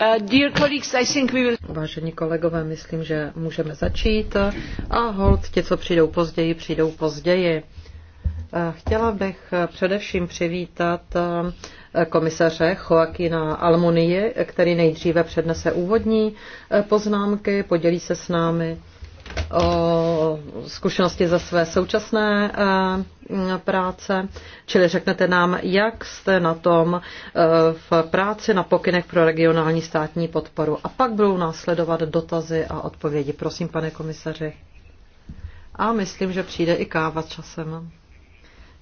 Uh, Vážení kolegové, myslím, že můžeme začít a hold ti, co přijdou později, přijdou později. Eh, chtěla bych eh, především přivítat eh, komisaře Joaquina Almunie, který nejdříve přednese úvodní poznámky, podělí se s námi o zkušenosti ze své současné práce, čili řeknete nám, jak jste na tom eh, v práci na pokynech pro regionální státní podporu. A pak budou následovat dotazy a odpovědi. Prosím, pane komisaři. A myslím, že přijde i káva časem.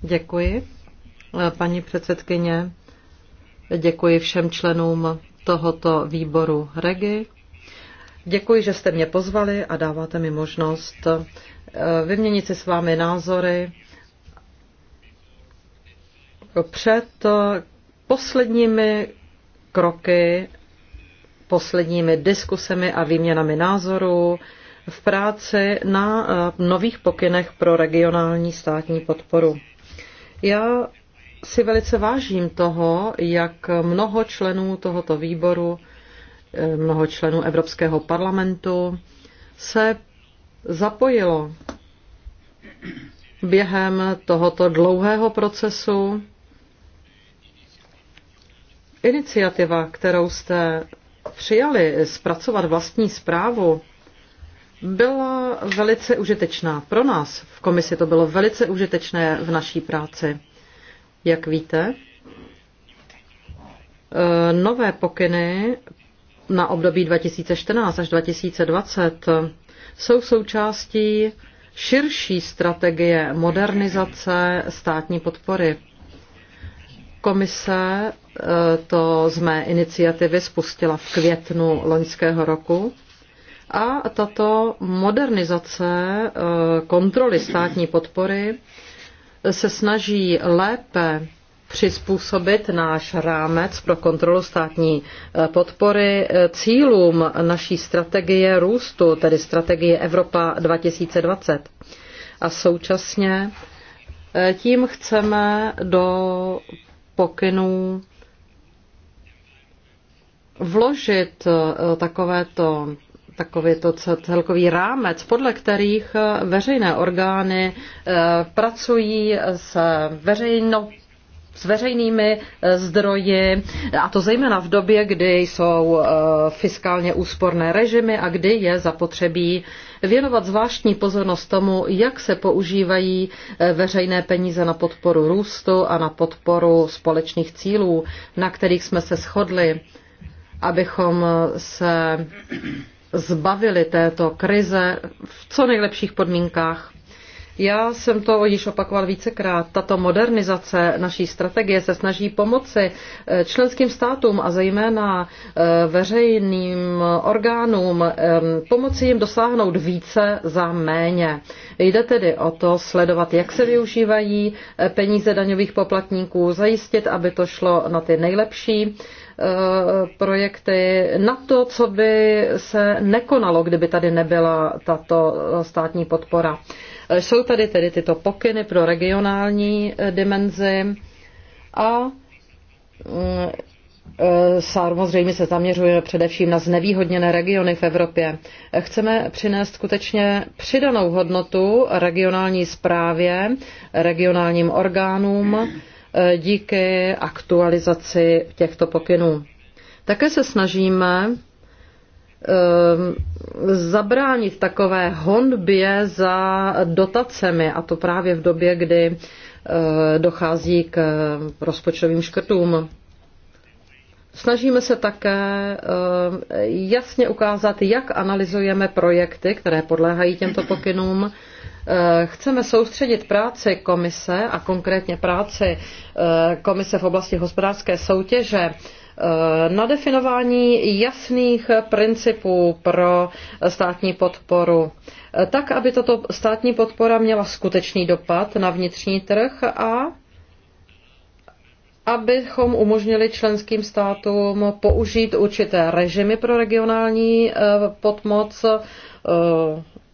Děkuji, eh, paní předsedkyně. Děkuji všem členům tohoto výboru REGI. Děkuji, že jste mě pozvali a dáváte mi možnost eh, vyměnit si s vámi názory před eh, posledními kroky, posledními diskusemi a výměnami názorů v práci na eh, nových pokynech pro regionální státní podporu. Já si velice vážím toho, jak mnoho členů tohoto výboru, eh, mnoho členů Evropského parlamentu se zapojilo během tohoto dlouhého procesu Iniciativa, kterou jste přijali zpracovat vlastní zprávu, byla velice užitečná. Pro nás v komisi to bylo velice užitečné v naší práci. Jak víte, eh, nové pokyny na období 2014 až 2020 jsou součástí širší strategie modernizace státní podpory. Komise Eh, to z mé iniciativy spustila v květnu loňského roku. A tato modernizace eh, kontroly státní podpory se snaží lépe přizpůsobit náš rámec pro kontrolu státní eh, podpory cílům naší strategie růstu, tedy strategie Evropa 2020. A současně tím chceme do pokynů vložit eh, takovéto to celkový rámec, podle kterých eh, veřejné orgány eh, pracují s veřejno, s veřejnými zdroji, a to zejména v době, kdy jsou fiskálně úsporné režimy a kdy je zapotřebí věnovat zvláštní pozornost tomu, jak se používají veřejné peníze na podporu růstu a na podporu společných cílů, na kterých jsme se shodli abychom se zbavili této krize v co nejlepších podmínkách. Já jsem to již opakoval vícekrát. Tato modernizace naší strategie se snaží pomoci eh, členským státům a zejména eh, veřejným orgánům eh, pomoci jim dosáhnout více za méně. Jde tedy o to sledovat, jak se využívají peníze daňových poplatníků, zajistit, aby to šlo na ty nejlepší Eh, projekty na to, co by se nekonalo, kdyby tady nebyla tato státní podpora. Eh, jsou tady tedy tyto pokyny pro regionální eh, dimenzi a mm, Samozřejmě se zaměřujeme především na znevýhodněné regiony v Evropě. Chceme přinést skutečně přidanou hodnotu regionální zprávě, regionálním orgánům E, díky aktualizaci těchto pokynů. Také se snažíme e, zabránit takové honbě za dotacemi, a to právě v době, kdy e, dochází k rozpočtovým škrtům. Snažíme se také jasně ukázat, jak analyzujeme projekty, které podléhají těmto pokynům Eh, chceme soustředit práci komise a konkrétně práci eh, komise v oblasti hospodářské soutěže eh, na definování jasných principů pro státní podporu, tak aby tato státní podpora měla skutečný dopad na vnitřní trh a abychom umožnili členským státům použít určité režimy pro regionální podmoc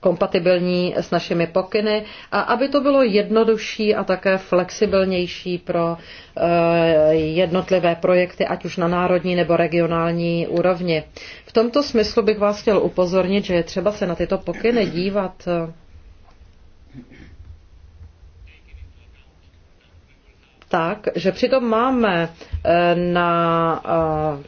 kompatibilní s našimi pokyny a aby to bylo jednodušší a také flexibilnější pro eh, jednotlivé projekty, ať už na národní nebo regionální úrovni. V tomto smyslu bych vás chtěl upozornit, že je třeba se na tyto pokyny dívat eh, tak, že přitom máme eh, na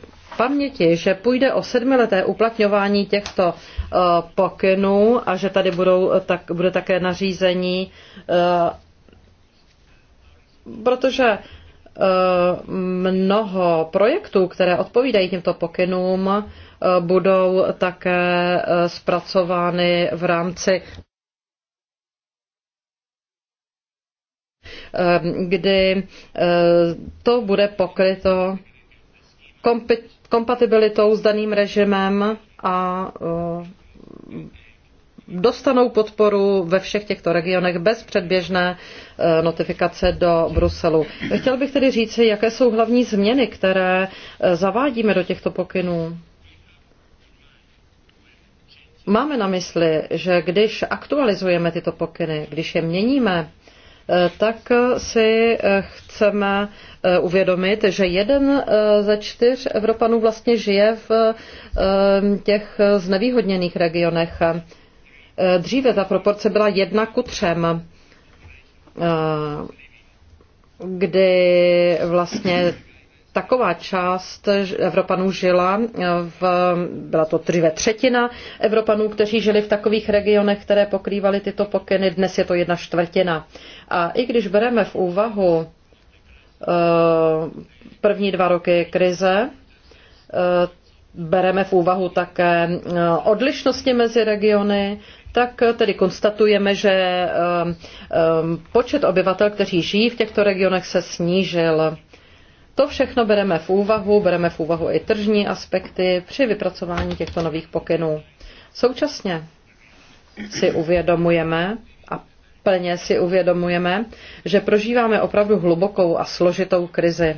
paměti, že půjde o sedmileté uplatňování těchto eh, pokynů a že tady budou, eh, tak, bude také nařízení, eh, protože mnoho projektů, které odpovídají těmto pokynům, budou také zpracovány v rámci kdy to bude pokryto kompatibilitou s daným režimem a eh, dostanou podporu ve všech těchto regionech bez předběžné eh, notifikace do Bruselu. Chtěl bych tedy říci, jaké jsou hlavní změny, které eh, zavádíme do těchto pokynů. Máme na mysli, že když aktualizujeme tyto pokyny, když je měníme, Eh, tak eh, si eh, chceme uvědomit, že jeden ze čtyř Evropanů vlastně žije v těch znevýhodněných regionech. Dříve ta proporce byla jedna ku třem, kdy vlastně taková část Evropanů žila, v, byla to dříve třetina Evropanů, kteří žili v takových regionech, které pokrývaly tyto pokyny, dnes je to jedna čtvrtina. A i když bereme v úvahu eh, první dva roky krize, eh, bereme v úvahu také eh, odlišnosti mezi regiony, tak tedy konstatujeme, že počet obyvatel, kteří žijí v těchto regionech, se snížil. To všechno bereme v úvahu, bereme v úvahu i tržní aspekty při vypracování těchto nových pokynů. Současně si uvědomujeme, plně si uvědomujeme, že prožíváme opravdu hlubokou a složitou krizi.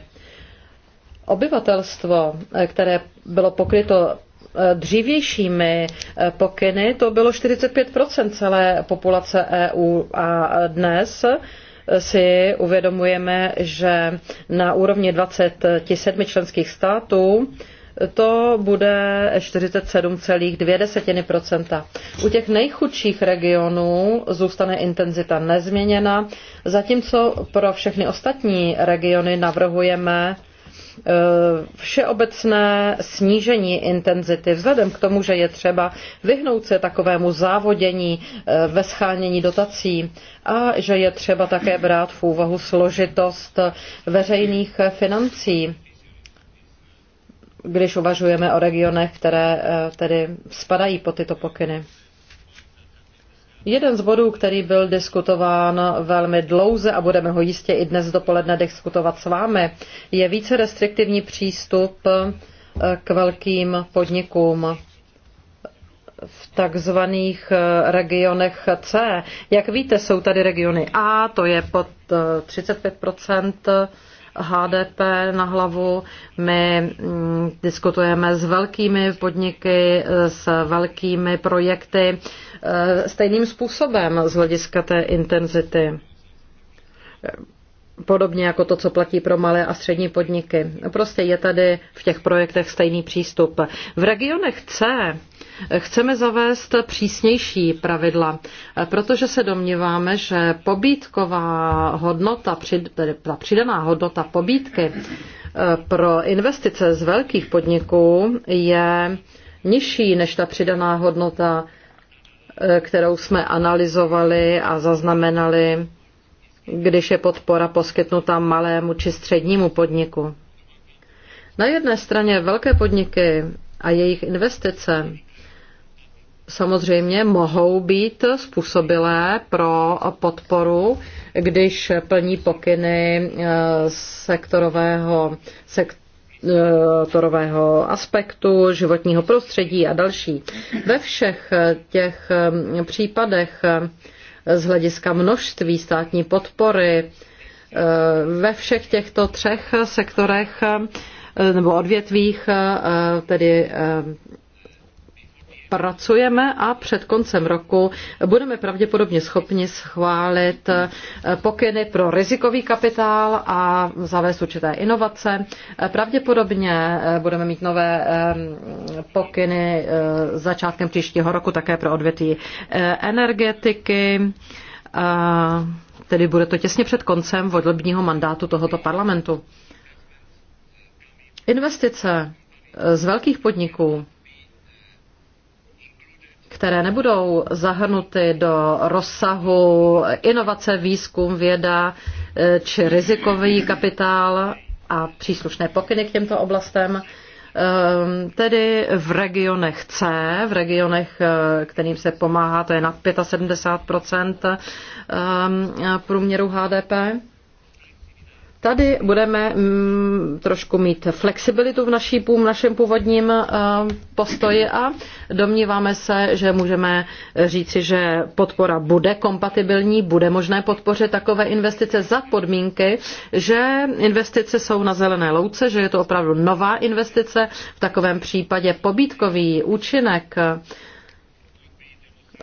Obyvatelstvo, eh, které bylo pokryto eh, dřívějšími eh, pokyny, to bylo 45 celé populace EU a dnes si uvědomujeme, že na úrovni 27 členských států to bude 47,2%. U těch nejchudších regionů zůstane intenzita nezměněna, zatímco pro všechny ostatní regiony navrhujeme e, všeobecné snížení intenzity, vzhledem k tomu, že je třeba vyhnout se takovému závodění e, ve schánění dotací a že je třeba také brát v úvahu složitost veřejných financí když uvažujeme o regionech, které eh, tedy spadají pod tyto pokyny. Jeden z bodů, který byl diskutován velmi dlouze a budeme ho jistě i dnes dopoledne diskutovat s vámi, je více restriktivní přístup eh, k velkým podnikům v takzvaných eh, regionech C. Jak víte, jsou tady regiony A, to je pod 35 HDP na hlavu. My mm, diskutujeme s velkými podniky, s velkými projekty eh, stejným způsobem z hlediska té intenzity podobně jako to, co platí pro malé a střední podniky. No prostě je tady v těch projektech stejný přístup. V regionech C chceme zavést přísnější pravidla, protože se domníváme, že pobítková hodnota, tedy ta přidaná hodnota pobítky eh, pro investice z velkých podniků je nižší než ta přidaná hodnota, eh, kterou jsme analyzovali a zaznamenali když je podpora poskytnuta malému či střednímu podniku. Na jedné straně velké podniky a jejich investice samozřejmě mohou být způsobilé pro podporu, když plní pokyny eh, sektorového, sektorového aspektu, životního prostředí a další. Ve všech eh, těch eh, případech z hlediska množství státní podpory. Eh, ve všech těchto třech sektorech eh, nebo odvětvích, eh, tedy pracujeme a před koncem roku budeme pravděpodobně schopni schválit eh, pokyny pro rizikový kapitál a zavést určité inovace. Eh, pravděpodobně eh, budeme mít nové pokyny začátkem příštího roku také pro odvětví energetiky tedy bude to těsně před koncem volebního mandátu tohoto parlamentu. Investice z velkých podniků které nebudou zahrnuty do rozsahu inovace, výzkum, věda eh, či rizikový kapitál a příslušné pokyny k těmto oblastem, ehm, tedy v regionech C, v regionech, eh, kterým se pomáhá, to je nad 75 ehm, průměru HDP. Tady budeme mm, trošku mít flexibilitu v, naší, v našem původním uh, postoji a domníváme se, že můžeme říci, že podpora bude kompatibilní, bude možné podpořit takové investice za podmínky, že investice jsou na zelené louce, že je to opravdu nová investice. V takovém případě pobítkový účinek uh,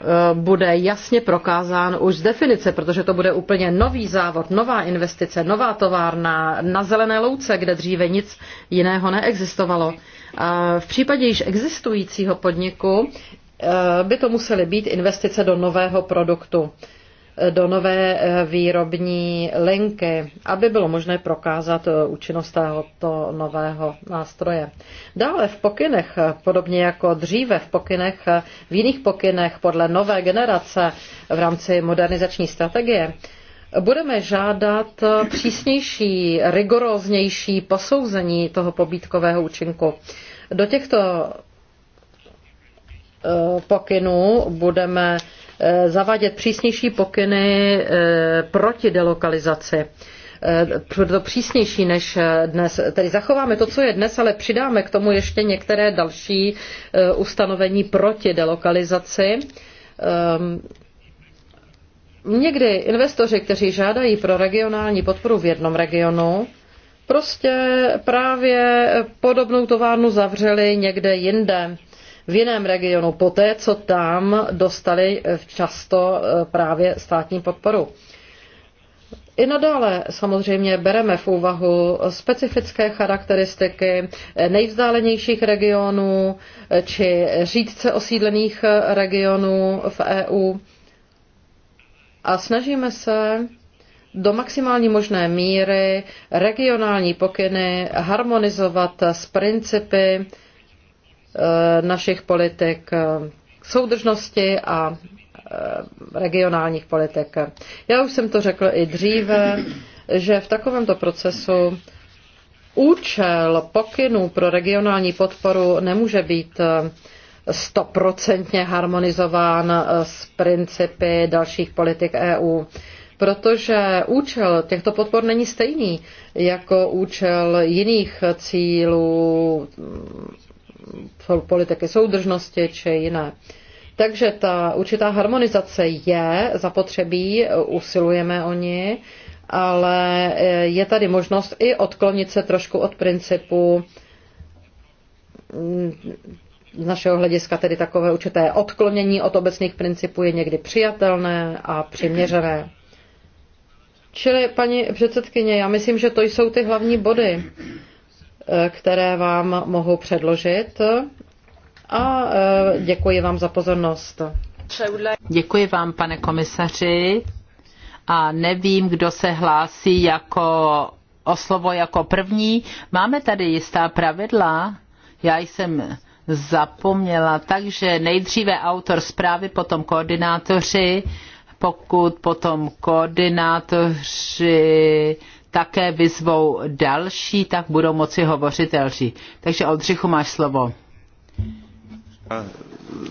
Eh, bude jasně prokázán už z definice, protože to bude úplně nový závod, nová investice, nová továrna na zelené louce, kde dříve nic jiného neexistovalo. Eh, v případě již existujícího podniku eh, by to musely být investice do nového produktu do nové eh, výrobní linky, aby bylo možné prokázat eh, účinnost tohoto nového nástroje. Dále v pokynech, eh, podobně jako dříve v pokynech, v jiných pokynech podle nové generace v rámci modernizační strategie, budeme žádat přísnější, rigoróznější posouzení toho pobítkového účinku. Do těchto pokynů budeme Eh, zavádět přísnější pokyny eh, proti delokalizaci to eh, přísnější než dnes. Tedy zachováme to, co je dnes, ale přidáme k tomu ještě některé další ustanovení proti delokalizaci. Ehm, někdy investoři, kteří žádají pro regionální podporu v jednom regionu, prostě právě podobnou továrnu zavřeli někde jinde v jiném regionu, poté co tam dostali eh, často eh, právě státní podporu. I nadále samozřejmě bereme v úvahu specifické charakteristiky eh, nejvzdálenějších regionů či řídce osídlených regionů v EU a snažíme se do maximální možné míry regionální pokyny harmonizovat s principy Eh, našich politik eh, soudržnosti a eh, regionálních politik. Já už jsem to řekl i dříve, že v takovémto procesu účel pokynů pro regionální podporu nemůže být stoprocentně harmonizován s principy dalších politik EU, protože účel těchto podpor není stejný jako účel jiných cílů politiky soudržnosti či jiné. Takže ta určitá harmonizace je zapotřebí, usilujeme o ní, ale eh, je tady možnost i odklonit se trošku od principu mm, z našeho hlediska tedy takové určité odklonění od obecných principů je někdy přijatelné a přiměřené. Čili, paní předsedkyně, já myslím, že to jsou ty hlavní body které vám mohu předložit a e, děkuji vám za pozornost. Děkuji vám, pane komisaři. A nevím, kdo se hlásí jako o slovo jako první. Máme tady jistá pravidla. Já jsem zapomněla, takže nejdříve autor zprávy, potom koordinátoři, pokud potom koordinátoři také vyzvou další, tak budou moci hovořit další. Takže Oldřichu máš slovo.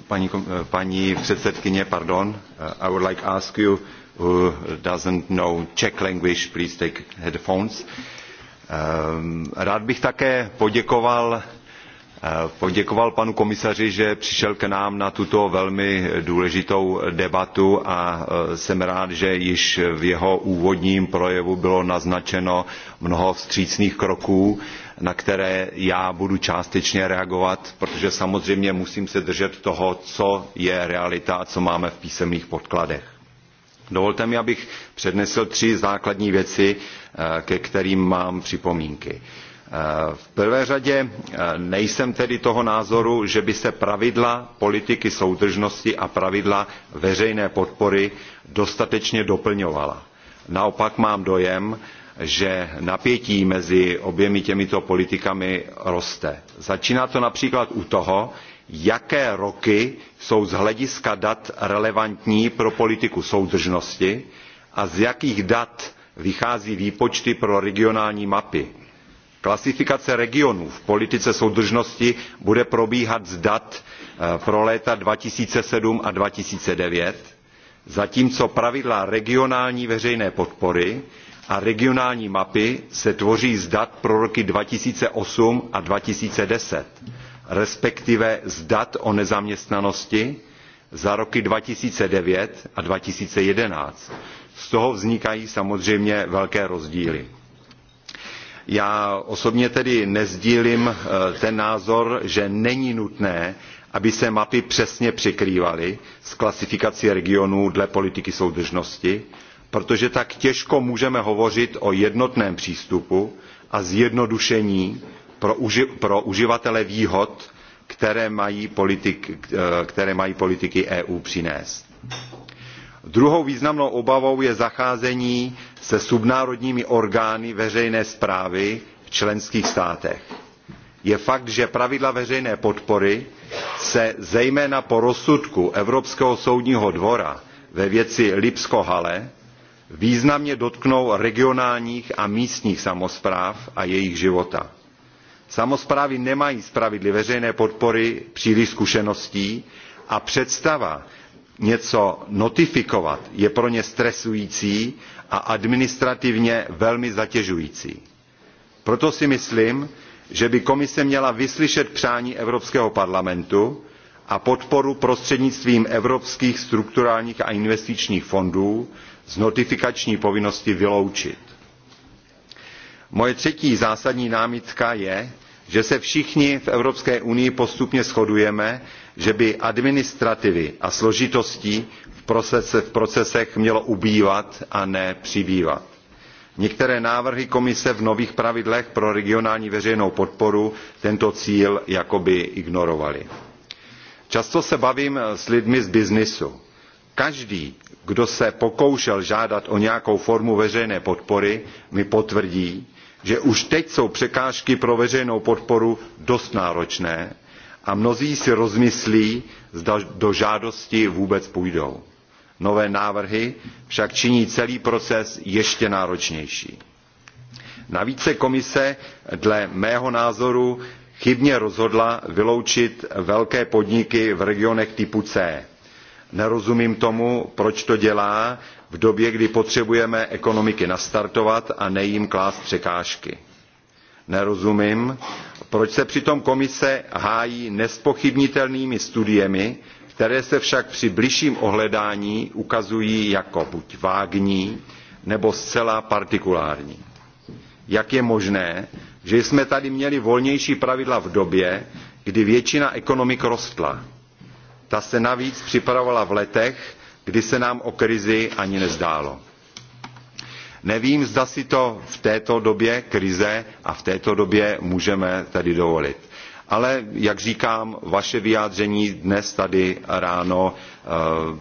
Paní, eh, paní předsedkyně, pardon, eh, I would like ask you who doesn't know Czech language, please take headphones. Ehm, rád bych také poděkoval poděkoval panu komisaři že přišel k nám na tuto velmi důležitou debatu a e, jsem rád že již v jeho úvodním projevu bylo naznačeno mnoho vstřícných kroků na které já budu částečně reagovat protože samozřejmě musím se držet toho co je realita a co máme v písemných podkladech. dovolte mi abych přednesl tři základní věci e, ke kterým mám připomínky. za v prvé řadě eh, nejsem tedy toho názoru že by se pravidla politiky soudržnosti a pravidla veřejné podpory dostatečně doplňovala. naopak mám dojem že napětí mezi oběma těmito politikami roste. začíná to například u toho jaké roky jsou z hlediska dat relevantní pro politiku soudržnosti a z jakých dat vychází výpočty pro regionální mapy Klasifikace regionů v politice soudržnosti bude probíhat z dat eh, pro léta 2007 a 2009, zatímco pravidla regionální veřejné podpory a regionální mapy se tvoří z dat pro roky 2008 a 2010, respektive z dat o nezaměstnanosti za roky 2009 a 2011. Z toho vznikají samozřejmě velké rozdíly já osobně tedy nezdílím eh, ten názor, že není nutné, aby se mapy přesně překrývaly s klasifikací regionů dle politiky soudržnosti, protože tak těžko můžeme hovořit o jednotném přístupu a zjednodušení pro, uživatele výhod, které mají eh, politiky EU přinést druhou významnou obavou je zacházení se subnárodními orgány veřejné správy v členských státech. je fakt že pravidla veřejné podpory se zejména po rozsudku evropského soudního dvora ve věci lipsko halle významně dotknou regionálních a místních samospráv a jejich života. samosprávy nemají s pravidly veřejné podpory příliš zkušeností a představa něco notifikovat je pro ně stresující a administrativně velmi zatěžující. proto si myslím že by komise měla vyslyšet přání evropského parlamentu a podporu prostřednictvím evropských strukturálních a investičních fondů z notifikační povinnosti vyloučit. moje třetí zásadní námitka je že se všichni v evropské unii postupně shodujeme že by administrativy a složitostí v, procesech mělo ubývat a ne přibývat. Některé návrhy komise v nových pravidlech pro regionální veřejnou podporu tento cíl jakoby ignorovaly. Často se bavím s lidmi z byznysu. Každý, kdo se pokoušel žádat o nějakou formu veřejné podpory, mi potvrdí, že už teď jsou překážky pro veřejnou podporu dost náročné a mnozí si rozmyslí, zda do žádosti vůbec půjdou. Nové návrhy však činí celý proces ještě náročnější. Navíc se komise dle mého názoru chybně rozhodla vyloučit velké podniky v regionech typu C. Nerozumím tomu, proč to dělá v době, kdy potřebujeme ekonomiky nastartovat a nejím klást překážky. Nerozumím, proč se přitom komise hájí nezpochybnitelnými studiemi které se však při bližším ohledání ukazují jako buď vágní nebo zcela partikulární. jak je možné že jsme tady měli volnější pravidla v době kdy většina ekonomik rostla? ta se navíc připravovala v letech kdy se nám o krizi ani nezdálo nevím zda si to v této době krize a v této době můžeme tedy dovolit. ale jak říkám vaše vyjádření dnes tady ráno eh,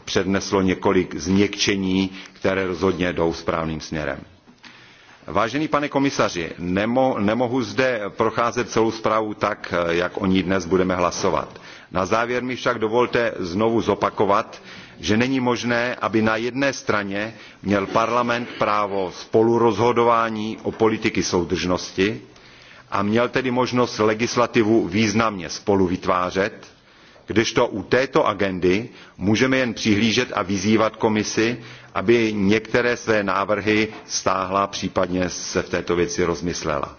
předneslo několik změkčení která rozhodně jdou správným směrem. vážený pane komisaři nemo, nemohu zde procházet celou zprávu tak eh, jak o ní dnes budeme hlasovat. na závěr mi však dovolte znovu zopakovat že není možné aby na jedné straně měl parlament právo spolurozhodování o politice soudržnosti a měl tedy možnost legislativu významně spoluvytvářet kdežto u této agendy můžeme jen přihlížet a vyzývat komisi aby některé své návrhy stáhla případně se v této věci rozmyslela.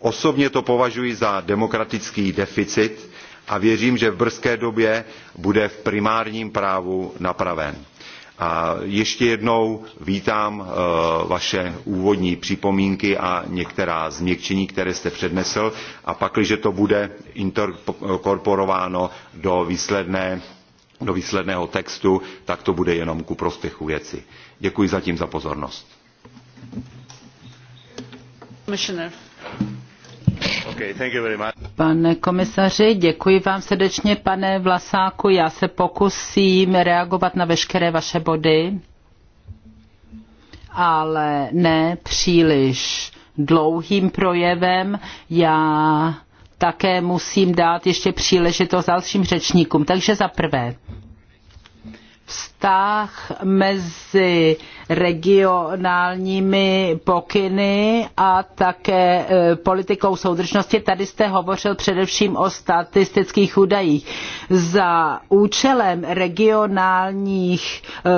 osobně to považuji za demokratický deficit a věřím, že v brzké době bude v primárním právu napraven. A ještě jednou vítám eh, vaše úvodní připomínky a některá změkčení, které jste přednesl a pakliže to bude inkorporováno do, výsledné, do výsledného textu, tak to bude jenom ku prospěchu věci. Děkuji zatím za pozornost. Okay, Pane komisaři, děkuji vám srdečně, pane Vlasáku. Já se pokusím reagovat na veškeré vaše body, ale ne příliš dlouhým projevem. Já také musím dát ještě příležitost dalším řečníkům. Takže za prvé, vztah mezi regionálními pokyny a také e, politikou soudržnosti. Tady jste hovořil především o statistických údajích. Za účelem regionálních e,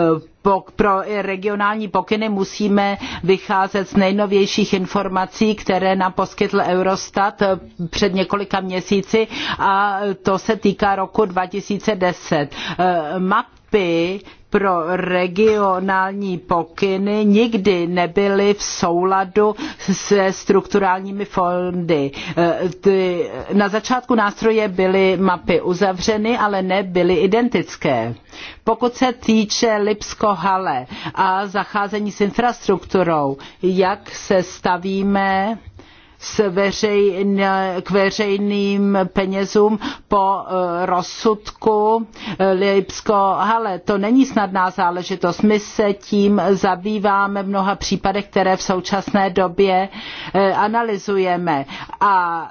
pro regionální pokyny musíme vycházet z nejnovějších informací, které nám poskytl Eurostat e, před několika měsíci a to se týká roku 2010. Map mapy pro regionální pokyny nikdy nebyly v souladu se strukturálními fondy. Eh, na začátku nástroje byly mapy uzavřeny, ale nebyly identické. Pokud se týče Lipsko-Hale a zacházení s infrastrukturou, jak se stavíme s veřejn, k veřejným penězům po eh, rozsudku eh, Lipsko. Ale to není snadná záležitost. My se tím zabýváme v mnoha případech, které v současné době eh, analyzujeme. A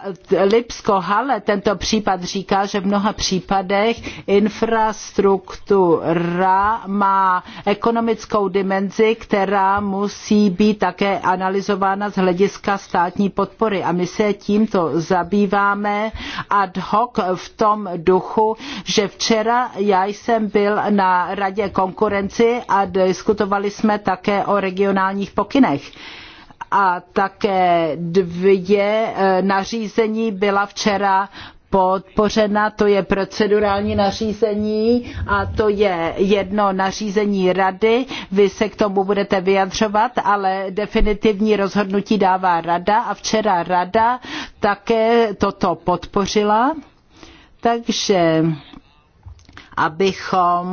Lipsko Hale tento případ říká, že v mnoha případech infrastruktura má ekonomickou dimenzi, která musí být také analyzována z hlediska státní podpory podpory a my se tímto zabýváme ad hoc v tom duchu, že včera já jsem byl na Radě konkurenci a diskutovali jsme také o regionálních pokynech a také dvě eh, nařízení byla včera podpořena, to je procedurální nařízení a to je jedno nařízení rady. Vy se k tomu budete vyjadřovat, ale definitivní rozhodnutí dává rada a včera rada také toto podpořila. Takže abychom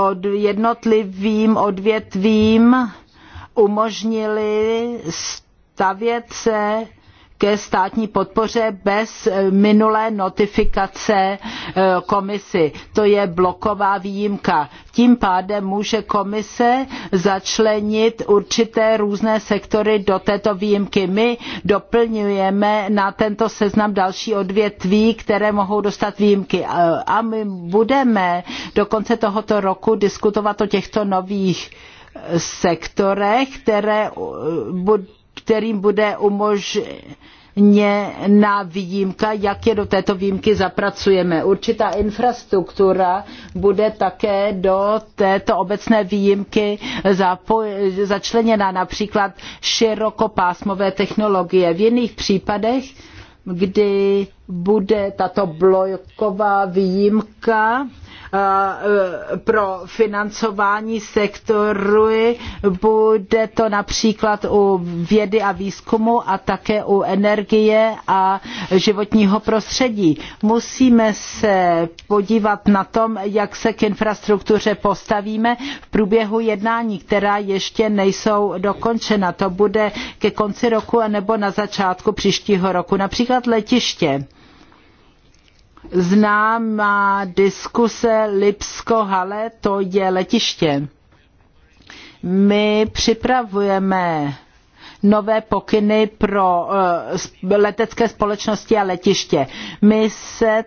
od jednotlivým odvětvím umožnili stavět se ke státní podpoře bez minulé notifikace e, komisi. To je bloková výjimka. Tím pádem může komise začlenit určité různé sektory do této výjimky. My doplňujeme na tento seznam další odvětví, které mohou dostat výjimky. A my budeme do konce tohoto roku diskutovat o těchto nových e, sektorech, které e, budou kterým bude umožněna výjimka, jak je do této výjimky zapracujeme. Určitá infrastruktura bude také do této obecné výjimky začleněna, například širokopásmové technologie. V jiných případech kdy bude tato bloková výjimka E, pro financování sektoru. Bude to například u vědy a výzkumu a také u energie a životního prostředí. Musíme se podívat na tom, jak se k infrastruktuře postavíme v průběhu jednání, která ještě nejsou dokončena. To bude ke konci roku nebo na začátku příštího roku. Například letiště známá diskuse Lipsko-Hale, to je letiště. My připravujeme nové pokyny pro eh, letecké společnosti a letiště. My se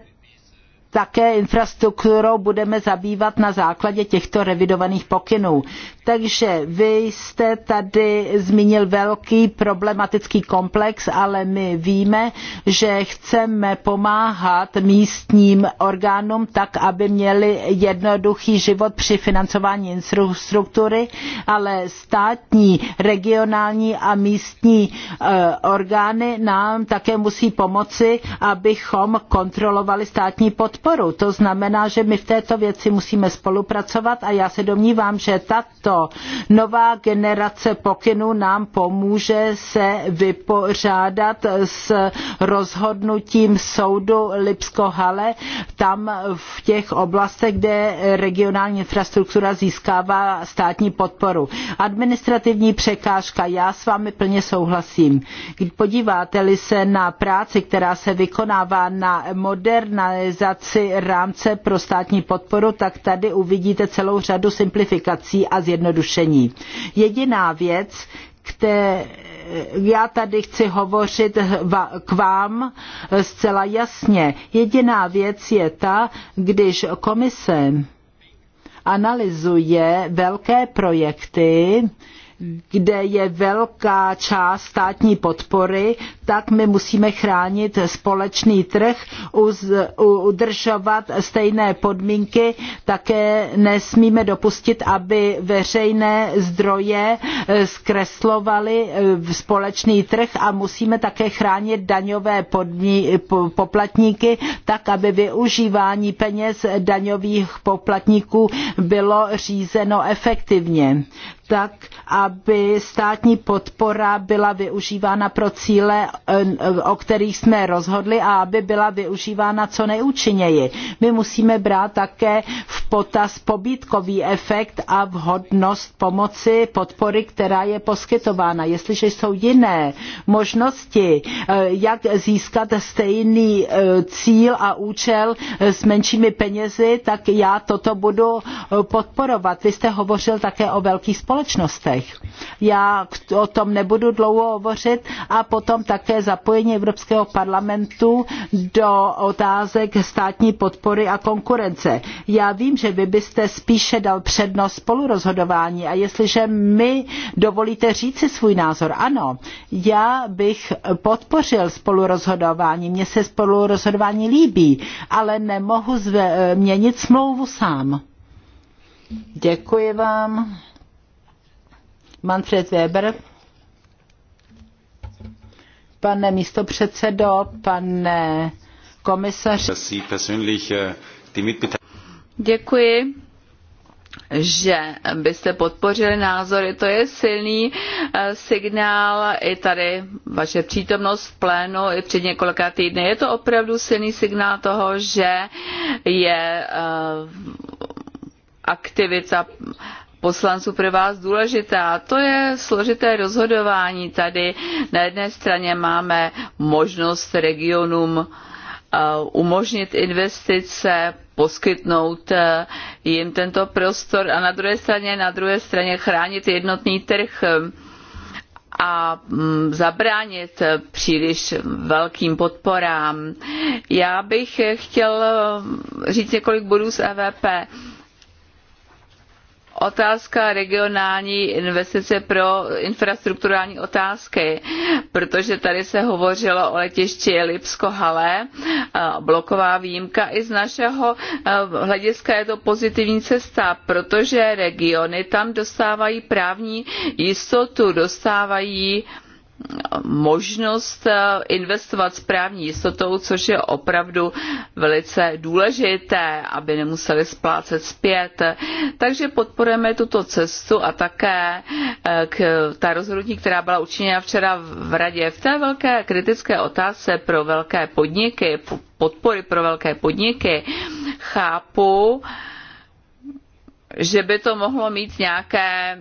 také infrastrukturou budeme zabývat na základě těchto revidovaných pokynů. Takže vy jste tady zmínil velký problematický komplex, ale my víme, že chceme pomáhat místním orgánům tak, aby měli jednoduchý život při financování infrastruktury, ale státní, regionální a místní eh, orgány nám také musí pomoci, abychom kontrolovali státní podporu. To znamená, že my v této věci musíme spolupracovat a já se domnívám, že tato co. Nová generace pokynů nám pomůže se vypořádat s rozhodnutím soudu Lipsko-Hale tam v těch oblastech, kde regionální infrastruktura získává státní podporu. Administrativní překážka, já s vámi plně souhlasím. Podíváte-li se na práci, která se vykonává na modernizaci rámce pro státní podporu, tak tady uvidíte celou řadu simplifikací a zjednodušení zjednodušení. Jediná věc, které já tady chci hovořit k vám zcela jasně. Jediná věc je ta, když komise analyzuje velké projekty, kde je velká část státní podpory, tak my musíme chránit společný trh, udržovat stejné podmínky, také nesmíme dopustit, aby veřejné zdroje eh, zkreslovaly eh, společný trh a musíme také chránit daňové podmí, poplatníky, tak aby využívání peněz daňových poplatníků bylo řízeno efektivně tak, aby státní podpora byla využívána pro cíle, eh, o kterých jsme rozhodli a aby byla využívána co nejúčinněji. My musíme brát také v potaz pobítkový efekt a vhodnost pomoci podpory, která je poskytována. Jestliže jsou jiné možnosti, eh, jak získat stejný eh, cíl a účel s menšími penězi, tak já toto budu podporovat. Vy jste hovořil také o velkých společnostech společnostech. Já o tom nebudu dlouho hovořit a potom také zapojení Evropského parlamentu do otázek státní podpory a konkurence. Já vím, že vy byste spíše dal přednost spolurozhodování a jestliže mi dovolíte říci svůj názor, ano, já bych podpořil spolurozhodování, mně se spolurozhodování líbí, ale nemohu změnit smlouvu sám. Děkuji vám. Manfred Weber. Pane předsedo, pane komisař. Děkuji že byste podpořili názory. To je silný eh, signál i tady vaše přítomnost v plénu i před několika týdny. Je to opravdu silný signál toho, že je eh, aktivita poslanců pro vás důležitá. To je složité rozhodování. Tady na jedné straně máme možnost regionům eh, umožnit investice, poskytnout eh, jim tento prostor a na druhé straně, na druhé straně chránit jednotný trh eh, a mm, zabránit příliš velkým podporám. Já bych chtěl říct několik bodů z EVP otázka regionální investice pro infrastrukturální otázky, protože tady se hovořilo o letišti Lipsko-Hale, bloková výjimka. I z našeho hlediska je to pozitivní cesta, protože regiony tam dostávají právní jistotu, dostávají možnost eh, investovat s právní jistotou, což je opravdu velice důležité, aby nemuseli splácet zpět. Takže podporujeme tuto cestu a také eh, k ta rozhodnutí, která byla učiněna včera v radě. V té velké kritické otázce pro velké podniky, podpory pro velké podniky, chápu, že by to mohlo mít nějaké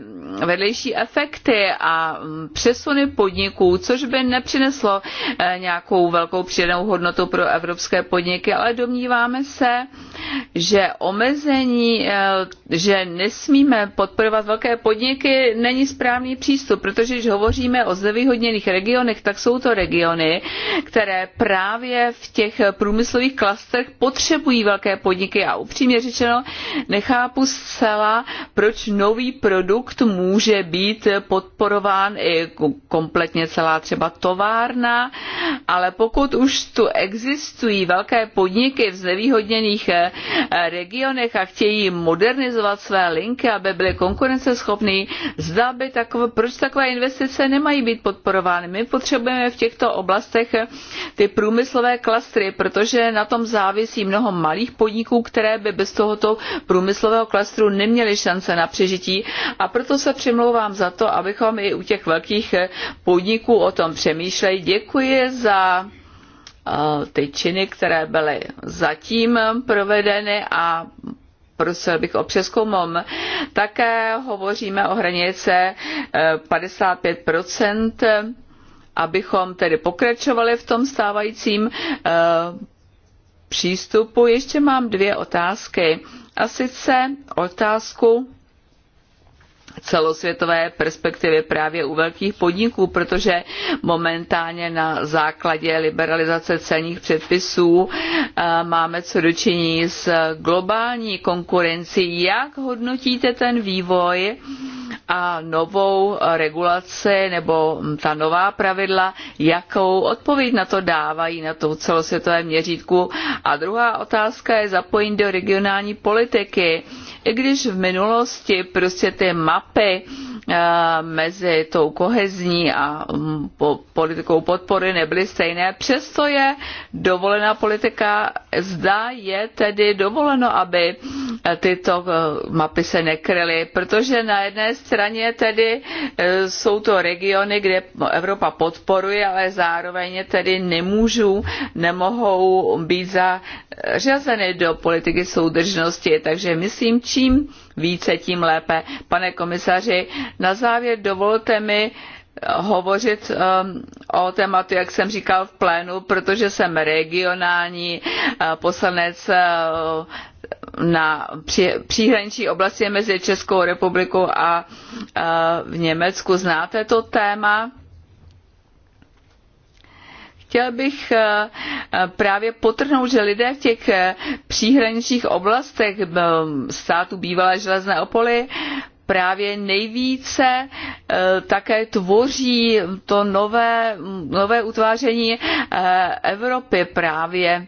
vedlejší efekty a přesuny podniků, což by nepřineslo eh, nějakou velkou přidanou hodnotu pro evropské podniky, ale domníváme se, že omezení, eh, že nesmíme podporovat velké podniky, není správný přístup, protože když hovoříme o znevýhodněných regionech, tak jsou to regiony, které právě v těch průmyslových klastrech potřebují velké podniky a upřímně řečeno nechápu zcela, proč nový produkt může být podporován i kompletně celá třeba továrna, ale pokud už tu existují velké podniky v znevýhodněných eh, regionech a chtějí modernizovat své linky, aby byly konkurenceschopný, zda by takové, proč takové investice nemají být podporovány. My potřebujeme v těchto oblastech ty průmyslové klastry, protože na tom závisí mnoho malých podniků, které by bez tohoto průmyslového klastru neměly šance na přežití a proto se přimlouvám za to, abychom i u těch velkých podniků o tom přemýšleli. Děkuji za ty činy, které byly zatím provedeny a prosil bych o přeskumom. Také hovoříme o hranice 55 e, abychom tedy pokračovali v tom stávajícím e, přístupu. Ještě mám dvě otázky. A sice otázku celosvětové perspektivy právě u velkých podniků, protože momentálně na základě liberalizace celních předpisů eh, máme co dočiní s globální konkurencí. Jak hodnotíte ten vývoj a novou regulaci nebo ta nová pravidla, jakou odpověď na to dávají na to celosvětové měřítku? A druhá otázka je zapojení do regionální politiky i když v minulosti prostě ty mapy Eh, mezi tou kohezní a mm, politikou podpory nebyly stejné. Přesto je dovolená politika, zda je tedy dovoleno, aby eh, tyto eh, mapy se nekryly, protože na jedné straně tedy jsou to regiony, kde Evropa podporuje, ale zároveň tedy nemůžou, nemohou být zařazeny do politiky soudržnosti. Takže myslím, čím více, tím lépe. Pane komisaři, na závěr dovolte mi eh, hovořit eh, o tématu, jak jsem říkal v plénu, protože jsem regionální eh, poslanec na příhraniční oblasti mezi Českou republikou a v Německu. Znáte to téma? Chtěl bych eh, eh, právě potrhnout, že lidé v těch eh, příhraničních oblastech státu bývalé železné opoly právě nejvíce také tvoří to nové, nové utváření Evropy právě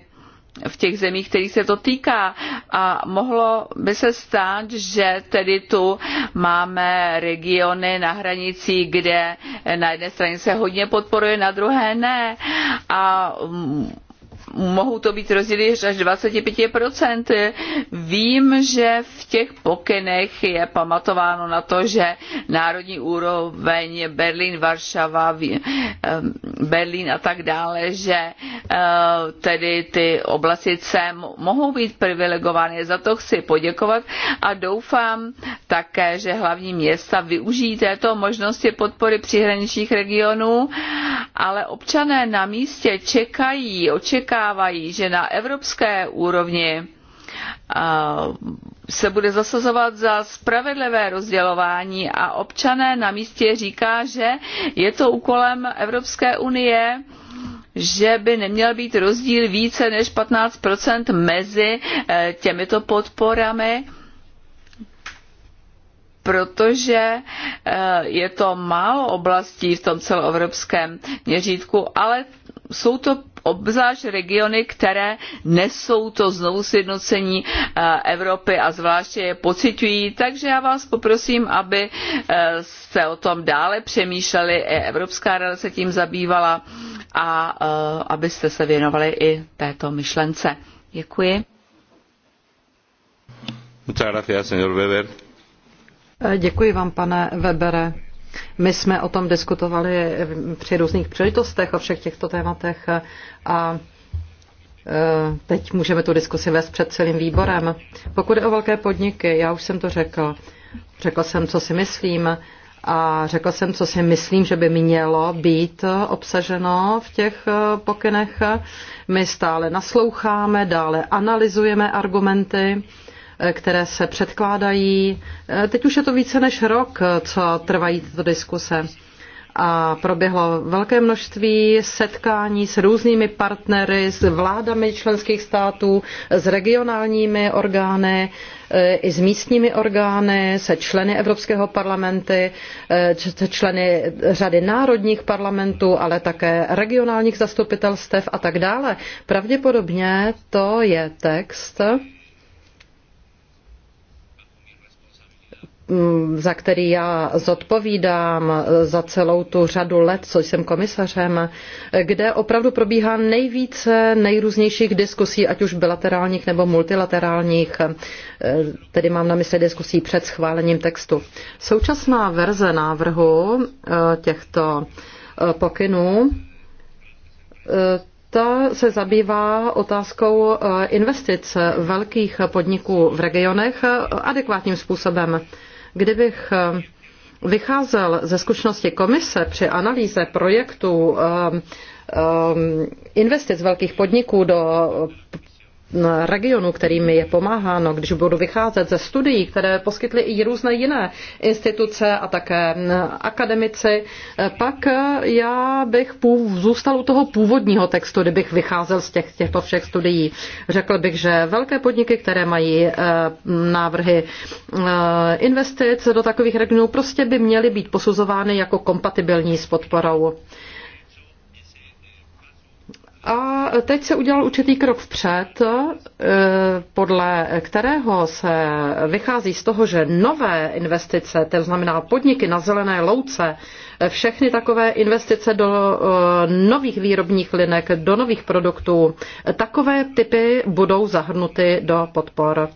v těch zemích, kterých se to týká. A mohlo by se stát, že tedy tu máme regiony na hranici, kde na jedné straně se hodně podporuje, na druhé ne. A mohou to být rozdíly až 25%. Vím, že v těch pokynech je pamatováno na to, že národní úroveň Berlín, Varšava, Berlín a tak dále, že eh, tedy ty oblasti CEM mohou být privilegovány. Za to chci poděkovat a doufám také, že hlavní města využijí této možnosti podpory příhraničních regionů, ale občané na místě čekají, očekávají, že na evropské úrovni se bude zasazovat za spravedlivé rozdělování a občané na místě říká, že je to úkolem Evropské unie že by neměl být rozdíl více než 15% mezi eh, těmito podporami, protože eh, je to málo oblastí v tom celoevropském měřítku, ale jsou to obzvlášť regiony, které nesou to znovu sjednocení eh, Evropy a zvláště je pociťují. Takže já vás poprosím, aby eh, se o tom dále přemýšleli. Evropská rada se tím zabývala a eh, abyste se věnovali i této myšlence. Děkuji. Děkuji vám, pane Webere. My jsme o tom diskutovali eh, při různých příležitostech o všech těchto tématech eh, a eh, teď můžeme tu diskusi vést před celým výborem. Pokud je o velké podniky, já už jsem to řekl. Řekl jsem, co si myslím a řekl jsem, co si myslím, že by mělo být obsaženo v těch pokynech. My stále nasloucháme, dále analyzujeme argumenty které se předkládají. Eh, teď už je to více než rok, eh, co trvají tyto diskuse. A proběhlo velké množství setkání s různými partnery, s vládami členských států, s regionálními orgány, eh, i s místními orgány, se členy Evropského parlamenty, se členy řady národních parlamentů, ale také regionálních zastupitelstev a tak dále. Pravděpodobně to je text, Mm, za který já zodpovídám eh, za celou tu řadu let, co jsem komisařem, kde opravdu probíhá nejvíce nejrůznějších diskusí, ať už bilaterálních nebo multilaterálních, eh, tedy mám na mysli diskusí před schválením textu. Současná verze návrhu eh, těchto pokynů ta se zabývá otázkou investic velkých podniků v regionech adekvátním způsobem. Kdybych eh, vycházel ze zkušenosti komise při analýze projektu eh, eh, investic velkých podniků do regionu, kterým je pomáháno, když budu vycházet ze studií, které poskytly i různé jiné instituce a také eh, akademici, eh, pak eh, já bych zůstal u toho původního textu, kdybych vycházel z těch, těchto všech studií. Řekl bych, že velké podniky, které mají návrhy investic do takových regionů, prostě by měly být posuzovány jako kompatibilní s podporou. A teď se udělal určitý krok vpřed, eh, podle kterého se vychází z toho, že nové investice, to znamená podniky na zelené louce, eh, všechny takové investice do eh, nových výrobních linek, do nových produktů, takové typy budou zahrnuty do podpor.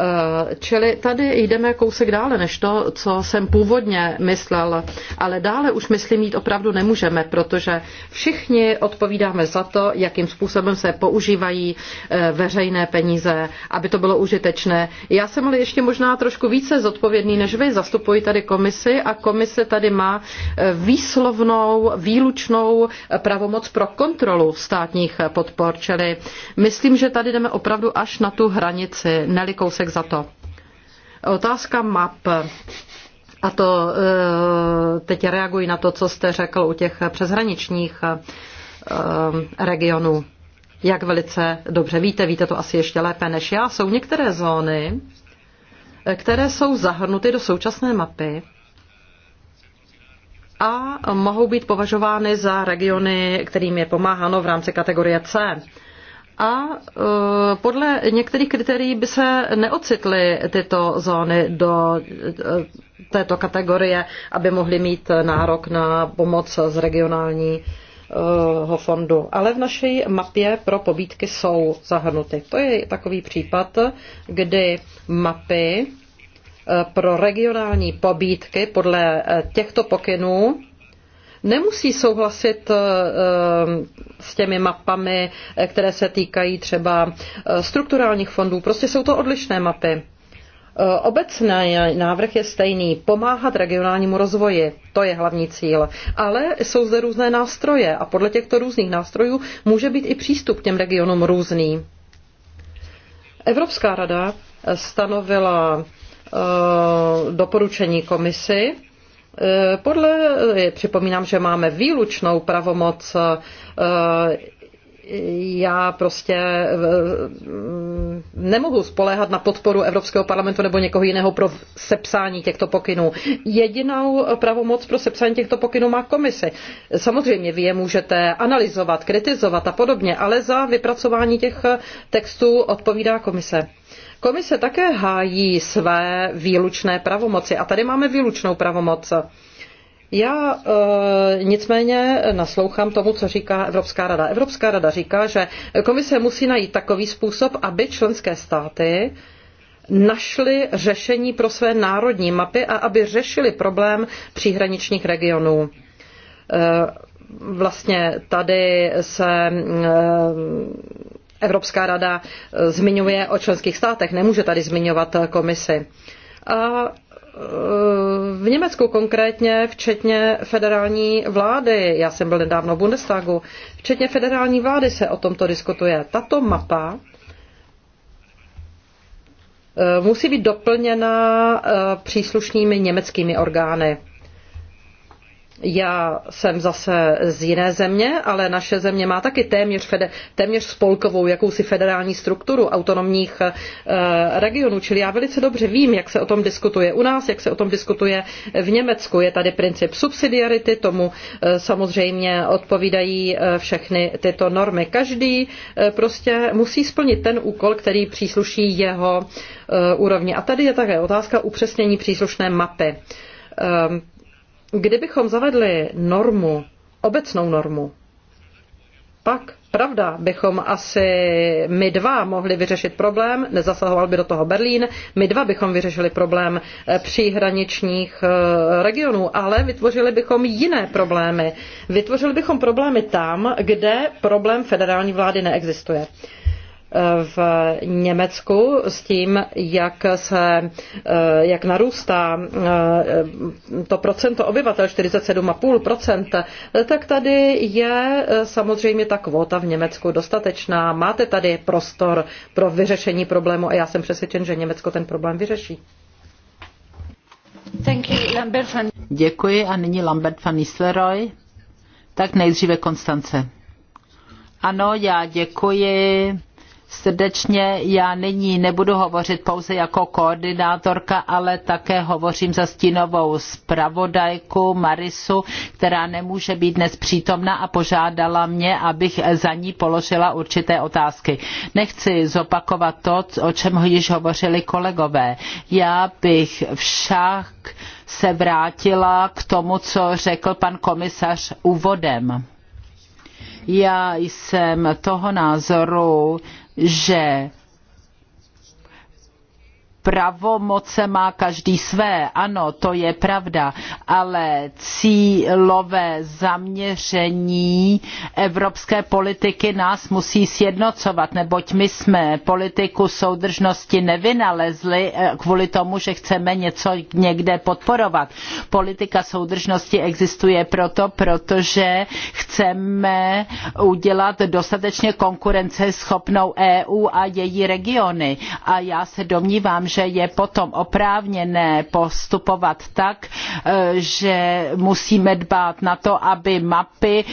Eh, čili tady jdeme kousek dále než to, co jsem původně myslel, ale dále už myslím jít opravdu nemůžeme, protože všichni odpovídáme za to, jakým způsobem se používají eh, veřejné peníze, aby to bylo užitečné. Já jsem ale ještě možná trošku více zodpovědný než vy, zastupuji tady komisi a komise tady má eh, výslovnou, výlučnou pravomoc pro kontrolu státních podpor, čili myslím, že tady jdeme opravdu až na tu hranici, nelikou se za to. Otázka map. A to eh, teď reaguji na to, co jste řekl u těch přeshraničních eh, regionů. Jak velice dobře víte, víte to asi ještě lépe než já, jsou některé zóny, eh, které jsou zahrnuty do současné mapy a mohou být považovány za regiony, kterým je pomáháno v rámci kategorie C a e, podle některých kritérií by se neocitly tyto zóny do e, této kategorie, aby mohly mít nárok na pomoc z regionálního fondu. Ale v naší mapě pro pobídky jsou zahrnuty. To je takový případ, kdy mapy e, pro regionální pobídky podle těchto pokynů nemusí souhlasit eh, eh, s těmi mapami, eh, které se týkají třeba strukturálních fondů. Prostě jsou to odlišné mapy. Obecný návrh je stejný, pomáhat regionálnímu rozvoji, to je hlavní cíl. Ale jsou zde různé nástroje a podle těchto různých nástrojů může být i přístup k těm regionům různý. Evropská rada stanovila doporučení komisi Eh, podle, eh, připomínám, že máme výlučnou pravomoc eh, já prostě mm, nemohu spoléhat na podporu Evropského parlamentu nebo někoho jiného pro sepsání těchto pokynů. Jedinou pravomoc pro sepsání těchto pokynů má komise. Samozřejmě vy je můžete analyzovat, kritizovat a podobně, ale za vypracování těch textů odpovídá komise. Komise také hájí své výlučné pravomoci a tady máme výlučnou pravomoc. Já e, nicméně naslouchám tomu, co říká Evropská rada. Evropská rada říká, že komise musí najít takový způsob, aby členské státy našly řešení pro své národní mapy a aby řešili problém příhraničních regionů. E, vlastně tady se e, Evropská rada eh, zmiňuje o členských státech, nemůže tady zmiňovat eh, komisi. A eh, v Německu konkrétně, včetně federální vlády, já jsem byl nedávno v Bundestagu, včetně federální vlády se o tomto diskutuje. Tato mapa musí být doplněna příslušnými německými orgány. Já jsem zase z jiné země, ale naše země má taky téměř, fede, téměř spolkovou jakousi federální strukturu autonomních e, regionů, čili já velice dobře vím, jak se o tom diskutuje u nás, jak se o tom diskutuje v Německu. Je tady princip subsidiarity, tomu e, samozřejmě odpovídají e, všechny tyto normy. Každý e, prostě musí splnit ten úkol, který přísluší jeho e, úrovni. A tady je také otázka upřesnění příslušné mapy ehm, Kdybychom zavedli normu, obecnou normu, pak, pravda, bychom asi my dva mohli vyřešit problém, nezasahoval by do toho Berlín, my dva bychom vyřešili problém eh, příhraničních eh, regionů, ale vytvořili bychom jiné problémy. Vytvořili bychom problémy tam, kde problém federální vlády neexistuje v Německu s tím, jak, se, eh, jak narůstá eh, to procento obyvatel, 47,5%, tak tady je eh, samozřejmě ta kvota v Německu dostatečná. Máte tady prostor pro vyřešení problému a já jsem přesvědčen, že Německo ten problém vyřeší. Thank you, Lambert van... Děkuji a nyní Lambert van Isleroy. Tak nejdříve Konstance. Ano, já děkuji srdečně. Já nyní nebudu hovořit pouze jako koordinátorka, ale také hovořím za stínovou zpravodajku Marisu, která nemůže být dnes přítomna a požádala mě, abych za ní položila určité otázky. Nechci zopakovat to, o čem již hovořili kolegové. Já bych však se vrátila k tomu, co řekl pan komisař úvodem. Já jsem toho názoru, že pravomoce má každý své, ano, to je pravda, ale cílové zaměření evropské politiky nás musí sjednocovat, neboť my jsme politiku soudržnosti nevynalezli eh, kvůli tomu, že chceme něco někde podporovat. Politika soudržnosti existuje proto, protože chceme udělat dostatečně konkurenceschopnou EU a její regiony. A já se domnívám, že je potom oprávněné postupovat tak, eh, že musíme dbát na to, aby mapy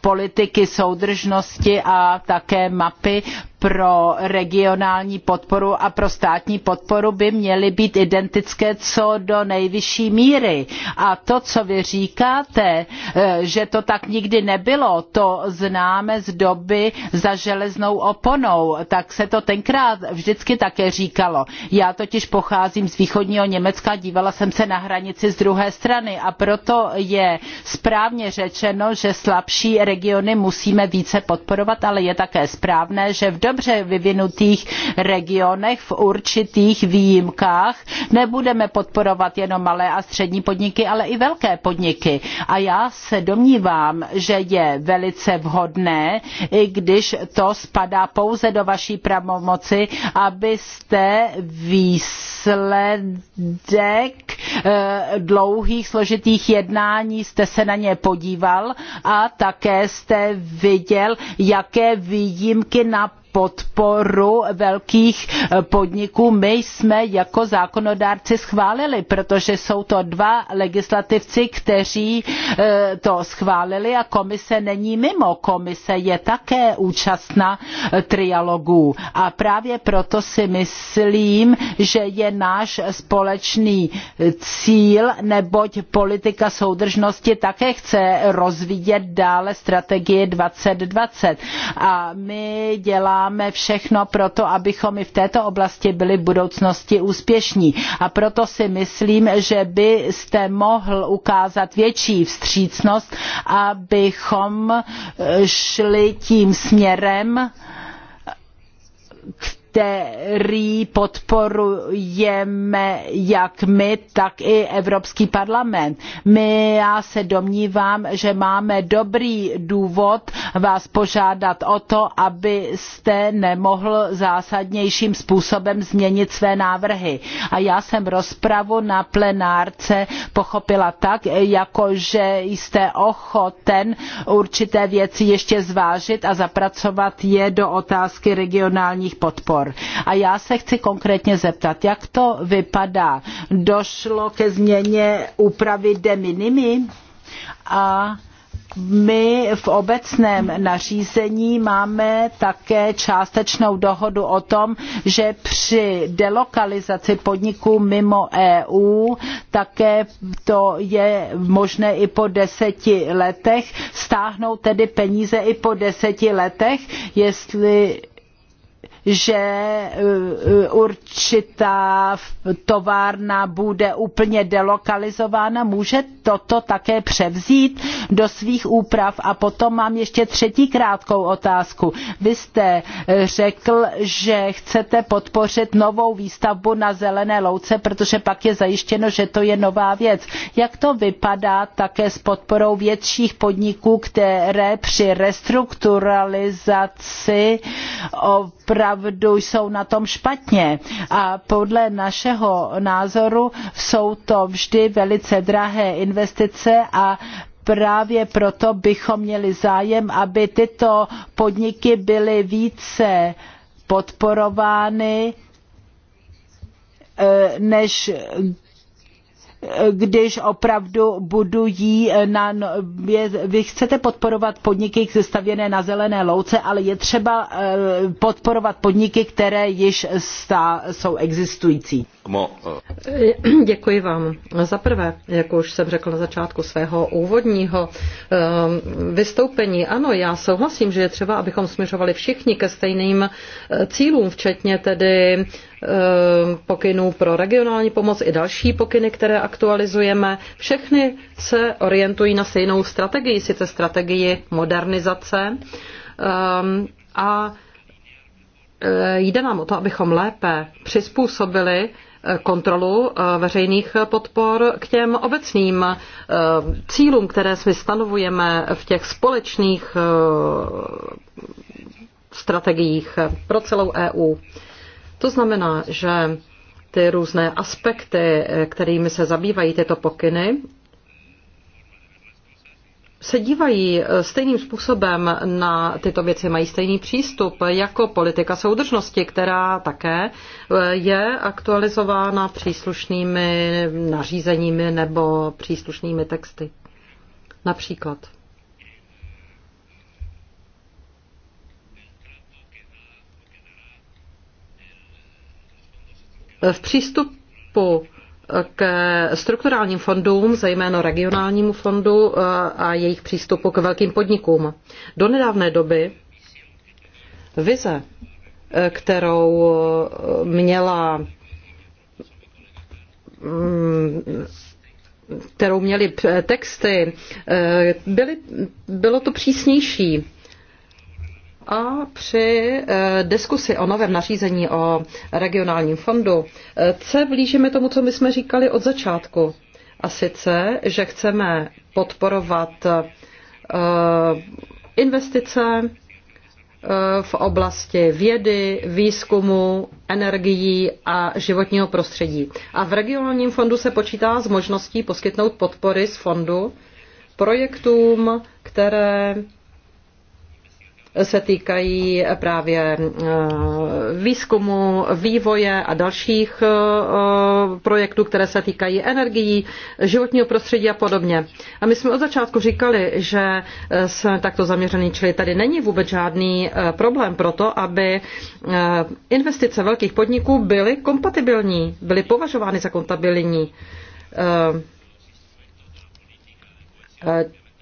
politiky soudržnosti a také mapy pro regionální podporu a pro státní podporu by měly být identické co do nejvyšší míry. A to, co vy říkáte, eh, že to tak nikdy nebylo, to známe z doby za železnou oponou. Tak se to tenkrát vždycky také říkalo. Já totiž pocházím z východního Německa, dívala jsem se na hranici z druhé strany a proto je správně řečeno, že slabší regiony musíme více podporovat, ale je také správné, že v dobře vyvinutých regionech v určitých výjimkách nebudeme podporovat jenom malé a střední podniky, ale i velké podniky. A já se domnívám, že je velice vhodné, i když to spadá pouze do vaší pravomoci, abyste výsledek eh, dlouhých, složitých jednání jste se na ně podíval a také jste viděl, jaké výjimky na podporu velkých eh, podniků my jsme jako zákonodárci schválili, protože jsou to dva legislativci, kteří eh, to schválili a komise není mimo. Komise je také účastna eh, trialogů. A právě proto si myslím, že je náš společný cíl, neboť politika soudržnosti také chce rozvíjet dále strategii 2020. A my děláme uděláme všechno pro to, abychom i v této oblasti byli v budoucnosti úspěšní. A proto si myslím, že byste mohl ukázat větší vstřícnost, abychom šli tím směrem, který podporujeme jak my, tak i Evropský parlament. My já se domnívám, že máme dobrý důvod vás požádat o to, abyste nemohl zásadnějším způsobem změnit své návrhy. A já jsem rozpravu na plenárce pochopila tak, jako že jste ochoten určité věci ještě zvážit a zapracovat je do otázky regionálních podpor výbor. A já se chci konkrétně zeptat, jak to vypadá? Došlo ke změně úpravy de minimi a my v obecném nařízení máme také částečnou dohodu o tom, že při delokalizaci podniků mimo EU také to je možné i po deseti letech, stáhnout tedy peníze i po deseti letech, jestli že eh, eh, určitá továrna bude úplně delokalizována, může toto také převzít do svých úprav. A potom mám ještě třetí krátkou otázku. Vy jste eh, řekl, že chcete podpořit novou výstavbu na zelené louce, protože pak je zajištěno, že to je nová věc. Jak to vypadá také s podporou větších podniků, které při restrukturalizaci opravdu opravdu jsou na tom špatně. A podle našeho názoru jsou to vždy velice drahé investice a právě proto bychom měli zájem, aby tyto podniky byly více podporovány eh, než když opravdu budují eh, na, no, vy chcete podporovat podniky stavěné na zelené louce, ale je třeba eh, podporovat podniky, které již stá, jsou existující. Eh, děkuji vám. Za prvé, jak už jsem řekl na začátku svého úvodního vystoupení, ano, já souhlasím, že je třeba, abychom směřovali všichni ke stejným cílům, včetně tedy Ehm, pokynů pro regionální pomoc i další pokyny, které aktualizujeme. Všechny se orientují na stejnou strategii, sice strategii modernizace ehm, a e, jde nám o to, abychom lépe přizpůsobili e, kontrolu e, veřejných podpor k těm obecným cílům, které si stanovujeme v těch společných strategiích pro celou EU. To znamená, že ty různé aspekty, kterými se zabývají tyto pokyny, se dívají eh, stejným způsobem na tyto věci, mají stejný přístup jako politika soudržnosti, která také eh, je aktualizována příslušnými nařízeními nebo příslušnými texty. Například. V přístupu k strukturálním fondům, zejména regionálnímu fondu a jejich přístupu k velkým podnikům. Do nedávné doby vize, kterou měla kterou měly texty, byly, bylo to přísnější a při eh, diskusi o novém nařízení o regionálním fondu eh, se blížíme tomu, co my jsme říkali od začátku. A sice, že chceme podporovat eh, investice v oblasti vědy, výzkumu, energií a životního prostředí. A v regionálním fondu se počítá s možností poskytnout podpory z fondu projektům, které se týkají právě eh, výzkumu, vývoje a dalších eh, projektů, které se týkají energií, životního prostředí a podobně. A my jsme od začátku říkali, že eh, jsme takto zaměřený, čili tady není vůbec žádný problém pro to, aby investice velkých podniků byly kompatibilní, byly považovány za kompatibilní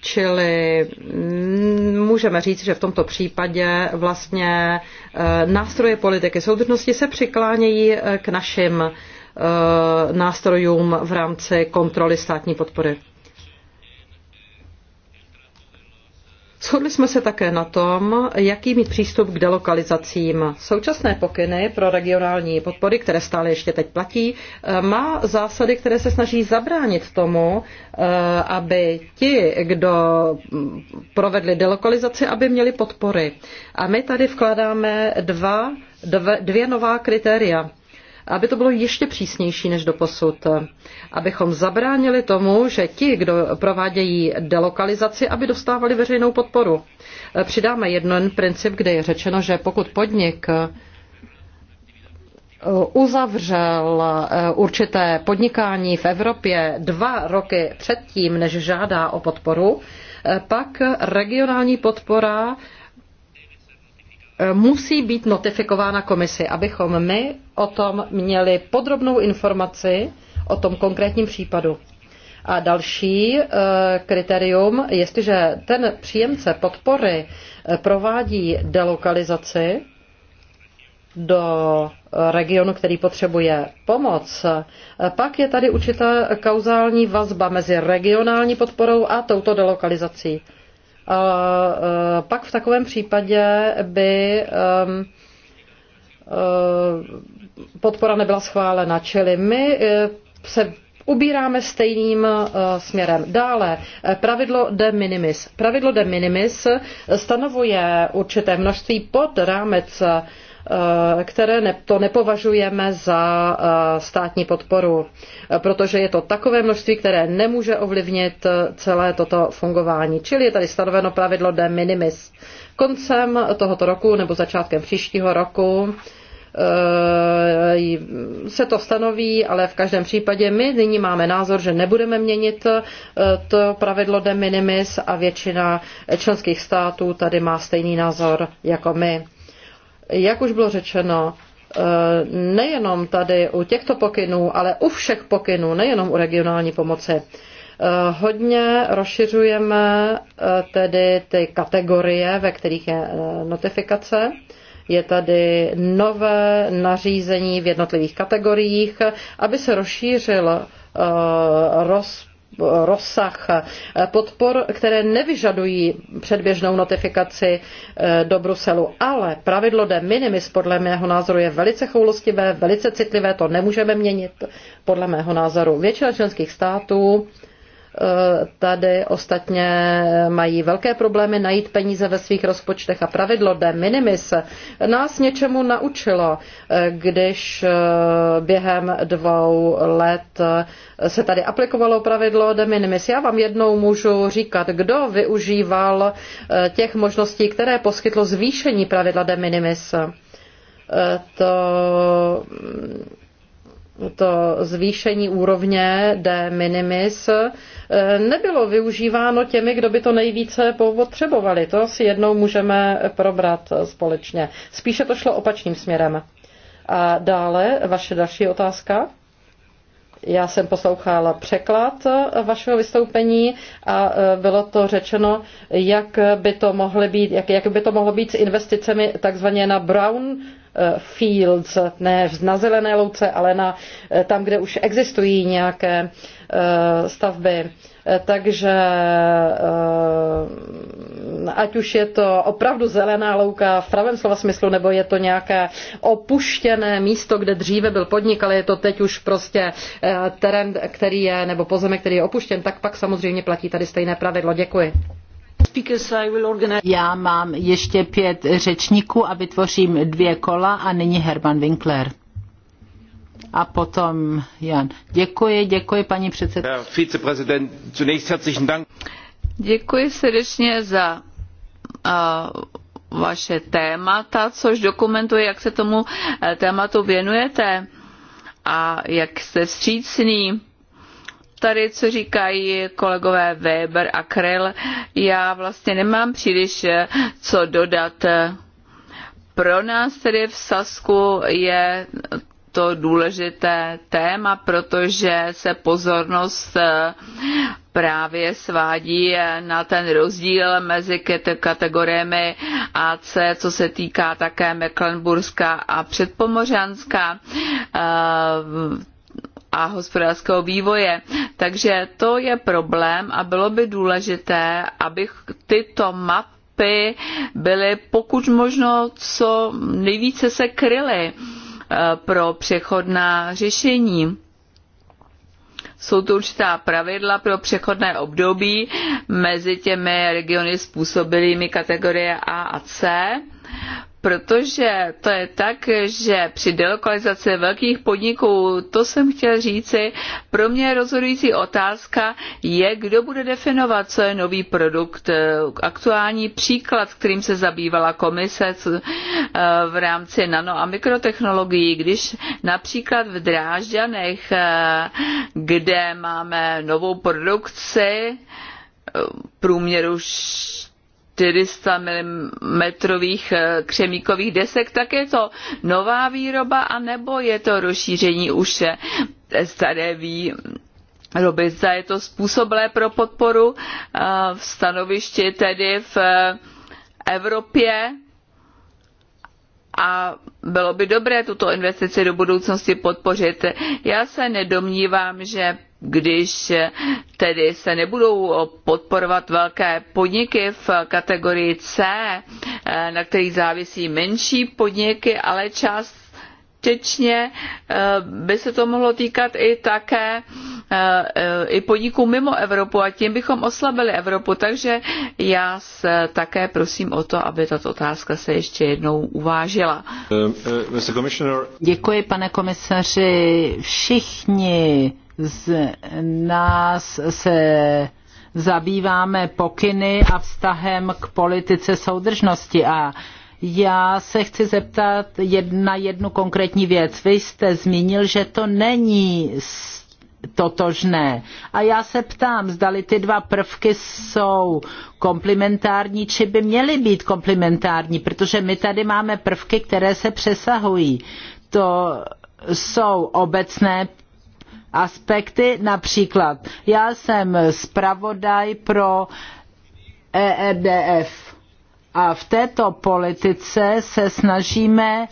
Čili mm, můžeme říct, že v tomto případě vlastně eh, nástroje politiky soudržnosti se přiklánějí eh, k našim eh, nástrojům v rámci kontroly státní podpory. Shodli jsme se také na tom, jaký mít přístup k delokalizacím. Současné pokyny pro regionální podpory, které stále ještě teď platí, eh, má zásady, které se snaží zabránit tomu, eh, aby ti, kdo mm, provedli delokalizaci, aby měli podpory. A my tady vkládáme dva, dvě nová kritéria aby to bylo ještě přísnější než doposud, abychom zabránili tomu, že ti, kdo provádějí delokalizaci, aby dostávali veřejnou podporu. Přidáme jeden princip, kde je řečeno, že pokud podnik eh, uzavřel eh, určité podnikání v Evropě dva roky předtím, než žádá o podporu, eh, pak regionální podpora Eh, musí být notifikována komisi, abychom my o tom měli podrobnou informaci o tom konkrétním případu. A další eh, kritérium, jestliže ten příjemce podpory eh, provádí delokalizaci do regionu, který potřebuje pomoc, pak je tady určitá kauzální vazba mezi regionální podporou a touto delokalizací. A eh, eh, pak v takovém případě by eh, podpora nebyla schválena. Čili my se ubíráme stejným směrem. Dále pravidlo de minimis. Pravidlo de minimis stanovuje určité množství pod rámec Eh, které ne, to nepovažujeme za eh, státní podporu, eh, protože je to takové množství, které nemůže ovlivnit celé toto fungování. Čili je tady stanoveno pravidlo de minimis. Koncem tohoto roku nebo začátkem příštího roku se to stanoví, ale v každém případě my nyní máme názor, že nebudeme měnit to pravidlo de minimis a většina členských států tady má stejný názor jako my. Jak už bylo řečeno, eh, nejenom tady u těchto pokynů, ale u všech pokynů, nejenom u regionální pomoci, eh, hodně rozšiřujeme eh, tedy ty kategorie, ve kterých je notifikace. Je tady nové nařízení v jednotlivých kategoriích, aby se rozšířil roz rozsah eh, podpor, které nevyžadují předběžnou notifikaci eh, do Bruselu. Ale pravidlo de minimis podle mého názoru je velice choulostivé, velice citlivé, to nemůžeme měnit podle mého názoru. Většina členských států tady ostatně mají velké problémy najít peníze ve svých rozpočtech a pravidlo de minimis nás něčemu naučilo, když eh, během dvou let se tady aplikovalo pravidlo de minimis. Já vám jednou můžu říkat, kdo využíval eh, těch možností, které poskytlo zvýšení pravidla de minimis. Eh, to mm, to zvýšení úrovně de minimis Eh, nebylo využíváno těmi, kdo by to nejvíce potřebovali. To si jednou můžeme probrat společně. Spíše to šlo opačným směrem. A dále vaše další otázka. Já jsem poslouchala překlad vašeho vystoupení a eh, bylo to řečeno, jak by to mohlo být, jak, jak by to mohlo být s investicemi takzvaně na brown Eh, fields, ne na zelené louce, ale na, eh, tam, kde už existují nějaké eh, stavby. Takže ať už je to opravdu zelená louka v pravém slova smyslu, nebo je to nějaké opuštěné místo, kde dříve byl podnik, ale je to teď už prostě terén, který je, nebo pozemek, který je opuštěn, tak pak samozřejmě platí tady stejné pravidlo. Děkuji. Já mám ještě pět řečníků a vytvořím dvě kola a nyní Herman Winkler. A potom Jan. Děkuji, děkuji paní předsedkyně. Děkuji srdečně za uh, vaše témata, což dokumentuje, jak se tomu e, tématu věnujete a jak jste vstřícný tady, co říkají kolegové Weber a Krill, já vlastně nemám příliš eh, co dodat. Pro nás tedy v Sasku je to důležité téma, protože se pozornost eh, právě svádí eh, na ten rozdíl mezi kategoriemi AC, co se týká také Mecklenburska a Předpomořanska a hospodářského vývoje. Takže to je problém a bylo by důležité, aby tyto mapy byly pokud možno co nejvíce se kryly eh, pro přechodná řešení. Jsou to určitá pravidla pro přechodné období mezi těmi regiony způsobilými kategorie A a C protože to je tak, že při delokalizaci velkých podniků, to jsem chtěl říci, pro mě rozhodující otázka je, kdo bude definovat, co je nový produkt. Aktuální příklad, kterým se zabývala komise eh, v rámci nano a mikrotechnologií, když například v Drážďanech, eh, kde máme novou produkci, eh, průměru 400 mm eh, křemíkových desek, tak je to nová výroba, anebo je to rozšíření už eh, staré vý, zda je to způsobilé pro podporu eh, v stanovišti tedy v Evropě a bylo by dobré tuto investici do budoucnosti podpořit. Já se nedomnívám, že když tedy se nebudou podporovat velké podniky v kategorii C, na kterých závisí menší podniky, ale část částečně eh, by se to mohlo týkat i také eh, i podniků mimo Evropu a tím bychom oslabili Evropu. Takže já se také prosím o to, aby tato otázka se ještě jednou uvážila. Eh, Děkuji, pane komisaři. Všichni z nás se zabýváme pokyny a vztahem k politice soudržnosti a já se chci zeptat na jednu konkrétní věc. Vy jste zmínil, že to není totožné. A já se ptám, zdali ty dva prvky jsou komplementární, či by měly být komplementární, protože my tady máme prvky, které se přesahují. To jsou obecné aspekty, například já jsem zpravodaj pro ERDF e a v této politice se snažíme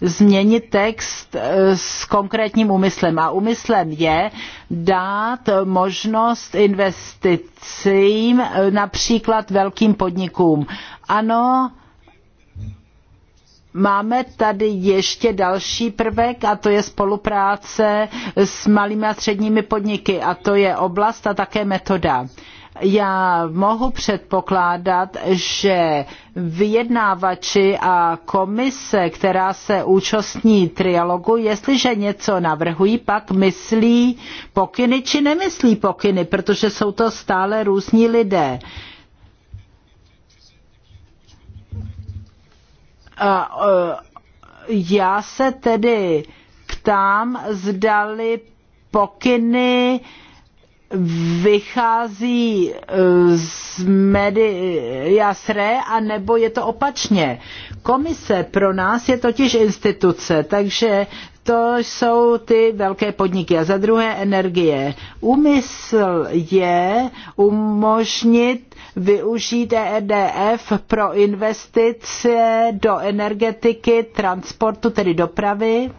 změnit text eh, s konkrétním úmyslem. A úmyslem je dát možnost investicím eh, například velkým podnikům. Ano, Máme tady ještě další prvek a to je spolupráce s malými a středními podniky a to je oblast a také metoda já mohu předpokládat, že vyjednávači a komise, která se účastní trialogu, jestliže něco navrhují, pak myslí pokyny či nemyslí pokyny, protože jsou to stále různí lidé. A, e, já se tedy ptám, zdali pokyny uh, vychází eh, z media sre a nebo je to opačně. Komise pro nás je totiž instituce, takže to jsou ty velké podniky. A za druhé energie. Úmysl je umožnit využít EDF pro investice do energetiky, transportu, tedy dopravy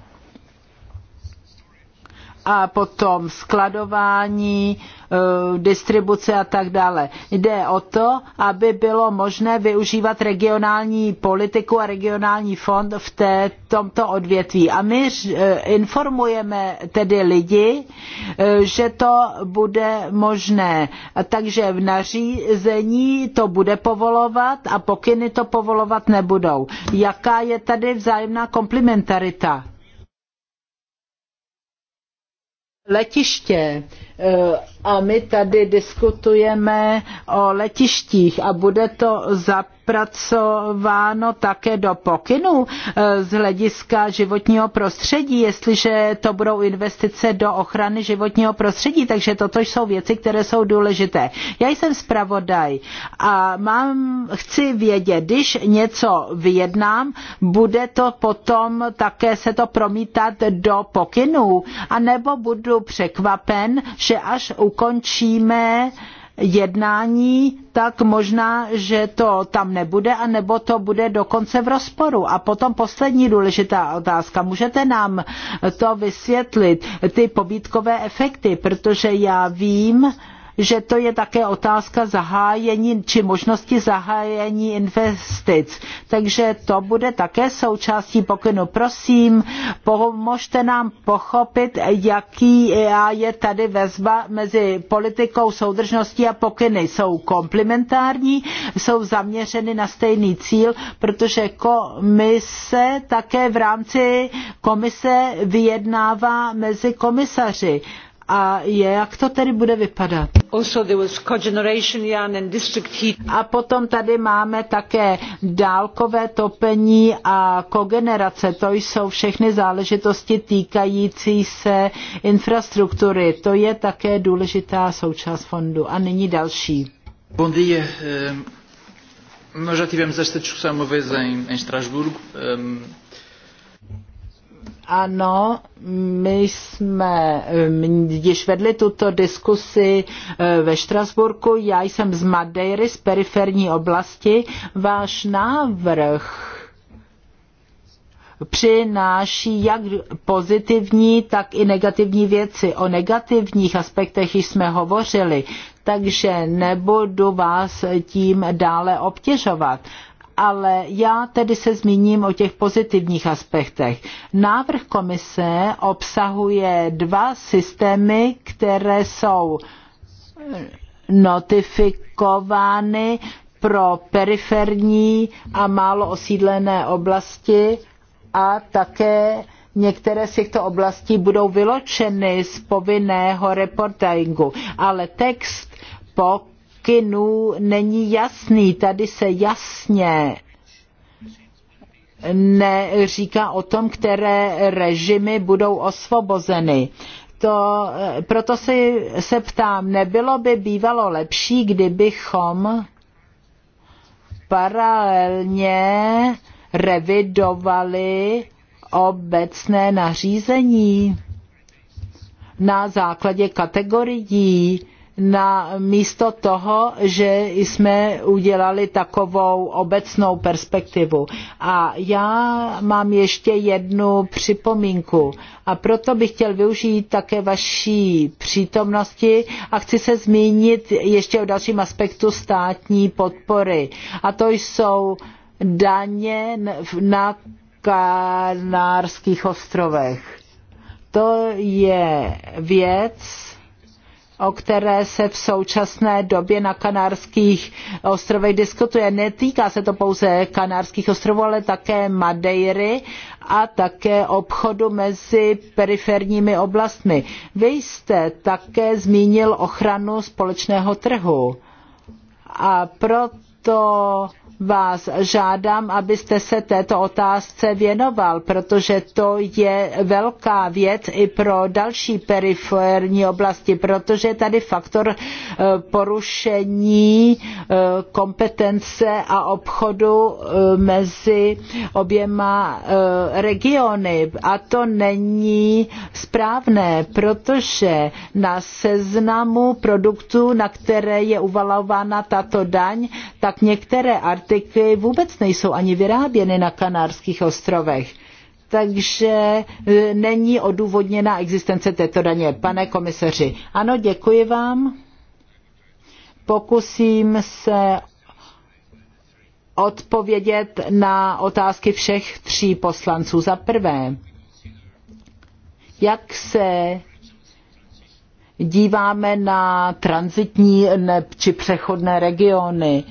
a potom skladování, eh, distribuce a tak dále. Jde o to, aby bylo možné využívat regionální politiku a regionální fond v té, tomto odvětví. A my eh, informujeme tedy lidi, eh, že to bude možné. Takže v nařízení to bude povolovat a pokyny to povolovat nebudou. Jaká je tady vzájemná komplementarita? letiště Eh, a my tady diskutujeme o letištích a bude to zapracováno také do pokynů eh, z hlediska životního prostředí, jestliže to budou investice do ochrany životního prostředí, takže toto jsou věci, které jsou důležité. Já jsem zpravodaj a mám, chci vědět, když něco vyjednám, bude to potom také se to promítat do pokynů, anebo budu překvapen, že až ukončíme jednání, tak možná, že to tam nebude, a nebo to bude dokonce v rozporu. A potom poslední důležitá otázka. Můžete nám to vysvětlit, ty pobítkové efekty, protože já vím, že to je také otázka zahájení či možnosti zahájení investic. Takže to bude také součástí pokynu. Prosím, pomožte nám pochopit, jaký je tady vezba mezi politikou soudržnosti a pokyny. Jsou komplementární, jsou zaměřeny na stejný cíl, protože komise také v rámci komise vyjednává mezi komisaři a je, jak to tedy bude vypadat. A potom tady máme také dálkové topení a kogenerace. To jsou všechny záležitosti týkající se infrastruktury. To je také důležitá součást fondu. A nyní další. Bom dia. Eh, nós já tivemos esta discussão uma vez em, em Estrasburgo. Um, ano, my jsme již vedli tuto diskusi eh, ve Štrasburku. Já jsem z Madeiry, z periferní oblasti. Váš návrh přináší jak pozitivní, tak i negativní věci. O negativních aspektech jsme hovořili, takže nebudu vás tím dále obtěžovat ale já tedy se zmíním o těch pozitivních aspektech. Návrh komise obsahuje dva systémy, které jsou eh, notifikovány pro periferní a málo osídlené oblasti a také některé z těchto oblastí budou vyločeny z povinného reportingu. Ale text po pokynů není jasný. Tady se jasně neříká o tom, které režimy budou osvobozeny to, proto si, se ptám, nebylo by bývalo lepší, kdybychom paralelně revidovali obecné nařízení na základě kategorií, na místo toho, že jsme udělali takovou obecnou perspektivu. A já mám ještě jednu připomínku a proto bych chtěl využít také vaší přítomnosti a chci se zmínit ještě o dalším aspektu státní podpory. A to jsou daně na Kanárských ostrovech. To je věc, o které se v současné době na Kanárských ostrovech diskutuje. Netýká se to pouze Kanárských ostrovů, ale také Madeiry a také obchodu mezi periferními oblastmi. Vy jste také zmínil ochranu společného trhu a proto vás žádám, abyste se této otázce věnoval, protože to je velká věc i pro další periferní oblasti, protože je tady faktor eh, porušení eh, kompetence a obchodu eh, mezi oběma regiony. A to není správné, protože na seznamu produktů, na které je uvalována tato daň, tak některé artikly plastiky vůbec nejsou ani vyráběny na Kanárských ostrovech takže e, není odůvodněná existence této daně. Pane komisaři, ano, děkuji vám. Pokusím se odpovědět na otázky všech tří poslanců. Za prvé, jak se díváme na transitní či přechodné regiony?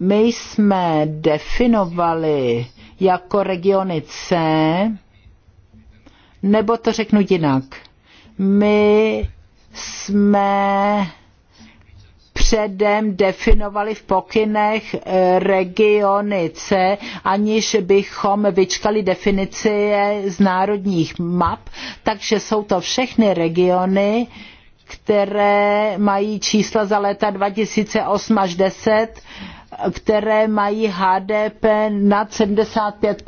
my jsme definovali jako regiony C, nebo to řeknu jinak. My jsme předem definovali v pokynech eh, regiony C, aniž bychom vyčkali definici z národních map, takže jsou to všechny regiony, které mají čísla za léta 2008 až 10 které mají HDP nad 75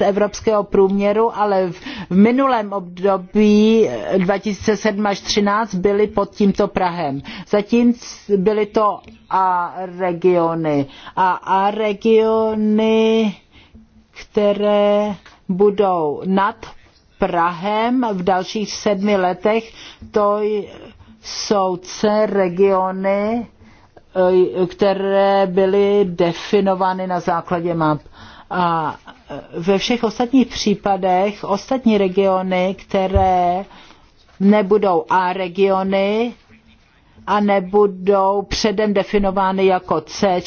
evropského průměru, ale v, minulém období 2007 až 2013 byly pod tímto Prahem. Zatím byly to A regiony. A A regiony, které budou nad Prahem v dalších sedmi letech, to jsou C regiony, Eh, které byly definovány na základě map. A eh, ve všech ostatních případech ostatní regiony, které nebudou A regiony a nebudou předem definovány jako C,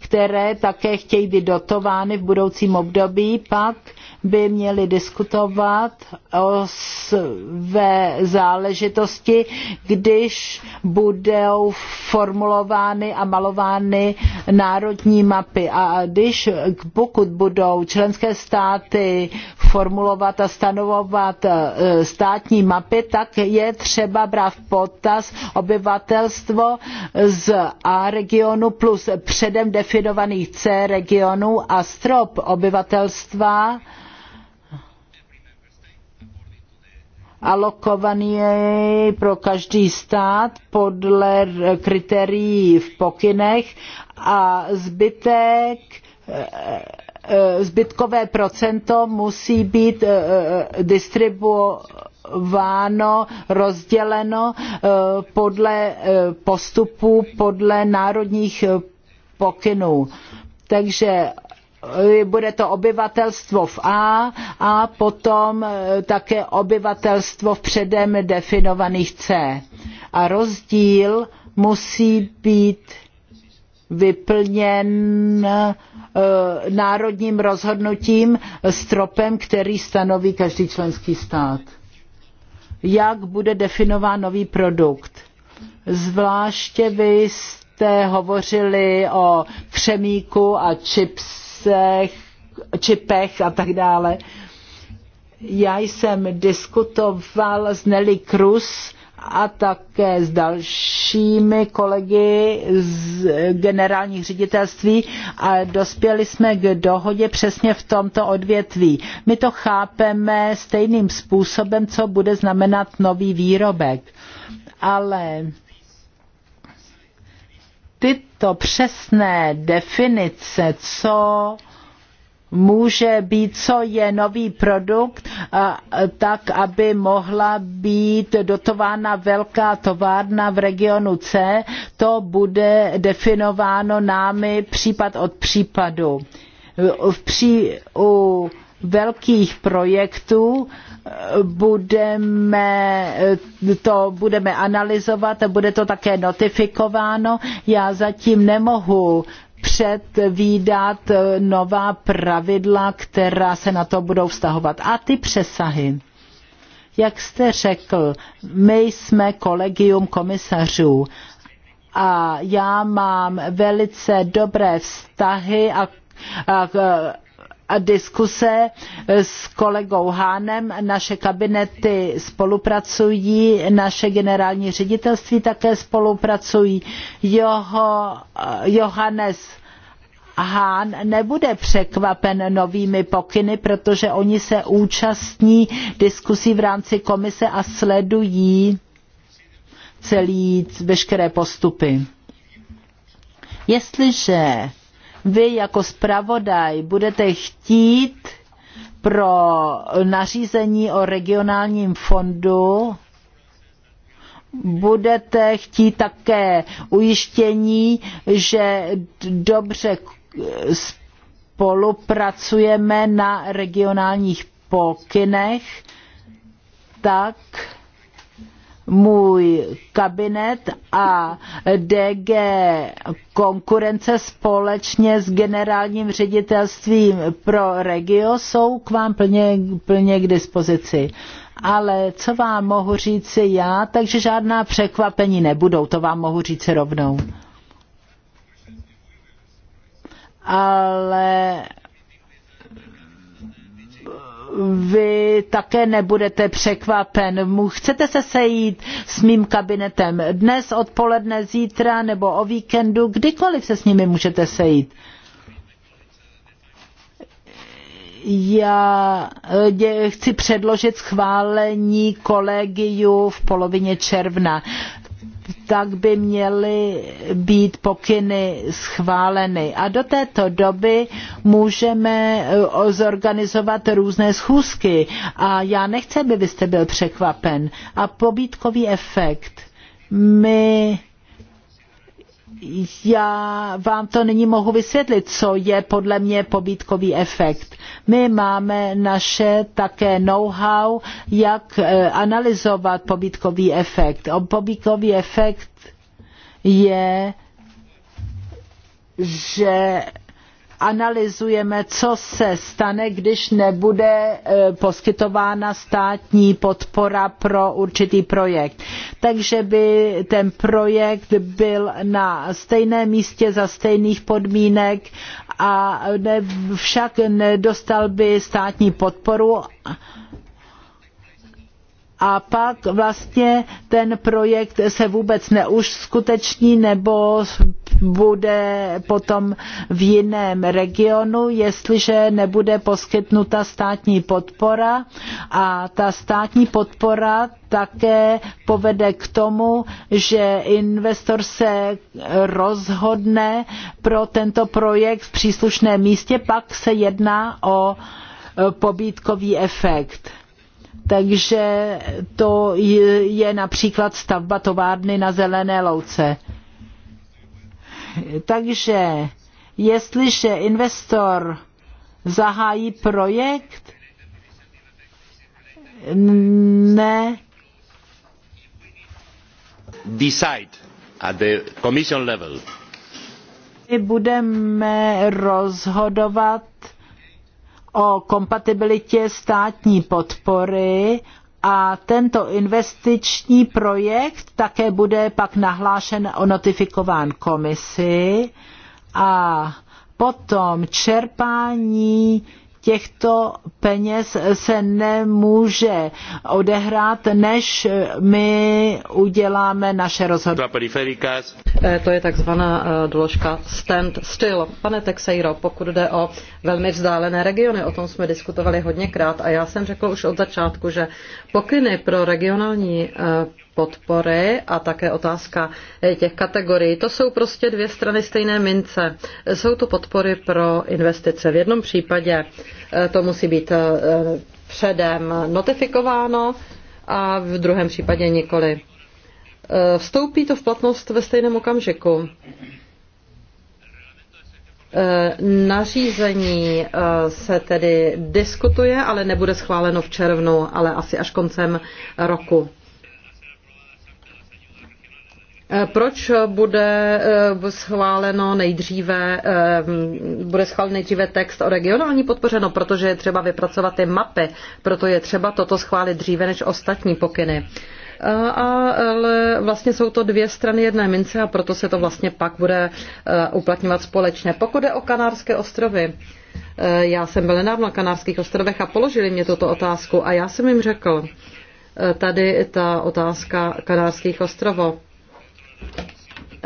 které také chtějí být dotovány v budoucím období, pak by měli diskutovat o své záležitosti, když budou formulovány a malovány národní mapy. A když, pokud budou členské státy formulovat a stanovovat e, státní mapy, tak je třeba brát v potaz obyvatelstvo z A regionu plus předem definovaných C regionů a strop obyvatelstva alokovaný pro každý stát podle kritérií v pokynech a zbytek eh, eh, zbytkové procento musí být eh, distribuováno, rozděleno podle postupů, podle národních pokynů. Takže bude to obyvatelstvo v A a potom e, také obyvatelstvo v předem definovaných C. A rozdíl musí být vyplněn e, národním rozhodnutím stropem, který stanoví každý členský stát. Jak bude definován nový produkt? Zvláště vy jste hovořili o křemíku a chips čipsech, čipech a tak dále. Já jsem diskutoval s Nelly Cruz a také s dalšími kolegy z generálních ředitelství a dospěli jsme k dohodě přesně v tomto odvětví. My to chápeme stejným způsobem, co bude znamenat nový výrobek. Ale tyto přesné definice, co může být, co je nový produkt, a, tak aby mohla být dotována velká továrna v regionu C. To bude definováno námi případ od případu. V při, u velkých projektů budeme to budeme analyzovat a bude to také notifikováno. Já zatím nemohu předvídat nová pravidla, která se na to budou vztahovat. A ty přesahy. Jak jste řekl, my jsme kolegium komisařů a já mám velice dobré vztahy a, a, diskuse s kolegou Hánem. Naše kabinety spolupracují, naše generální ředitelství také spolupracují. Joho, Johannes Hán nebude překvapen novými pokyny, protože oni se účastní diskusí v rámci komise a sledují celý, veškeré postupy. Jestliže vy jako zpravodaj budete chtít pro nařízení o regionálním fondu budete chtít také ujištění, že dobře spolupracujeme na regionálních pokynech, tak můj kabinet a DG konkurence společně s generálním ředitelstvím pro regio jsou k vám plně, plně k dispozici. Ale co vám mohu říci já, takže žádná překvapení nebudou, to vám mohu říci rovnou. Ale vy také nebudete překvapen. Chcete se sejít s mým kabinetem dnes, odpoledne, zítra nebo o víkendu, kdykoliv se s nimi můžete sejít. Já eh, chci předložit schválení kolegiu v polovině června tak by měly být pokyny schváleny. A do této doby můžeme eh, zorganizovat různé schůzky. A já nechci, aby byste byl překvapen. A pobítkový efekt. My já vám to nyní mohu vysvětlit, co je podle mě pobítkový efekt. My máme naše také know-how, jak eh, analyzovat pobítkový efekt. O pobítkový efekt je, že analyzujeme, co se stane, když nebude e, poskytována státní podpora pro určitý projekt. Takže by ten projekt byl na stejném místě za stejných podmínek a ne, však nedostal by státní podporu a pak vlastně ten projekt se vůbec neuskuteční nebo bude potom v jiném regionu, jestliže nebude poskytnuta státní podpora a ta státní podpora také povede k tomu, že investor se rozhodne pro tento projekt v příslušném místě, pak se jedná o pobídkový efekt takže to je například stavba továrny na zelené louce. Takže jestliže investor zahájí projekt, ne. Decide at the commission level. My budeme rozhodovat o kompatibilitě státní podpory a tento investiční projekt také bude pak nahlášen a notifikován komisi a potom čerpání těchto peněz se nemůže odehrát, než my uděláme naše rozhodnutí. E, to je takzvaná e, doložka stand still. Pane Texeiro, pokud jde o velmi vzdálené regiony, o tom jsme diskutovali hodněkrát a já jsem řekl už od začátku, že pokyny pro regionální e, podpory a také otázka eh, těch kategorií. To jsou prostě dvě strany stejné mince. Jsou to podpory pro investice. V jednom případě eh, to musí být eh, předem notifikováno a v druhém případě nikoli. Vstoupí to v platnost ve stejném okamžiku. Nařízení se tedy diskutuje, ale nebude schváleno v červnu, ale asi až koncem roku. Eh, proč bude eh, schváleno nejdříve, eh, bude schválen nejdříve text o regionální podpoře? No, protože je třeba vypracovat ty mapy, proto je třeba toto schválit dříve než ostatní pokyny. A, ale vlastně jsou to dvě strany jedné mince a proto se to vlastně pak bude uplatňovat společně. Pokud je o Kanárské ostrovy, já jsem byl nedávno na Kanárských ostrovech a položili mě tuto otázku a já jsem jim řekl, tady ta otázka Kanárských ostrovů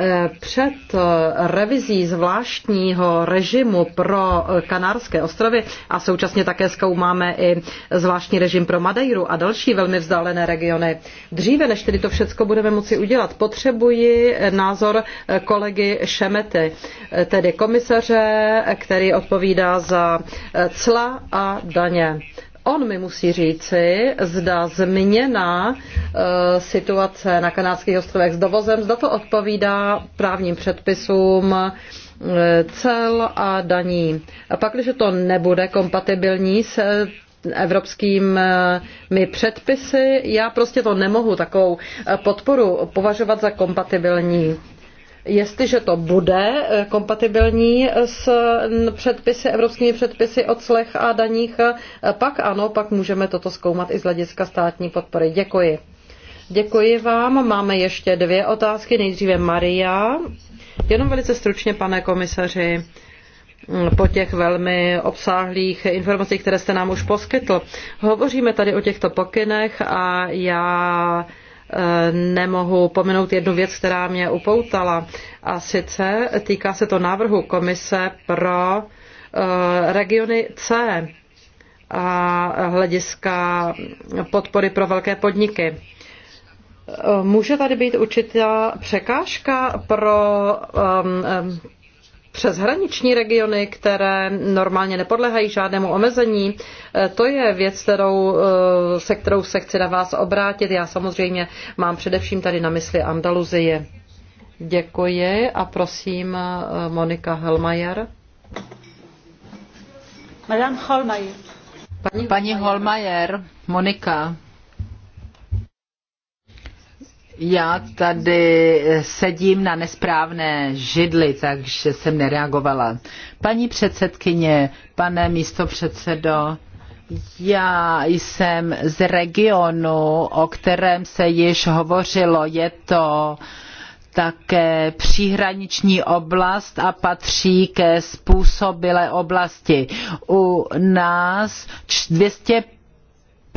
Eh, před eh, revizí zvláštního režimu pro eh, Kanárské ostrovy a současně také zkoumáme i zvláštní režim pro Madeiru a další velmi vzdálené regiony. Dříve, než tedy to všechno budeme moci udělat, potřebuji názor kolegy Šemety, tedy komisaře, který odpovídá za cla a daně. On mi musí říci, zda změna e, situace na kanádských ostrovech s dovozem, zda to odpovídá právním předpisům eh, cel a daní. A pak, když to nebude kompatibilní s eh, evropskými předpisy, já prostě to nemohu takovou podporu považovat za kompatibilní. Jestliže to bude eh, kompatibilní s předpisy, evropskými předpisy o clech a daních, eh, pak ano, pak můžeme toto zkoumat i z hlediska státní podpory. Děkuji. Děkuji vám. Máme ještě dvě otázky. Nejdříve Maria. Jenom velice stručně, pane komisaři mm, po těch velmi obsáhlých informacích, které jste nám už poskytl. Hovoříme tady o těchto pokynech a já Eh, nemohu pominout jednu věc, která mě upoutala. A sice týká se to návrhu komise pro eh, regiony C a hlediska podpory pro velké podniky. Eh, může tady být určitá překážka pro um, hraniční regiony, které normálně nepodléhají žádnému omezení. E, to je věc, kterou, e, se kterou se chci na vás obrátit. Já samozřejmě mám především tady na mysli Andaluzie. Děkuji a prosím e, Monika Helmajer. Madame Holmajer. Paní Holmajer, Monika. Já tady sedím na nesprávné židli, takže jsem nereagovala. Paní předsedkyně, pane místopředsedo, já jsem z regionu, o kterém se již hovořilo. Je to také příhraniční oblast a patří ke způsobilé oblasti. U nás 200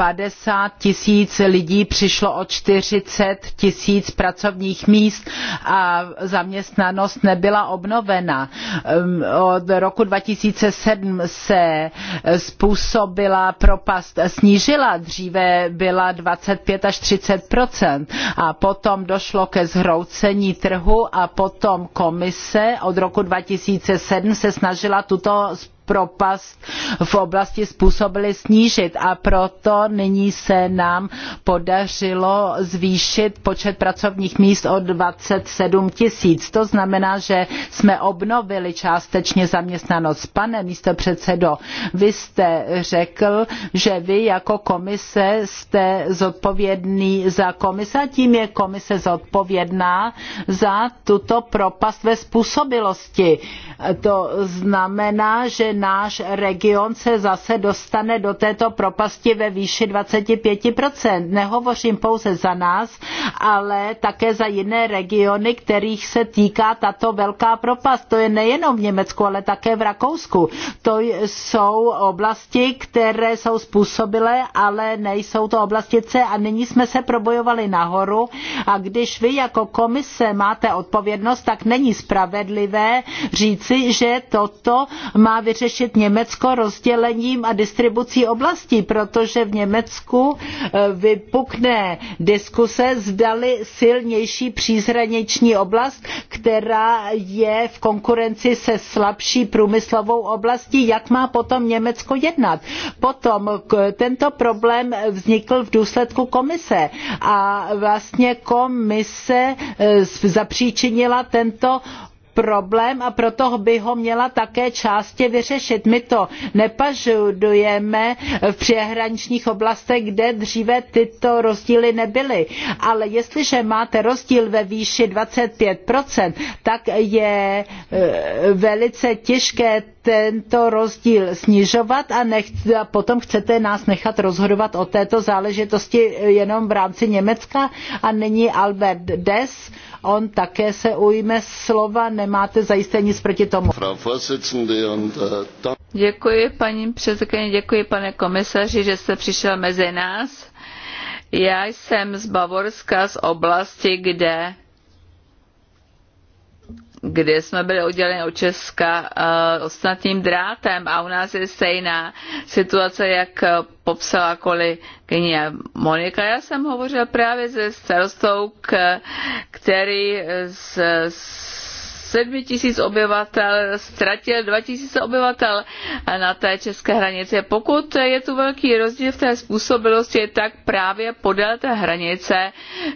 50 tisíc lidí přišlo o 40 tisíc pracovních míst a zaměstnanost nebyla obnovena. Ehm, od roku 2007 se způsobila propast snížila, dříve byla 25 až 30 a potom došlo ke zhroucení trhu a potom komise od roku 2007 se snažila tuto propast v oblasti způsobily snížit a proto nyní se nám podařilo zvýšit počet pracovních míst o 27 tisíc. To znamená, že jsme obnovili částečně zaměstnanost. Pane místo předsedo, vy jste řekl, že vy jako komise jste zodpovědný za komise a tím je komise zodpovědná za tuto propast ve způsobilosti. To znamená, že náš region se zase dostane do této propasti ve výši 25%. Nehovořím pouze za nás, ale také za jiné regiony, kterých se týká tato velká propast. To je nejenom v Německu, ale také v Rakousku. To jsou oblasti, které jsou způsobilé, ale nejsou to oblasti C a nyní jsme se probojovali nahoru a když vy jako komise máte odpovědnost, tak není spravedlivé říci, že toto má vyřešit vyřešit Německo rozdělením a distribucí oblastí, protože v Německu eh, vypukne diskuse, zdali silnější přízraniční oblast, která je v konkurenci se slabší průmyslovou oblastí, jak má potom Německo jednat. Potom tento problém vznikl v důsledku komise a vlastně komise eh, zapříčinila tento problém a proto by ho měla také části vyřešit. My to nepažudujeme v přehraničních oblastech, kde dříve tyto rozdíly nebyly. Ale jestliže máte rozdíl ve výši 25%, tak je eh, velice těžké tento rozdíl snižovat a, nech, a potom chcete nás nechat rozhodovat o této záležitosti jenom v rámci Německa a není Albert Des, on také se ujme slova, nemáte zajisté nic proti tomu. Äh, děkuji paní předsedkyně, děkuji pane komisaři, že jste přišel mezi nás. Já jsem z Bavorska, z oblasti, kde kde jsme byli odděleni od Česka uh, ostatním drátem a u nás je stejná situace, jak eh, popsala kolegyně Monika. Já jsem hovořila právě se starostou, k, který z, z 7 tisíc obyvatel, ztratil 2 tisíce obyvatel na té české hranici. Pokud je tu velký rozdíl v té způsobilosti, tak právě podél té hranice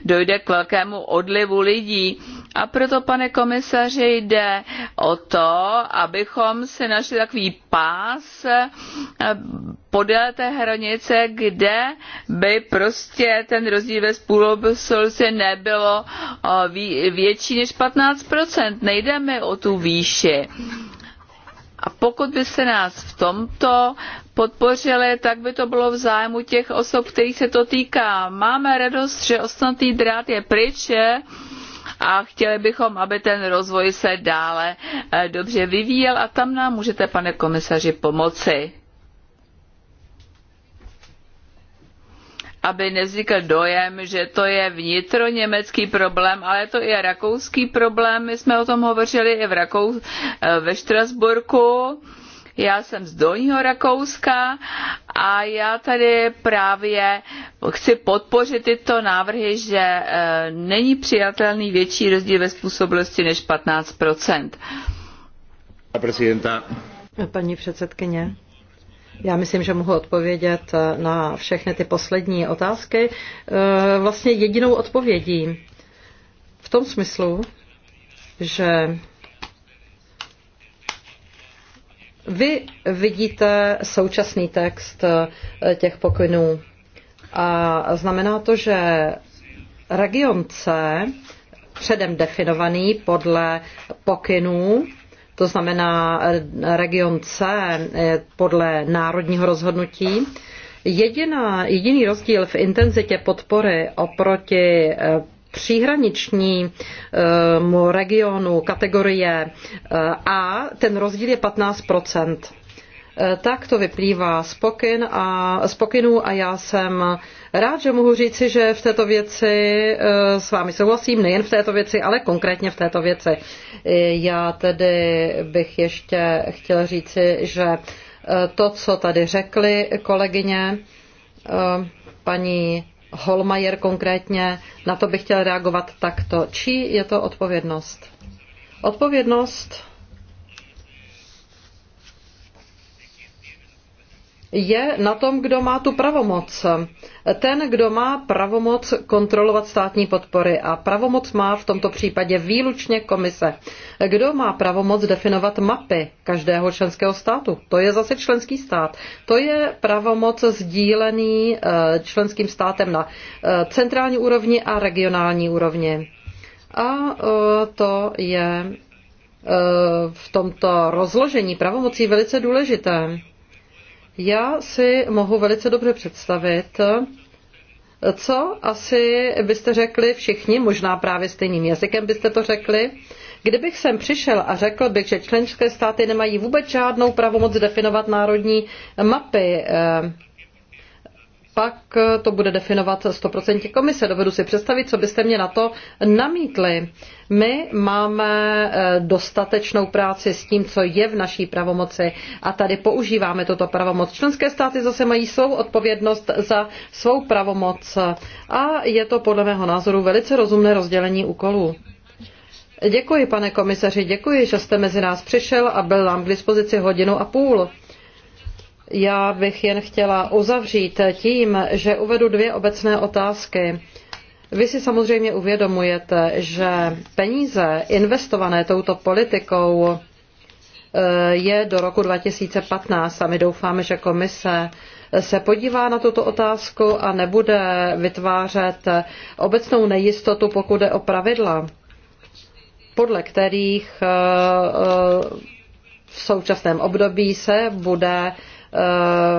dojde k velkému odlivu lidí a proto, pane komisaři, jde o to, abychom si našli takový pás eh, podél té hranice, kde by prostě ten rozdíl ve spolupsolci nebylo eh, větší než 15%. Nejde mi o tu výši. A pokud by se nás v tomto podpořili, tak by to bylo v zájmu těch osob, kterých se to týká. Máme radost, že ostatní drát je pryč, a chtěli bychom, aby ten rozvoj se dále eh, dobře vyvíjel a tam nám můžete, pane komisaři, pomoci. aby nevznikl dojem, že to je vnitroněmecký problém, ale je to i rakouský problém. My jsme o tom hovořili i v Rakou, eh, ve Štrasburku já jsem z Dolního Rakouska a já tady právě chci podpořit tyto návrhy, že e, není přijatelný větší rozdíl ve způsobilosti než 15 Paní předsedkyně. Já myslím, že mohu odpovědět na všechny ty poslední otázky. E, vlastně jedinou odpovědí v tom smyslu, že Vy vidíte současný text eh, těch pokynů a znamená to, že region C, předem definovaný podle pokynů, to znamená eh, region C eh, podle národního rozhodnutí, Jediná, jediný rozdíl v intenzitě podpory oproti příhraničnímu eh, regionu kategorie eh, A, ten rozdíl je 15 eh, tak to vyplývá z, pokyn a, z pokynů a já jsem rád, že mohu říci, že v této věci s vámi souhlasím, nejen v této věci, ale konkrétně v této věci. Já tedy bych ještě chtěla říci, že to, co tady řekly kolegyně, paní Holmajer konkrétně, na to bych chtěl reagovat takto. Čí je to odpovědnost? Odpovědnost je na tom, kdo má tu pravomoc. Ten, kdo má pravomoc kontrolovat státní podpory a pravomoc má v tomto případě výlučně komise. Kdo má pravomoc definovat mapy každého členského státu? To je zase členský stát. To je pravomoc sdílený eh, členským státem na eh, centrální úrovni a regionální úrovni. A eh, to je v tomto rozložení pravomocí velice důležité. Já si mohu velice dobře představit, co asi byste řekli všichni, možná právě stejným jazykem byste to řekli, Kdybych sem přišel a řekl bych, že členské státy nemají vůbec žádnou pravomoc definovat národní mapy eh, pak eh, to bude definovat 100% komise. Dovedu si představit, co byste mě na to namítli. My máme eh, dostatečnou práci s tím, co je v naší pravomoci a tady používáme toto pravomoc. Členské státy zase mají svou odpovědnost za svou pravomoc a je to podle mého názoru velice rozumné rozdělení úkolů. Děkuji, pane komisaři, děkuji, že jste mezi nás přišel a byl nám k dispozici hodinu a půl. Já bych jen chtěla uzavřít tím, že uvedu dvě obecné otázky. Vy si samozřejmě uvědomujete, že peníze investované touto politikou eh, je do roku 2015 a my doufáme, že komise se podívá na tuto otázku a nebude vytvářet obecnou nejistotu, pokud jde o pravidla, podle kterých eh, eh, v současném období se bude Eh,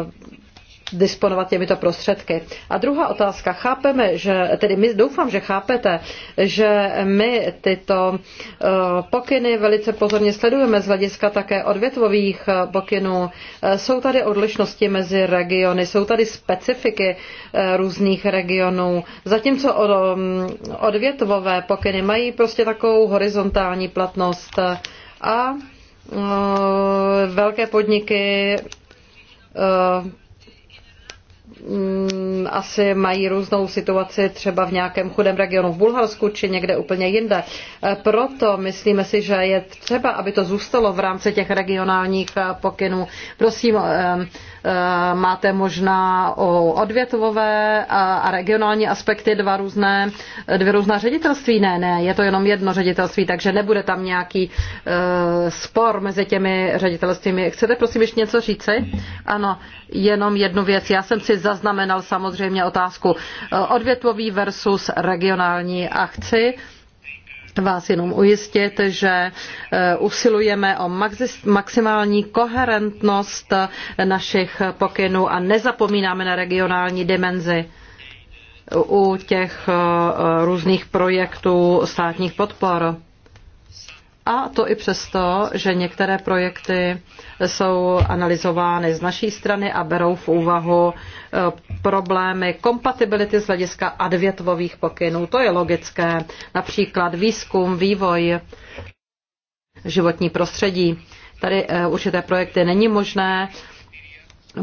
disponovat těmito prostředky. A druhá otázka. Chápeme, že, tedy my doufám, že chápete, že my tyto eh, pokyny velice pozorně sledujeme z hlediska také odvětvových eh, pokynů. Jsou tady odlišnosti mezi regiony, jsou tady specifiky různých regionů. Zatímco mm, odvětvové pokyny mají prostě takovou horizontální platnost a velké podniky Eh, mm, asi mají různou situaci třeba v nějakém chudém regionu v Bulharsku či někde úplně jinde. Eh, proto myslíme si, že je třeba, aby to zůstalo v rámci těch regionálních eh, pokynů. Prosím, Eh, máte možná o odvětvové a regionální aspekty dva různé, eh, dvě různá ředitelství. Ne, ne, je to jenom jedno ředitelství, takže nebude tam nějaký eh, spor mezi těmi ředitelstvími. Chcete prosím ještě něco říci? Ano, jenom jednu věc. Já jsem si zaznamenal samozřejmě otázku odvětvový versus regionální a chci vás jenom ujistit, že eh, usilujeme o maximální koherentnost eh, našich pokynů a nezapomínáme na regionální dimenzi u těch eh, různých projektů státních podpor. A to i přesto, že některé projekty jsou analyzovány z naší strany a berou v úvahu Eh, problémy kompatibility z hlediska advětvových pokynů. To je logické. Například výzkum, vývoj, životní prostředí. Tady eh, určité projekty není možné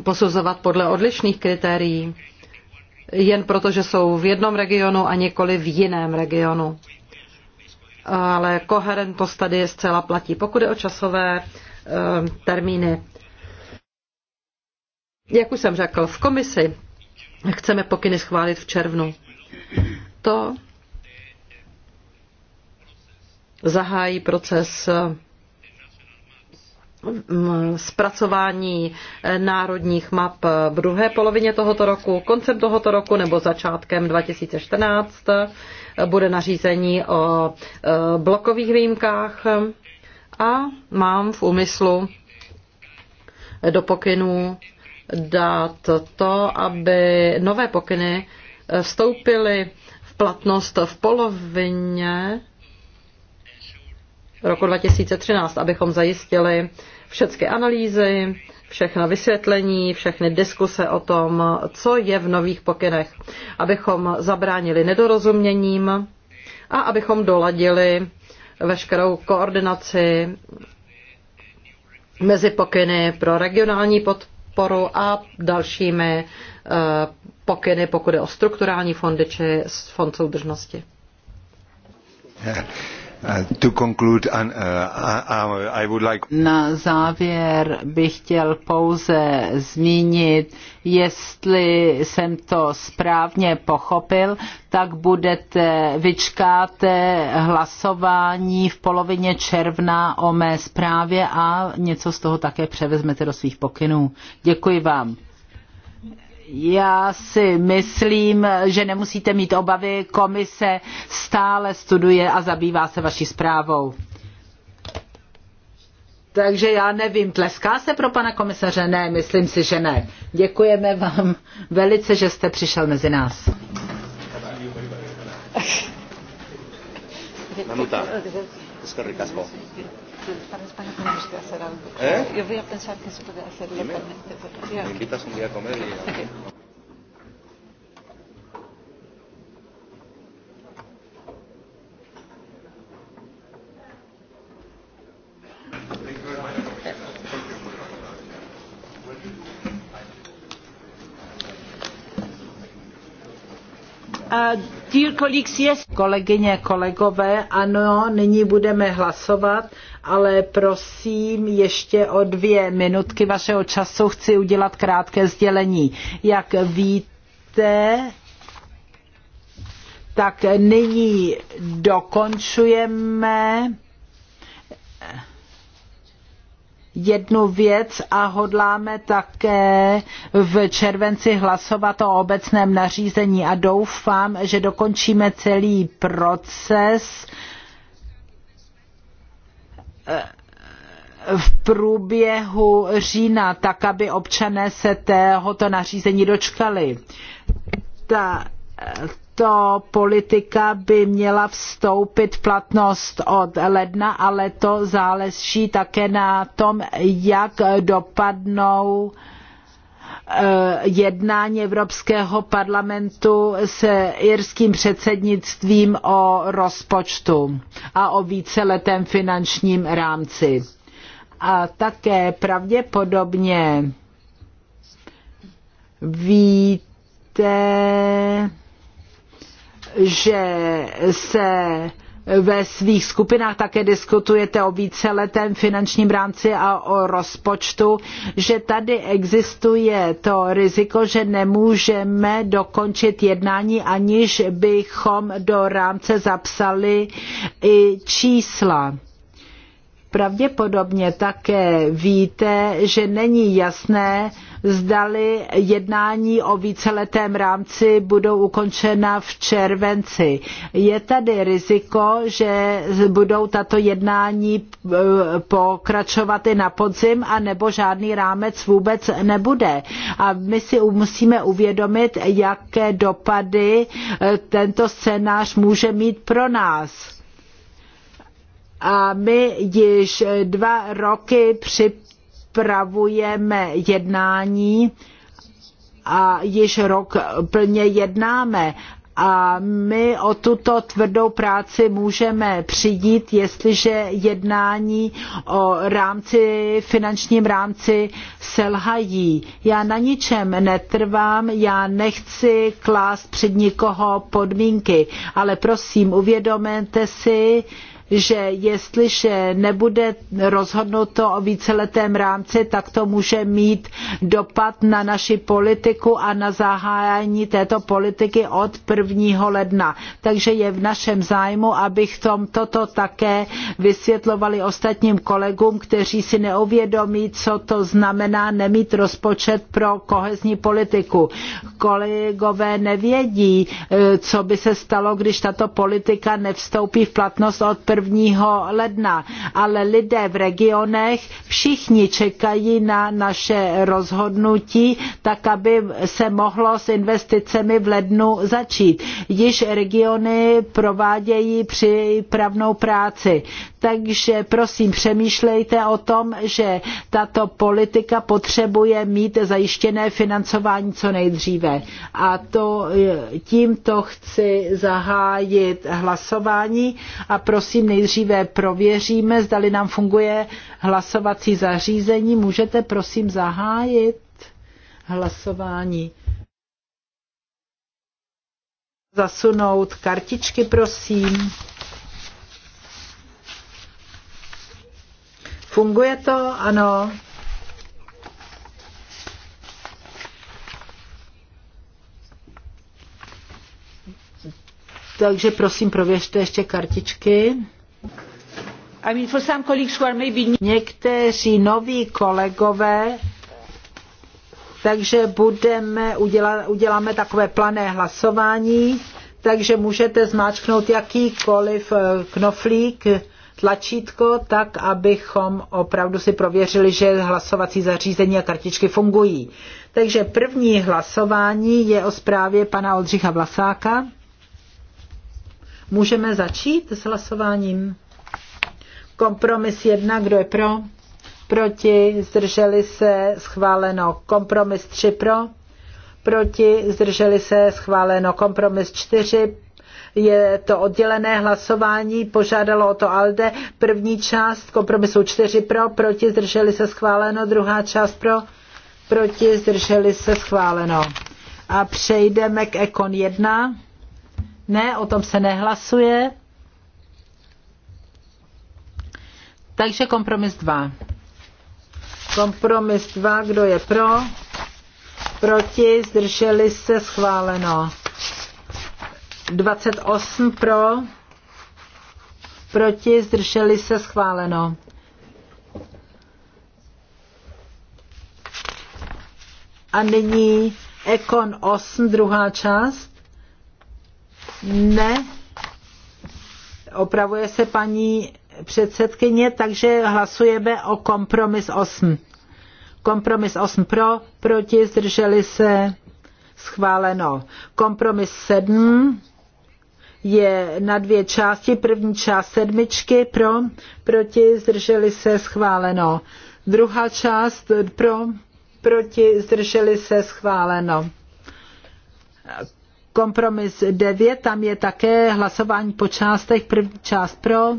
posuzovat podle odlišných kritérií, jen proto, že jsou v jednom regionu a nikoli v jiném regionu. Ale koherentnost tady zcela platí. Pokud je o časové eh, termíny, jak už jsem řekl, v komisi chceme pokyny schválit v červnu. To zahájí proces mm, zpracování eh, národních map v druhé polovině tohoto roku, koncem tohoto roku nebo začátkem 2014 bude nařízení o eh, blokových výjimkách a mám v úmyslu do pokynů dát to, aby nové pokyny vstoupily v platnost v polovině roku 2013, abychom zajistili všechny analýzy, všechna vysvětlení, všechny diskuse o tom, co je v nových pokynech, abychom zabránili nedorozuměním a abychom doladili veškerou koordinaci mezi pokyny pro regionální pod, podporu a dalšími eh, pokyny, pokud je o strukturální fondy či fond soudržnosti. Uh, uh, Na závěr bych chtěl pouze zmínit, jestli jsem to správně pochopil, tak budete, vyčkáte hlasování v polovině června o mé zprávě a něco z toho také převezmete do svých pokynů. Děkuji vám. Já si myslím, že nemusíte mít obavy, komise stále studuje a zabývá se vaší zprávou. Takže já nevím, tleská se pro pana komisaře? Ne, myslím si, že ne. Děkujeme vám velice, že jste přišel mezi nás. Manuta, ¿Eh? Yo voy a pensar que se puede hacerlo. Dime, me invitas un día a comer y... Thank you very much. Kolegyně, kolegové, ano, nyní budeme hlasovat, ale prosím ještě o dvě minutky vašeho času. Chci udělat krátké sdělení. Jak víte, tak nyní dokončujeme jednu věc a hodláme také v červenci hlasovat o obecném nařízení a doufám, že dokončíme celý proces eh, v průběhu října, tak aby občané se tohoto nařízení dočkali. Ta to politika by měla vstoupit v platnost od ledna, ale to záleží také na tom, jak dopadnou eh, jednání Evropského parlamentu s irským předsednictvím o rozpočtu a o víceletém finančním rámci. A také pravděpodobně víte, že se ve svých skupinách také diskutujete o víceletém finančním rámci a o rozpočtu, že tady existuje to riziko, že nemůžeme dokončit jednání, aniž bychom do rámce zapsali i čísla Pravděpodobně také víte, že není jasné, zdali jednání o víceletém rámci budou ukončena v červenci. Je tady riziko, že budou tato jednání eh, pokračovat i na podzim, anebo žádný rámec vůbec nebude. A my si musíme uvědomit, jaké dopady eh, tento scénář může mít pro nás a my již dva roky připravujeme jednání a již rok plně jednáme a my o tuto tvrdou práci můžeme přijít, jestliže jednání o rámci, finančním rámci selhají. Já na ničem netrvám, já nechci klást před nikoho podmínky, ale prosím, uvědomte si, že jestliže nebude rozhodnuto o víceletém rámci, tak to může mít dopad na naši politiku a na zahájení této politiky od 1. ledna. Takže je v našem zájmu, abychom toto také vysvětlovali ostatním kolegům, kteří si neuvědomí, co to znamená nemít rozpočet pro kohezní politiku. Kolegové nevědí, eh, co by se stalo, když tato politika nevstoupí v platnost od 1 1. ledna, ale lidé v regionech všichni čekají na naše rozhodnutí, tak aby se mohlo s investicemi v lednu začít. Již regiony provádějí přípravnou práci. Takže prosím, přemýšlejte o tom, že tato politika potřebuje mít zajištěné financování co nejdříve. A to e, tímto chci zahájit hlasování a prosím, zařízení. Nejdříve prověříme, zdali nám funguje hlasovací zařízení. Můžete prosím zahájit hlasování. Zasunout kartičky, prosím. Funguje to? Ano. Takže prosím, prověřte ještě kartičky. Někteří noví kolegové, takže budeme, uděla, uděláme takové plané hlasování, takže můžete zmáčknout jakýkoliv eh, knoflík, tlačítko, tak abychom opravdu si prověřili, že hlasovací zařízení a kartičky fungují. Takže první hlasování je o zprávě pana Oldřicha Vlasáka. Můžeme začít s hlasováním? Kompromis jedna kdo je pro? Proti, zdrželi se, schváleno. Kompromis tři pro? Proti, zdrželi se, schváleno. Kompromis čtyři je to oddělené hlasování, požádalo o to ALDE. První část kompromisu čtyři pro, proti, zdrželi se schváleno, druhá část pro, proti, zdrželi se schváleno. A přejdeme k Ekon 1. Ne, o tom se nehlasuje. Takže kompromis 2. Kompromis 2, kdo je pro? Proti, zdrželi se, schváleno. 28 pro, proti, zdrželi se, schváleno. A nyní Ekon 8, druhá část. Ne. Opravuje se paní předsedkyně, takže hlasujeme o kompromis 8. Kompromis 8 pro, proti, zdrželi se, schváleno. Kompromis 7 je na dvě části. První část sedmičky pro, proti, zdrželi se, schváleno. Druhá část pro, proti, zdrželi se, schváleno. Kompromis 9, tam je také hlasování po částech. První část pro,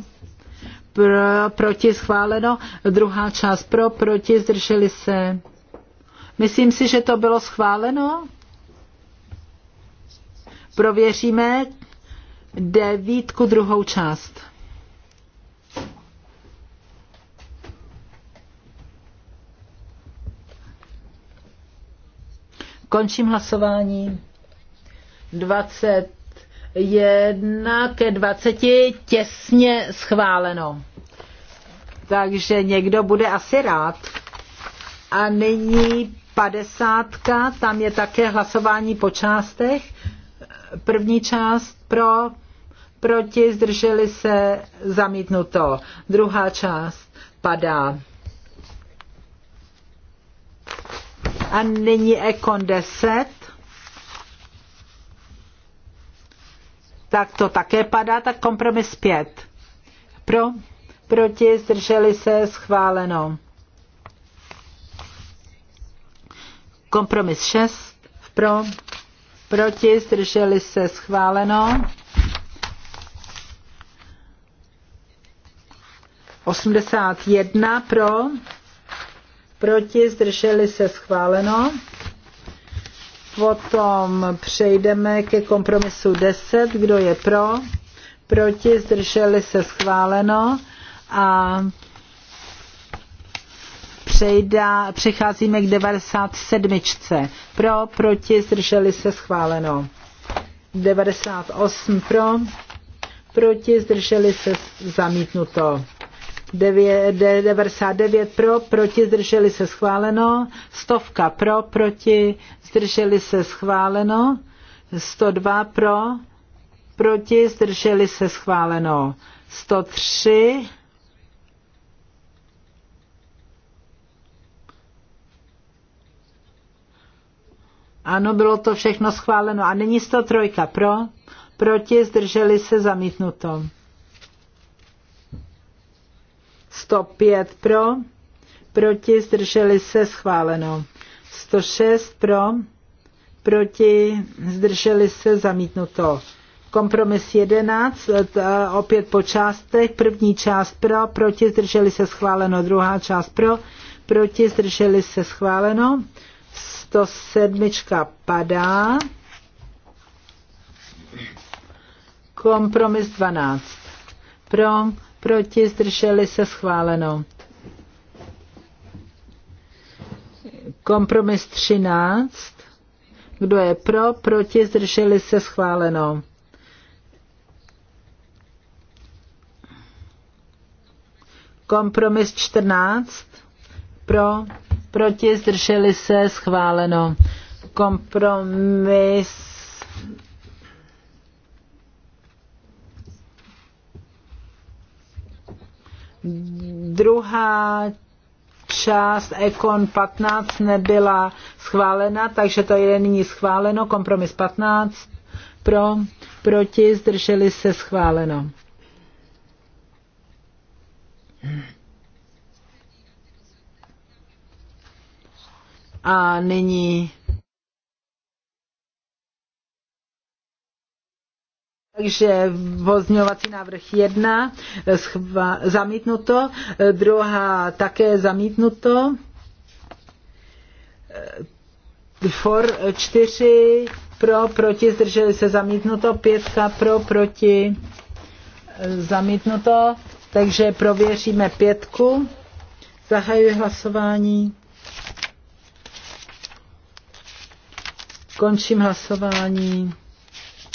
pro, proti schváleno, druhá část pro, proti, zdrželi se. Myslím si, že to bylo schváleno. Prověříme devítku druhou část. Končím hlasování. 20 1 ke 20 těsně schváleno. Takže někdo bude asi rád. A nyní padesátka, tam je také hlasování po částech. První část pro, proti, zdrželi se, zamítnuto. Druhá část padá. A nyní Ekon 10 tak to také padá, tak kompromis pět. Pro, proti, zdrželi se, schváleno. Kompromis šest, pro, proti, zdrželi se, schváleno. Osmdesát jedna. pro, proti, zdrželi se, schváleno. Potom přejdeme ke kompromisu 10. Kdo je pro? Proti? Zdrželi se schváleno. A přejda, přicházíme k 97. Pro, proti, zdrželi se schváleno. 98 pro, proti, zdrželi se zamítnuto. 99 pro, proti, zdrželi se schváleno. Stovka pro, proti, zdrželi se schváleno. 102 pro, proti, zdrželi se schváleno. 103 Ano, bylo to všechno schváleno. A nyní 103 pro, proti, zdrželi se zamítnuto. 105 pro, proti, zdrželi se, schváleno. 106 pro, proti, zdrželi se, zamítnuto. Kompromis 11, eh, eh, opět po částech, první část pro, proti, zdrželi se, schváleno, druhá část pro, proti, zdrželi se, schváleno. 107 padá. Kompromis 12. Pro, proti, zdrželi se schváleno. Kompromis 13. Kdo je pro, proti, zdrželi se schváleno. Kompromis 14. Pro, proti, zdrželi se schváleno. Kompromis Druhá část Ekon 15 nebyla schválena, takže to je nyní schváleno. Kompromis 15 pro, proti, zdrželi se schváleno. A nyní Takže pozměňovací návrh jedna schva, zamítnuto, druhá také zamítnuto, for čtyři pro, proti, zdrželi se zamítnuto, pětka pro, proti, zamítnuto, takže prověříme pětku. Zahajuji hlasování. Končím hlasování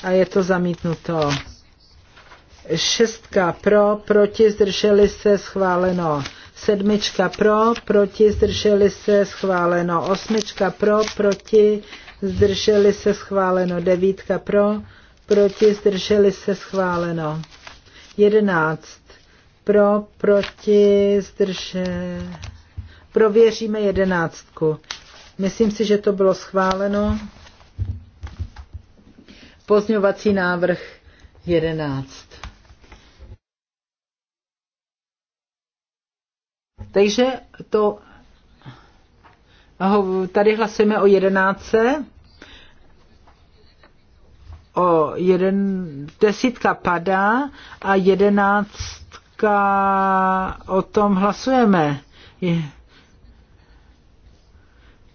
a je to zamítnuto. Šestka pro, proti, zdrželi se, schváleno. Sedmička pro, proti, zdrželi se, schváleno. Osmička pro, proti, zdrželi se, schváleno. Devítka pro, proti, zdrželi se, schváleno. Jedenáct pro, proti, zdrže. Prověříme jedenáctku. Myslím si, že to bylo schváleno. Pozňovací návrh 11. Takže to tady hlasujeme o 11. O jeden, desítka padá a jedenáctka o tom hlasujeme. Je.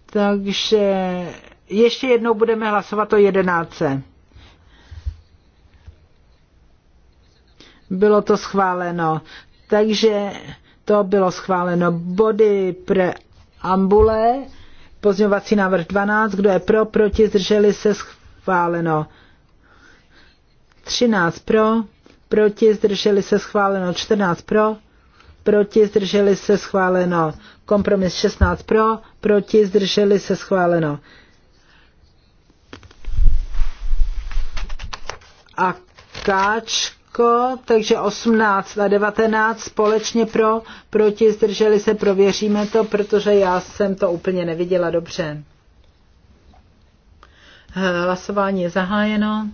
Takže ještě jednou budeme hlasovat o jedenáctce. Bylo to schváleno. Takže to bylo schváleno. Body pre ambule, pozňovací návrh 12, kdo je pro, proti, zdrželi se, schváleno. 13 pro, proti, zdrželi se, schváleno. 14 pro, proti, zdrželi se, schváleno. Kompromis 16 pro, proti, zdrželi se, schváleno. A káčka Imko, takže 18 a 19 společně pro, proti, zdrželi se, prověříme to, protože já jsem to úplně neviděla dobře. Eh, hlasování je zahájeno.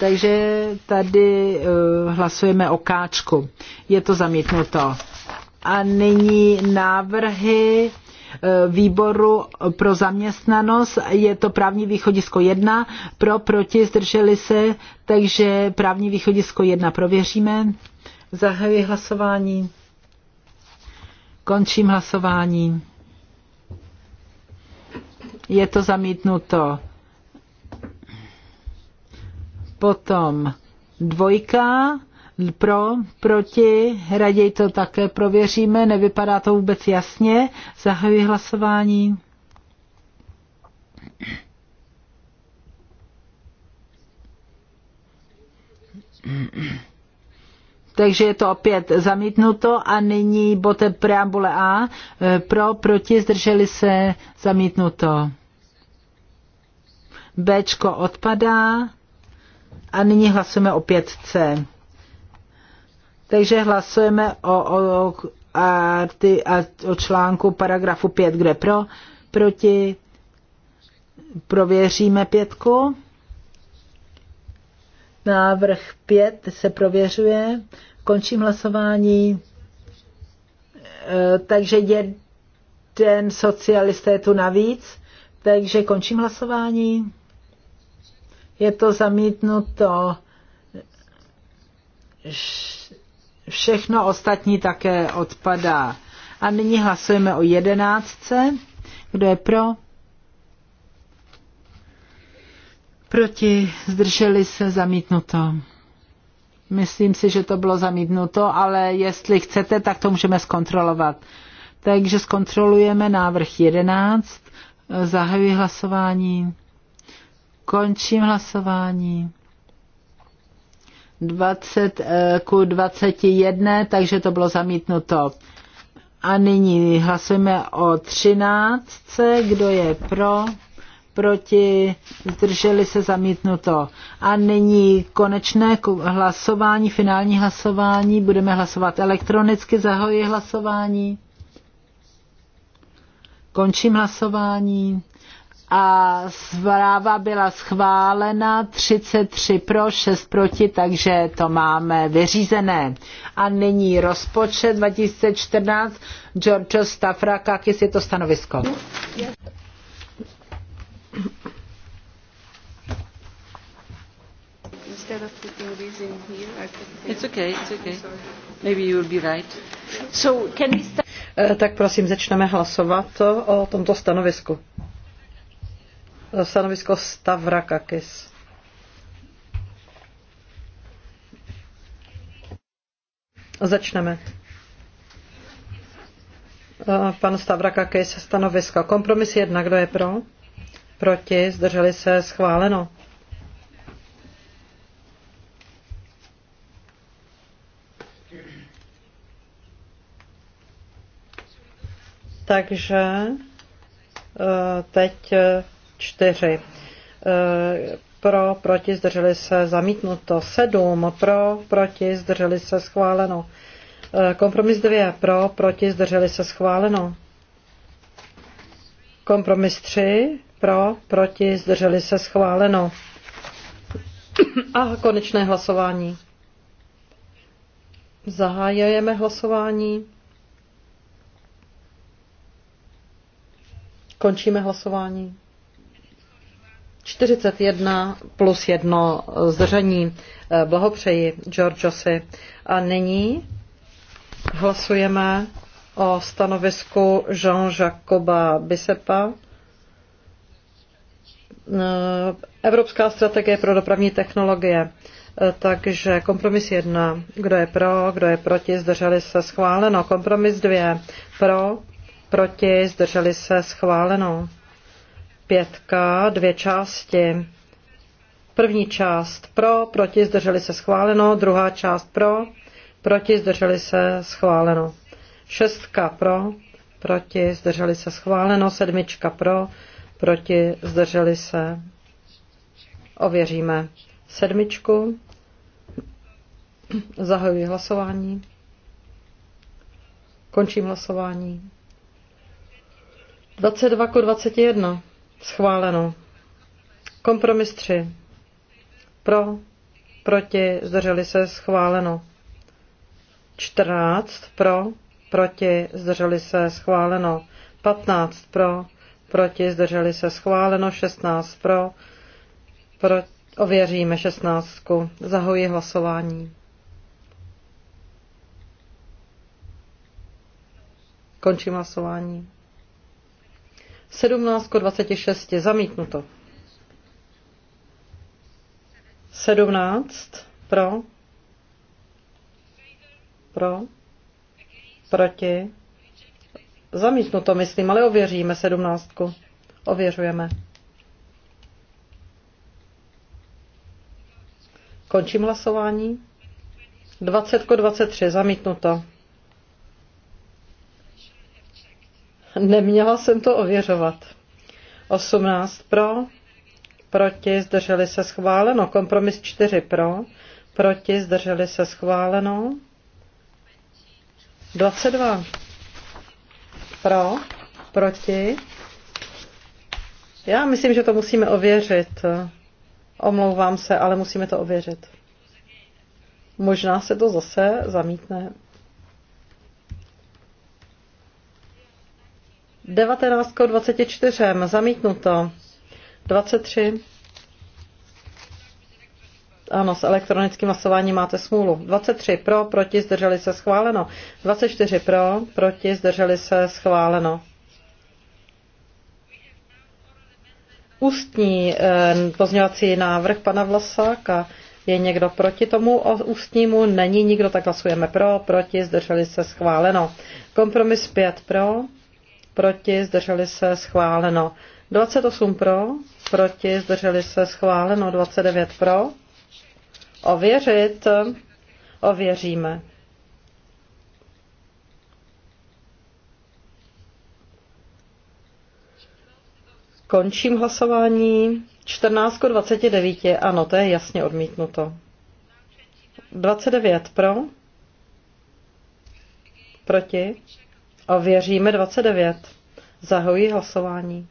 Takže tady eh, hlasujeme o káčku. Je to zamítnuto. A nyní návrhy Eh, výboru pro zaměstnanost. Je to právní východisko 1, pro, proti, zdrželi se, takže právní východisko 1 prověříme. Zahajuji hlasování. Končím hlasování. Je to zamítnuto. Potom dvojka pro, proti, raději to také prověříme, nevypadá to vůbec jasně. Zahajuji hlasování. Takže je to opět zamítnuto a nyní bote preambule A. E, pro, proti, zdrželi se, zamítnuto. Bčko odpadá a nyní hlasujeme opět C. Takže hlasujeme o, o, a ty, a, o článku paragrafu 5, kde pro, proti. Prověříme pětku. Návrh 5 se prověřuje. Končím hlasování. E, takže jeden socialista je tu navíc. Takže končím hlasování. Je to zamítnuto všechno ostatní také odpadá. A nyní hlasujeme o jedenáctce. Kdo je pro? Proti zdrželi se zamítnuto. Myslím si, že to bylo zamítnuto, ale jestli chcete, tak to můžeme zkontrolovat. Takže zkontrolujeme návrh 11. Zahajuji hlasování. Končím hlasování. 20 eh, ku 21, takže to bylo zamítnuto. A nyní hlasujeme o 13. Kdo je pro? Proti? Zdrželi se zamítnuto. A nyní konečné hlasování, finální hlasování. Budeme hlasovat elektronicky. Zahoji hlasování. Končím hlasování a zpráva byla schválena 33 pro, 6 proti, takže to máme vyřízené. A nyní rozpočet 2014, George jak je to stanovisko. It's okay, it's okay. Maybe you will be right. Eh, tak prosím, začneme hlasovat o tomto stanovisku stanovisko Stavrakakis. Začneme. Eh, pan Stavrakakis, stanovisko. Kompromis jedna, kdo je pro? Proti, zdrželi se, schváleno. Takže eh, teď eh, 4 e, pro, proti, zdrželi se, zamítnuto. 7 e, pro, proti, zdrželi se, schváleno. Kompromis 2 pro, proti, zdrželi se, schváleno. Kompromis 3 pro, proti, zdrželi se, schváleno. A konečné hlasování. Zahájujeme hlasování. Končíme hlasování. 41 plus jedno zdržení. Eh, blahopřeji, Georgiosi. A nyní hlasujeme o stanovisku Jean-Jacoba Bisepa. Eh, Evropská strategie pro dopravní technologie. Eh, takže kompromis 1. Kdo je pro, kdo je proti, zdrželi se schváleno. Kompromis 2. Pro, proti, zdrželi se schváleno. Pětka, dvě části. První část pro, proti, zdrželi se schváleno. Druhá část pro, proti, zdrželi se schváleno. Šestka pro, proti, zdrželi se schváleno. Sedmička pro, proti, zdrželi se. Ověříme sedmičku. Zahajuji hlasování. Končím hlasování. 22 ku 21. Schváleno. Kompromis 3. Pro, proti, zdrželi se, schváleno. 14 pro, proti, zdrželi se, schváleno. 15 pro, proti, zdrželi se, schváleno. 16 pro, pro ověříme 16. Zahoji hlasování. Končím hlasování. 17 k 26 zamítnuto. 17 pro, pro, proti, zamítnuto myslím, ale ověříme 17. Ověřujeme. Končím hlasování. 20 23, zamítnuto. Neměla jsem to ověřovat. 18 pro, proti, zdrželi se schváleno. Kompromis 4 pro, proti, zdrželi se schváleno. 22 pro, proti. Já myslím, že to musíme ověřit. Omlouvám se, ale musíme to ověřit. Možná se to zase zamítne. 19 k 24. Zamítnuto. 23. Ano, s elektronickým hlasováním máte smůlu. 23 pro, proti, zdrželi se schváleno. 24 pro, proti, zdrželi se schváleno. Ústní eh, pozměňovací návrh pana Vlasáka. Je někdo proti tomu ústnímu? Není nikdo, tak hlasujeme pro, proti, zdrželi se schváleno. Kompromis 5 pro, proti, zdrželi se, schváleno. 28 pro, proti, zdrželi se, schváleno. 29 pro. Ověřit, ověříme. Končím hlasování. 14 k 29, ano, to je jasně odmítnuto. 29 pro, proti, a věříme 29. Zahojí hlasování.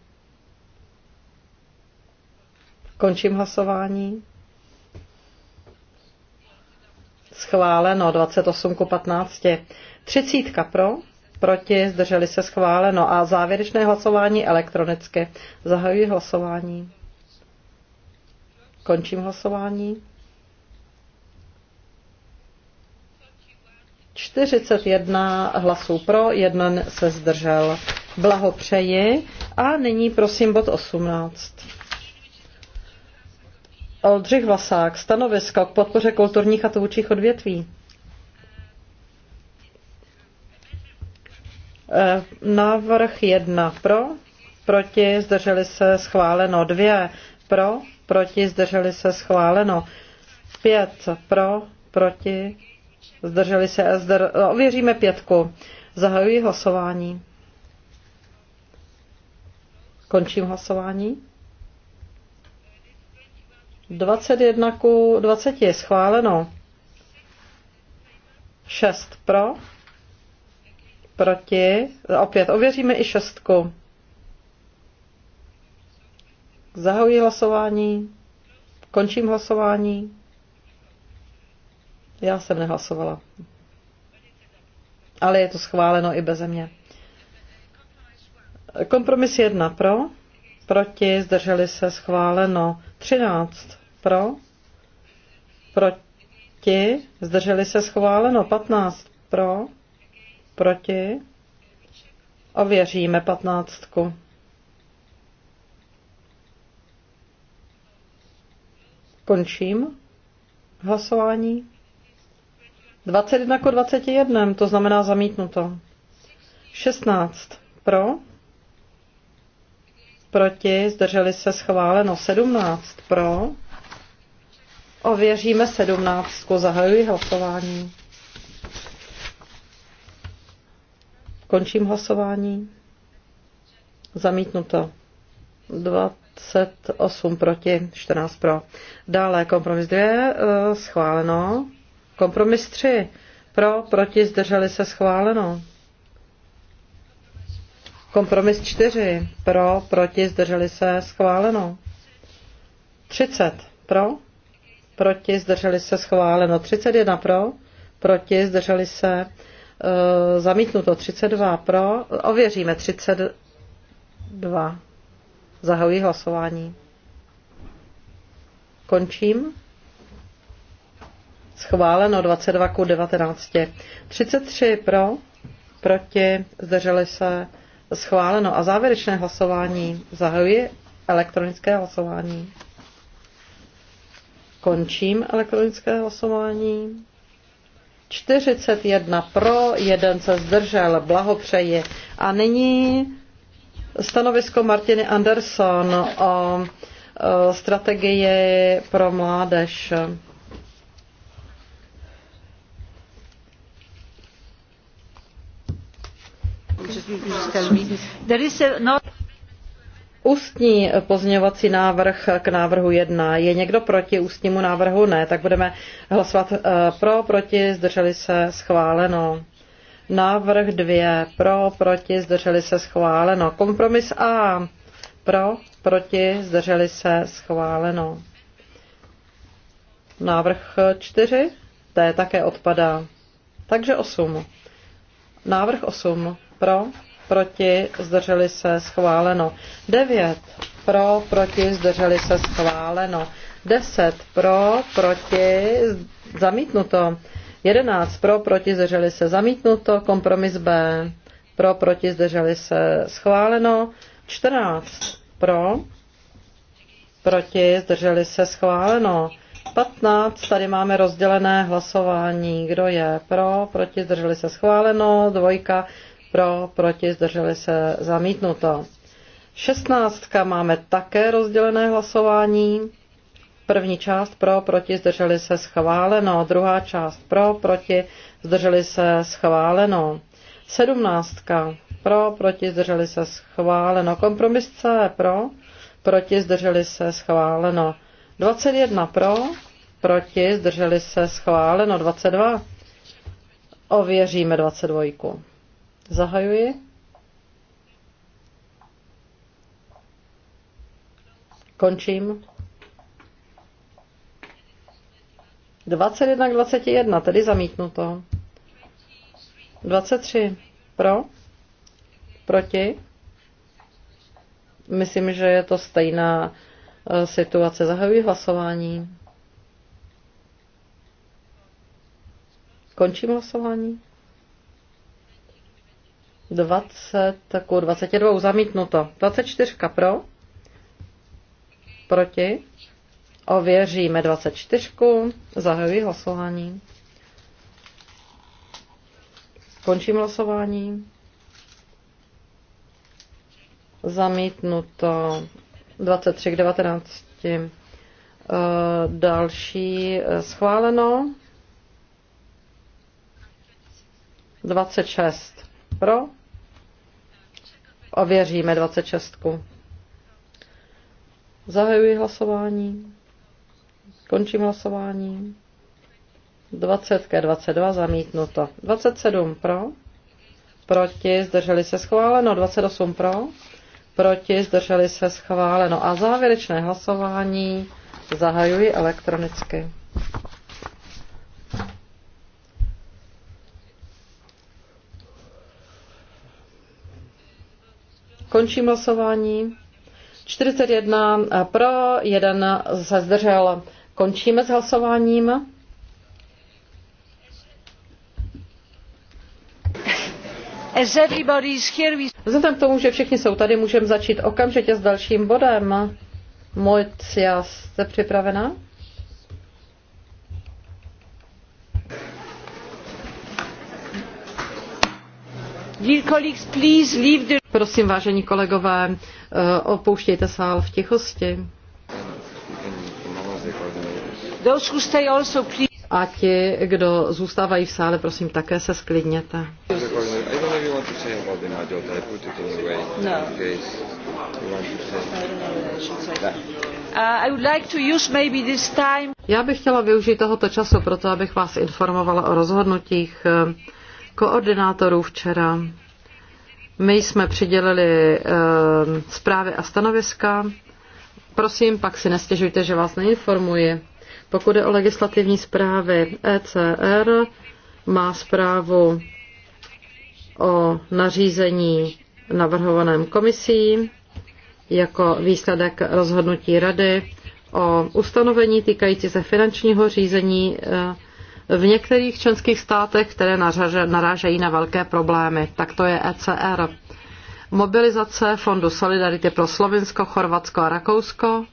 Končím hlasování. Schváleno 28 ku 15. 30 pro, proti, zdrželi se schváleno a závěrečné hlasování elektronicky. Zahajuji hlasování. Končím hlasování. 41 hlasů pro, jeden se zdržel. Blahopřeji. A nyní prosím bod 18. Oldřich Vlasák, stanovisko k podpoře kulturních a tvůrčích odvětví. Eh, návrh 1 pro, proti zdrželi se schváleno 2 pro, proti zdrželi se schváleno 5 pro, proti Zdrželi se a zdr... No, ověříme pětku. Zahajuji hlasování. Končím hlasování. 21 ku 20 je schváleno. 6 pro. Proti. Opět ověříme i šestku. Zahajuji hlasování. Končím hlasování. Já jsem nehlasovala. Ale je to schváleno i bez mě. Kompromis 1 pro, proti, zdrželi se schváleno 13 pro, proti, zdrželi se schváleno 15 pro, proti, ověříme 15. Končím hlasování. 21 k 21, to znamená zamítnuto. 16 pro, proti, zdrželi se schváleno. 17 pro, ověříme 17, zahajuji hlasování. Končím hlasování. Zamítnuto. 28 proti, 14 pro. Dále kompromis 2, eh, schváleno. Kompromis 3. Pro, proti, zdrželi se schváleno. Kompromis 4. Pro, proti, zdrželi se schváleno. 30. Pro, proti, zdrželi se schváleno. 31. Pro, proti, zdrželi se uh, zamítnuto. 32. Pro, ověříme 32. Zahajuji hlasování. Končím. Schváleno 22 k 19. 33 pro, proti, zdrželi se, schváleno. A závěrečné hlasování zahajuji elektronické hlasování. Končím elektronické hlasování. 41 pro, jeden se zdržel, blahopřeji. A nyní stanovisko Martiny Anderson o strategii pro mládež. Ústní pozměňovací návrh k návrhu 1. Je někdo proti ústnímu návrhu? Ne. Tak budeme hlasovat eh, pro, proti, zdrželi se, schváleno. Návrh 2. Pro, proti, zdrželi se, schváleno. Kompromis A. Pro, proti, zdrželi se, schváleno. Návrh 4. T také odpadá. Takže 8. Návrh 8 pro, proti, zdrželi se, schváleno. 9 pro, proti, zdrželi se, schváleno. 10 pro, proti, zamítnuto. 11 pro, proti, zdrželi se, zamítnuto. Kompromis B pro, proti, zdrželi se, schváleno. 14 pro, proti, zdrželi se, schváleno. 15, tady máme rozdělené hlasování, kdo je pro, proti, zdrželi se, schváleno, dvojka, pro, proti, zdrželi se, zamítnuto. Šestnáctka máme také rozdělené hlasování. První část pro, proti, zdrželi se, schváleno. Druhá část pro, proti, zdrželi se, schváleno. Sedmnáctka pro, proti, zdrželi se, schváleno. Kompromis C pro, proti, zdrželi se, schváleno. 21 pro, proti, zdrželi se, schváleno. 22. Ověříme 22. Zahajuji. Končím. 21 k 21, tedy zamítnuto. 23 pro, proti. Myslím, že je to stejná eh, situace. Zahajuji hlasování. Končím hlasování. 20 ku 22 zamítnuto. 24 pro, proti, ověříme 24, zahajuji hlasování. Končím hlasování. Zamítnuto 23 k 19. Eh, další eh, schváleno. 26 pro? Ověříme 26. Zahajuji hlasování. Končím hlasování. 20 ke 22 zamítnuto. 27 pro. Proti zdrželi se schváleno. 28 pro. Proti zdrželi se schváleno. A závěrečné hlasování zahajuji elektronicky. Končím hlasování. 41 eh, pro, 1 se zdržel. Končíme s hlasováním. Vzhledem k tomu, že všichni jsou tady, můžeme začít okamžitě s dalším bodem. já jste připravena? Prosím, vážení kolegové, eh, opouštějte sál v tichosti. A ti, kdo zůstávají v sále, prosím, také se sklidněte. No. Uh, Já bych chtěla využít tohoto času proto, abych vás informovala o rozhodnutích eh, koordinátorů včera. My jsme přidělili eh, zprávy a stanoviska. Prosím, pak si nestěžujte, že vás neinformuji. Pokud je o legislativní zprávy ECR, má zprávu o nařízení navrhovaném komisí jako výsledek rozhodnutí Rady o ustanovení týkající se finančního řízení eh, v některých členských státech, které narážejí na velké problémy. Tak to je ECR. Mobilizace Fondu Solidarity pro Slovinsko, Chorvatsko a Rakousko.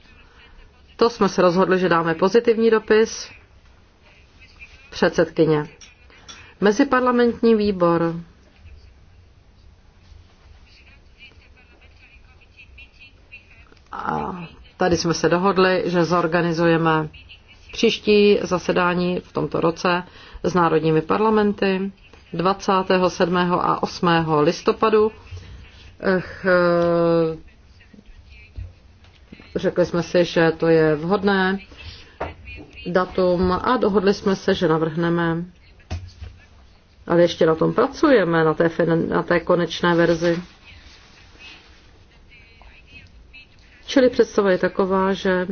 To jsme se rozhodli, že dáme pozitivní dopis. Předsedkyně. Meziparlamentní výbor. A tady jsme se dohodli, že zorganizujeme příští zasedání v tomto roce s národními parlamenty 27. a 8. listopadu. Ech, eh, řekli jsme si, že to je vhodné datum a dohodli jsme se, že navrhneme, ale ještě na tom pracujeme, na té, na té konečné verzi. Čili představa je taková, že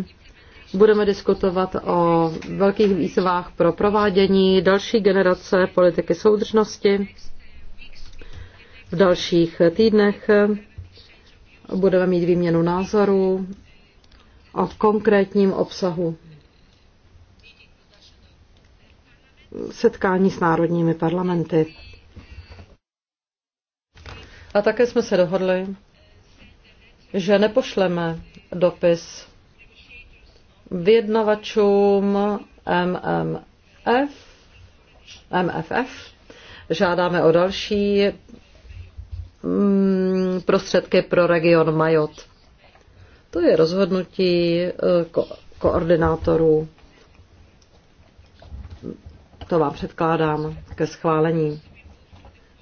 Budeme diskutovat o velkých výzvách pro provádění další generace politiky soudržnosti. V dalších týdnech budeme mít výměnu názorů o konkrétním obsahu setkání s národními parlamenty. A také jsme se dohodli, že nepošleme dopis vyjednavačům MMF, MFF. Žádáme o další mm, prostředky pro region Majot. To je rozhodnutí eh, ko- koordinátorů. To vám předkládám ke schválení.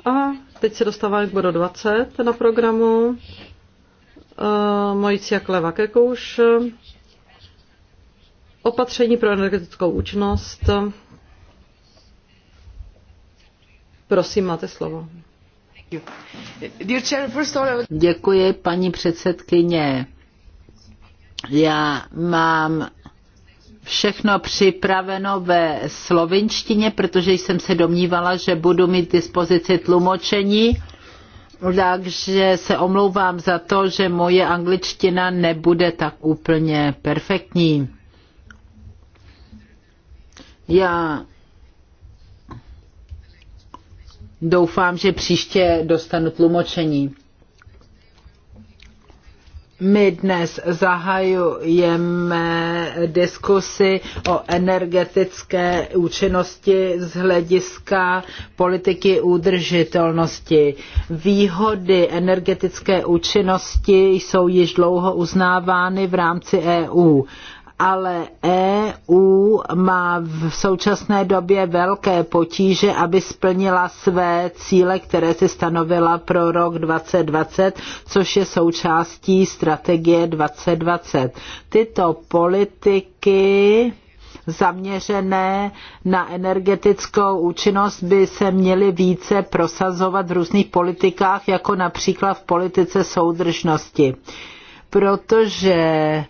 A teď se dostáváme k bodu 20 na programu. Uh, Mojicia Kleva Kekouš, Opatření pro energetickou účinnost. Prosím, máte slovo. Děkuji, paní předsedkyně. Já mám všechno připraveno ve slovinštině, protože jsem se domnívala, že budu mít dispozici tlumočení. Takže se omlouvám za to, že moje angličtina nebude tak úplně perfektní. Já doufám, že příště dostanu tlumočení. My dnes zahajujeme diskusy o energetické účinnosti z hlediska politiky udržitelnosti. Výhody energetické účinnosti jsou již dlouho uznávány v rámci EU ale EU má v současné době velké potíže, aby splnila své cíle, které si stanovila pro rok 2020, což je součástí strategie 2020. Tyto politiky zaměřené na energetickou účinnost by se měly více prosazovat v různých politikách, jako například v politice soudržnosti. Protože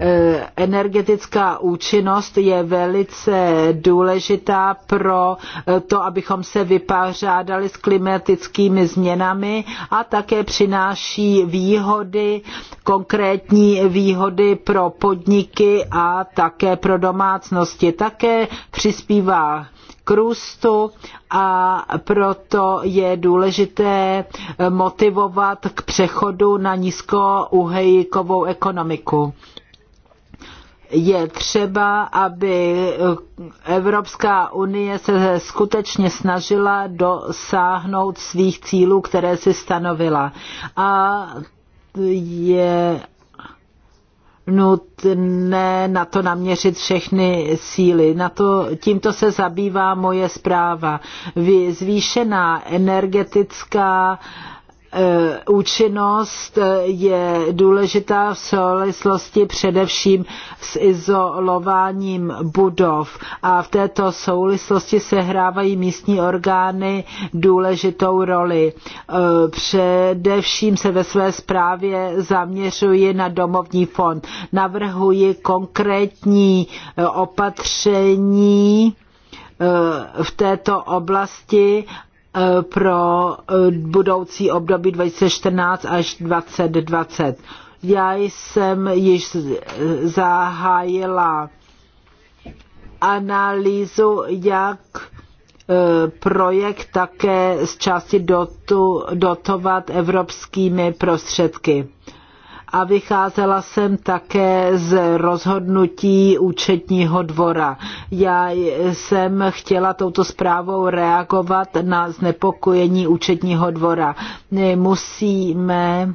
Eh, energetická účinnost je velice důležitá pro eh, to, abychom se vypářádali s klimatickými změnami a také přináší výhody, konkrétní výhody pro podniky a také pro domácnosti. Také přispívá k růstu a proto je důležité eh, motivovat k přechodu na nízkouhejkovou ekonomiku je třeba, aby Evropská unie se skutečně snažila dosáhnout svých cílů, které si stanovila. A je nutné na to naměřit všechny síly. Na to, tímto se zabývá moje zpráva. Zvýšená energetická uh, Eh, účinnost eh, je důležitá v souvislosti především s izolováním budov a v této souvislosti hrávají místní orgány důležitou roli. Eh, především se ve své zprávě zaměřuji na domovní fond. Navrhuji konkrétní opatření v této oblasti Eh, pro eh, budoucí období 2014 až 2020. Já jsem již eh, zahájila analýzu, jak projekt také z části dotu, dotovat evropskými prostředky a vycházela jsem také z rozhodnutí účetního dvora. Já jsem chtěla touto zprávou reagovat na znepokojení účetního dvora. musíme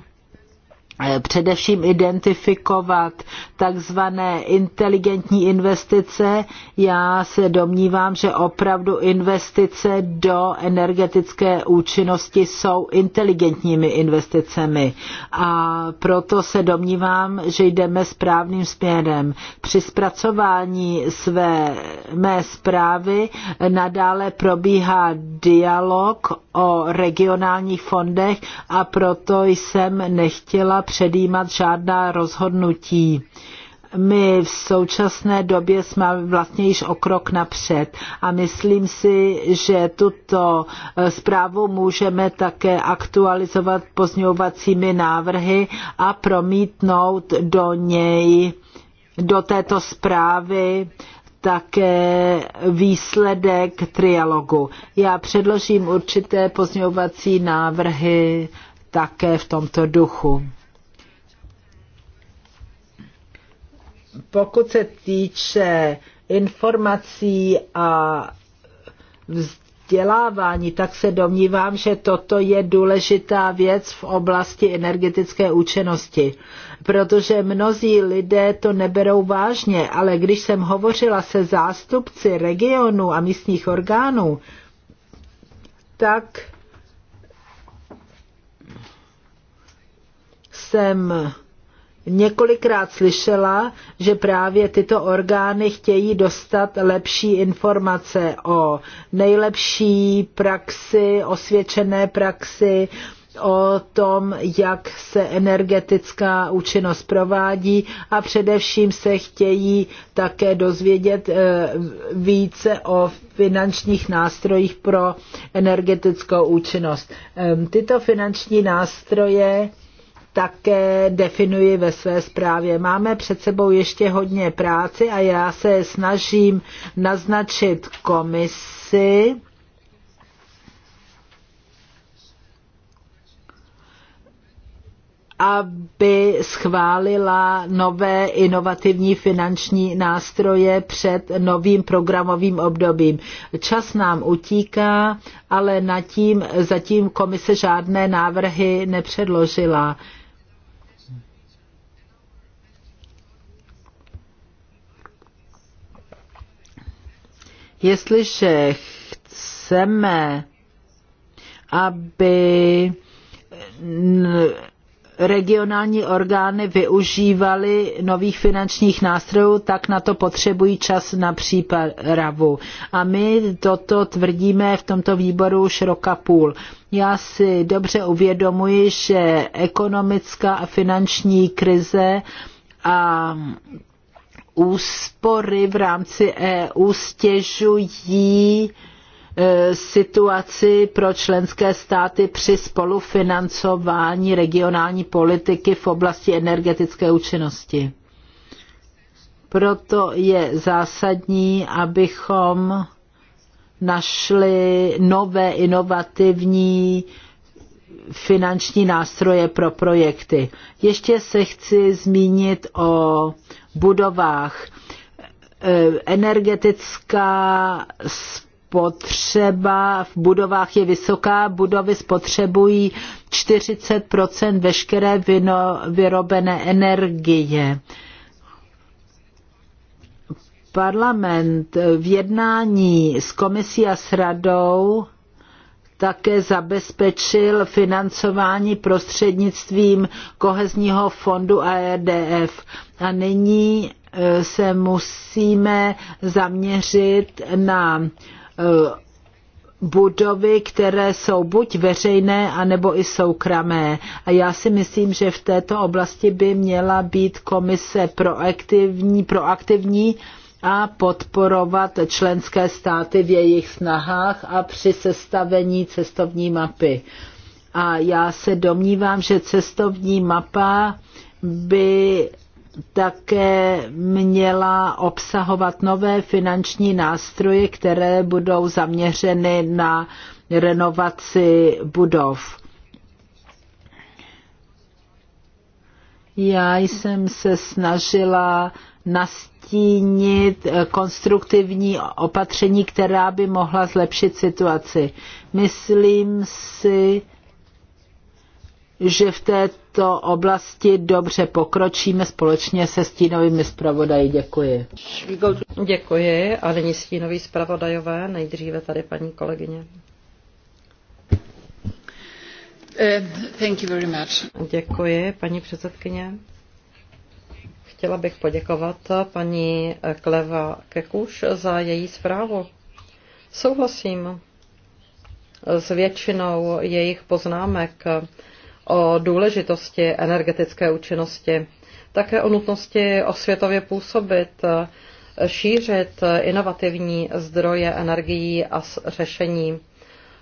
Eh, především identifikovat takzvané inteligentní investice. Já se domnívám, že opravdu investice do energetické účinnosti jsou inteligentními investicemi a proto se domnívám, že jdeme správným směrem. Při zpracování své mé zprávy eh, nadále probíhá dialog o regionálních fondech a proto jsem nechtěla předjímat žádná rozhodnutí my v současné době jsme vlastně již o krok napřed a myslím si, že tuto eh, zprávu můžeme také aktualizovat pozňovacími návrhy a promítnout do něj, do této zprávy také výsledek trialogu. Já předložím určité pozňovací návrhy také v tomto duchu. Pokud se týče informací a vzdělávání, tak se domnívám, že toto je důležitá věc v oblasti energetické účinnosti, protože mnozí lidé to neberou vážně, ale když jsem hovořila se zástupci regionů a místních orgánů, tak jsem několikrát slyšela, že právě tyto orgány chtějí dostat lepší informace o nejlepší praxi, osvědčené praxi, o tom, jak se energetická účinnost provádí a především se chtějí také dozvědět eh, více o finančních nástrojích pro energetickou účinnost. Ehm, tyto finanční nástroje také definuji ve své zprávě. Máme před sebou ještě hodně práce a já se snažím naznačit komisi, aby schválila nové inovativní finanční nástroje před novým programovým obdobím. Čas nám utíká, ale nad tím, zatím komise žádné návrhy nepředložila. Jestliže chceme, aby regionální orgány využívaly nových finančních nástrojů, tak na to potřebují čas na přípravu. A my toto tvrdíme v tomto výboru už roka půl. Já si dobře uvědomuji, že ekonomická a finanční krize a úspory v rámci EU stěžují e, situaci pro členské státy při spolufinancování regionální politiky v oblasti energetické účinnosti. Proto je zásadní, abychom našli nové inovativní finanční nástroje pro projekty. Ještě se chci zmínit o budovách. E, energetická spotřeba v budovách je vysoká. Budovy spotřebují 40 veškeré vyrobené energie parlament v jednání s komisí a s radou také zabezpečil financování prostřednictvím kohezního fondu ARDF. E a nyní e, se musíme zaměřit na e, budovy, které jsou buď veřejné, anebo i soukromé. A já si myslím, že v této oblasti by měla být komise proaktivní, proaktivní a podporovat členské státy v jejich snahách a při sestavení cestovní mapy. A já se domnívám, že cestovní mapa by také měla obsahovat nové finanční nástroje, které budou zaměřeny na renovaci budov. Já jsem se snažila nastavit nastínit eh, konstruktivní opatření, která by mohla zlepšit situaci. Myslím si, že v této oblasti dobře pokročíme společně se stínovými zpravodaji. Děkuji. Děkuji a nyní stínový zpravodajové, nejdříve tady paní kolegyně. Eh, thank you very much. Děkuji, paní předsedkyně. Chtěla bych poděkovat paní Kleva Kekuš za její zprávu. Souhlasím s většinou jejich poznámek o důležitosti energetické účinnosti, také o nutnosti osvětově působit, šířit inovativní zdroje energií a řešení.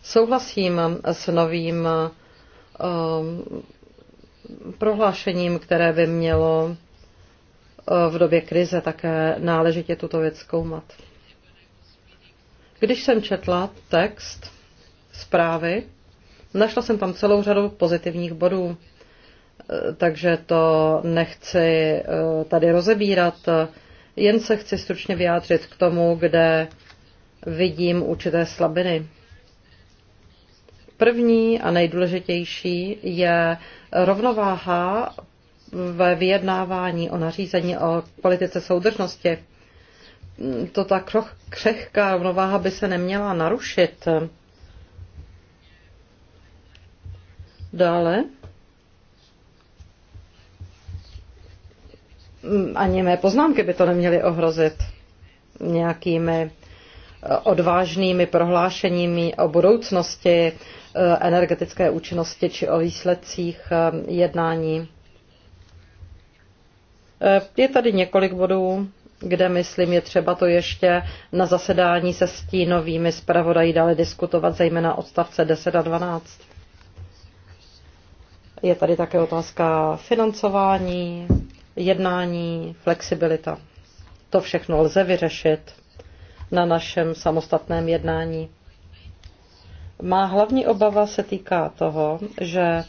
Souhlasím s novým um, prohlášením, které by mělo v době krize také náležitě tuto věc zkoumat. Když jsem četla text zprávy, našla jsem tam celou řadu pozitivních bodů, e, takže to nechci e, tady rozebírat, jen se chci stručně vyjádřit k tomu, kde vidím určité slabiny. První a nejdůležitější je rovnováha ve vyjednávání o nařízení o politice soudržnosti. To ta křehká rovnováha by se neměla narušit. Dále. Ani mé poznámky by to neměly ohrozit nějakými eh, odvážnými prohlášeními o budoucnosti eh, energetické účinnosti či o výsledcích eh, jednání. Eh, je tady několik bodů, kde, myslím, je třeba to ještě na zasedání se stínovými zpravodají dále diskutovat, zejména odstavce 10 a 12. Je tady také otázka financování, jednání, flexibilita. To všechno lze vyřešit na našem samostatném jednání. Má hlavní obava se týká toho, že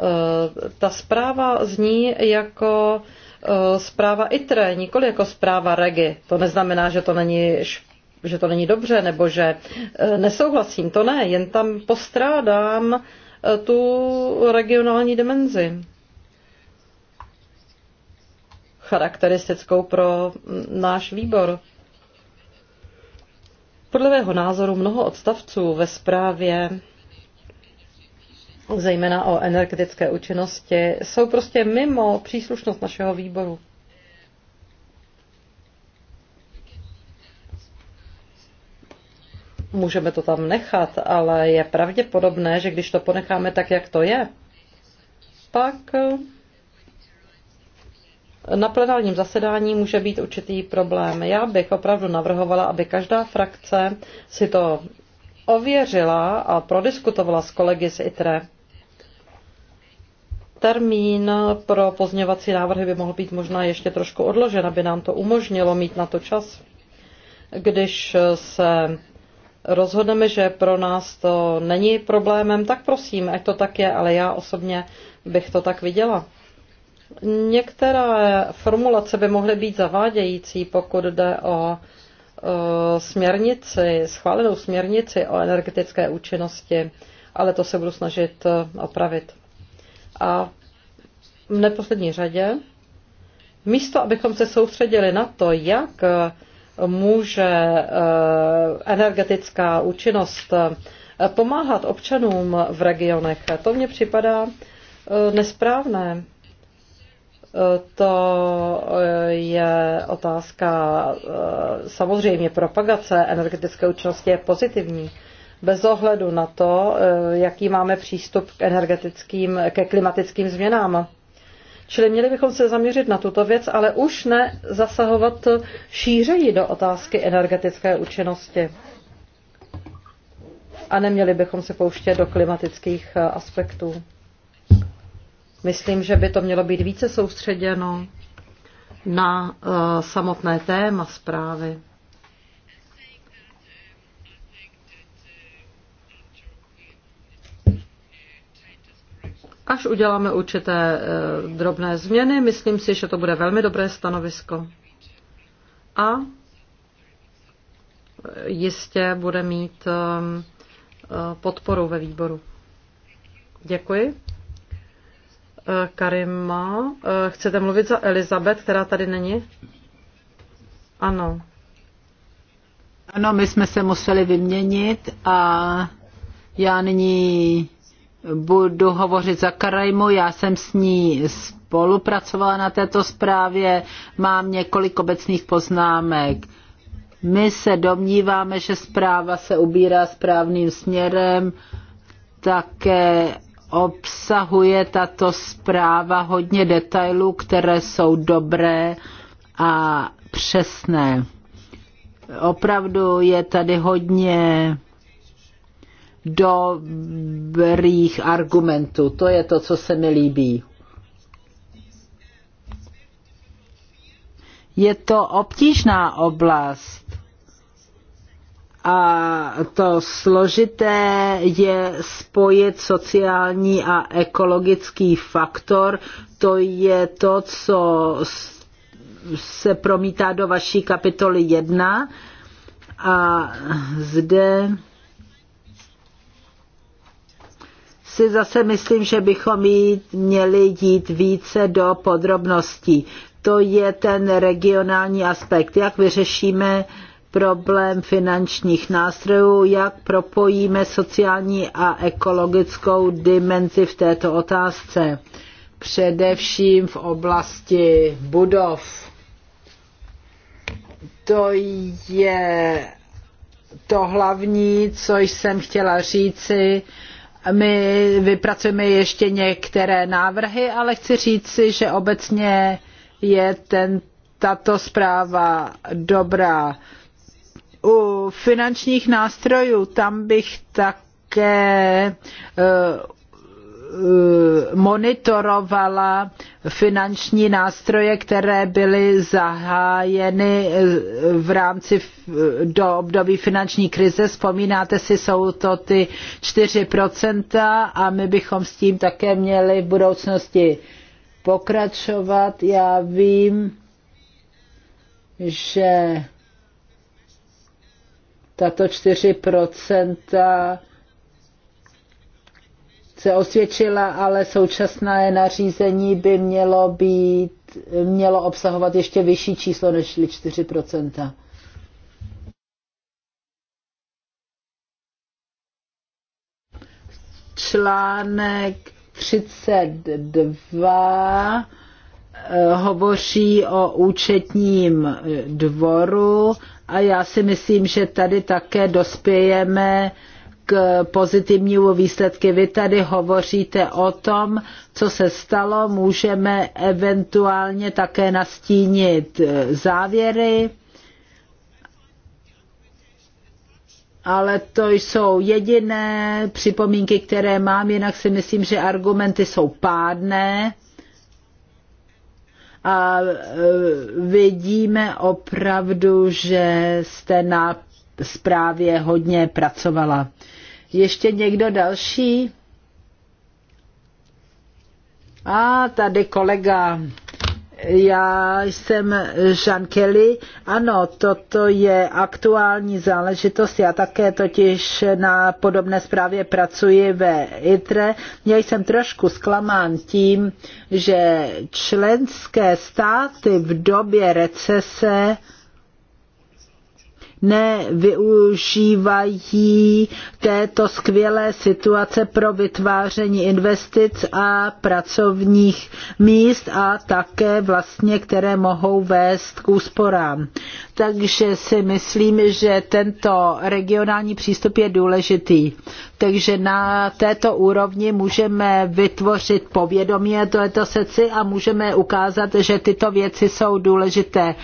Eh, ta zpráva zní jako eh, zpráva ITRE, nikoli jako zpráva REGI. To neznamená, že to není že to není dobře, nebo že eh, nesouhlasím, to ne, jen tam postrádám tu regionální dimenzi charakteristickou pro mm, náš výbor. Podle mého názoru mnoho odstavců ve zprávě zejména o energetické účinnosti, jsou prostě mimo příslušnost našeho výboru. Můžeme to tam nechat, ale je pravděpodobné, že když to ponecháme tak, jak to je, pak eh, na plenárním zasedání může být určitý problém. Já bych opravdu navrhovala, aby každá frakce si to ověřila a prodiskutovala s kolegy z ITRE. Termín pro pozměňovací návrhy by mohl být možná ještě trošku odložen, aby nám to umožnilo mít na to čas. Když se rozhodneme, že pro nás to není problémem, tak prosím, ať to tak je, ale já osobně bych to tak viděla. Některé formulace by mohly být zavádějící, pokud jde o e, směrnici, schválenou směrnici o energetické účinnosti, ale to se budu snažit e, opravit. A v neposlední řadě, místo abychom se soustředili na to, jak eh, může eh, energetická účinnost eh, pomáhat občanům v regionech, to mně připadá nesprávné. To je otázka samozřejmě propagace energetické účinnosti je pozitivní, bez ohledu na to, eh, jaký máme přístup k energetickým, ke klimatickým změnám. Čili měli bychom se zaměřit na tuto věc, ale už ne zasahovat šířeji do otázky energetické účinnosti. A neměli bychom se pouštět do klimatických eh, aspektů. Myslím, že by to mělo být více soustředěno na eh, samotné téma zprávy. Až uděláme určité eh, drobné změny, myslím si, že to bude velmi dobré stanovisko. A jistě bude mít ehm, eh, podporu ve výboru. Děkuji. Eh, Karima, chcete mluvit za Elizabeth, která tady není? Ano. Ano, my jsme se museli vyměnit a já nyní budu hovořit za Karajmu, já jsem s ní spolupracovala na této zprávě, mám několik obecných poznámek. My se domníváme, že zpráva se ubírá správným směrem, také obsahuje tato zpráva hodně detailů, které jsou dobré a přesné. Opravdu je tady hodně dobrých argumentů. To je to, co se mi líbí. Je to obtížná oblast a to složité je spojit sociální a ekologický faktor. To je to, co se promítá do vaší kapitoly 1 a zde si zase myslím, že bychom jít, měli jít více do podrobností. To je ten regionální aspekt, jak vyřešíme problém finančních nástrojů, jak propojíme sociální a ekologickou dimenzi v této otázce, především v oblasti budov. To je to hlavní, co jsem chtěla říci my vypracujeme ještě některé návrhy, ale chci říci, že obecně je ten, tato zpráva dobrá. U finančních nástrojů tam bych také eh, Eh, monitorovala finanční nástroje, které byly zahájeny eh, v rámci eh, do období finanční krize. Vzpomínáte si, jsou to ty 4% a my bychom s tím také měli v budoucnosti pokračovat. Já vím, že tato 4% se osvědčila, ale současné nařízení by mělo být, mělo obsahovat ještě vyšší číslo než 4%. Článek 32 eh, hovoří o účetním dvoru a já si myslím, že tady také dospějeme k pozitivnímu výsledky. Vy tady hovoříte o tom, co se stalo, můžeme eventuálně také nastínit eh, závěry, ale to jsou jediné připomínky, které mám, jinak si myslím, že argumenty jsou pádné a eh, vidíme opravdu, že jste na zprávě hodně pracovala. Ještě někdo další? A tady kolega. Já jsem Jean Kelly. Ano, toto je aktuální záležitost. Já také totiž na podobné zprávě pracuji ve ITRE. Já jsem trošku zklamán tím, že členské státy v době recese nevyužívají této skvělé situace pro vytváření investic a pracovních míst a také vlastně, které mohou vést k úsporám. Takže si myslím, že tento regionální přístup je důležitý. Takže na této úrovni můžeme vytvořit povědomí o této seci a můžeme ukázat, že tyto věci jsou důležité.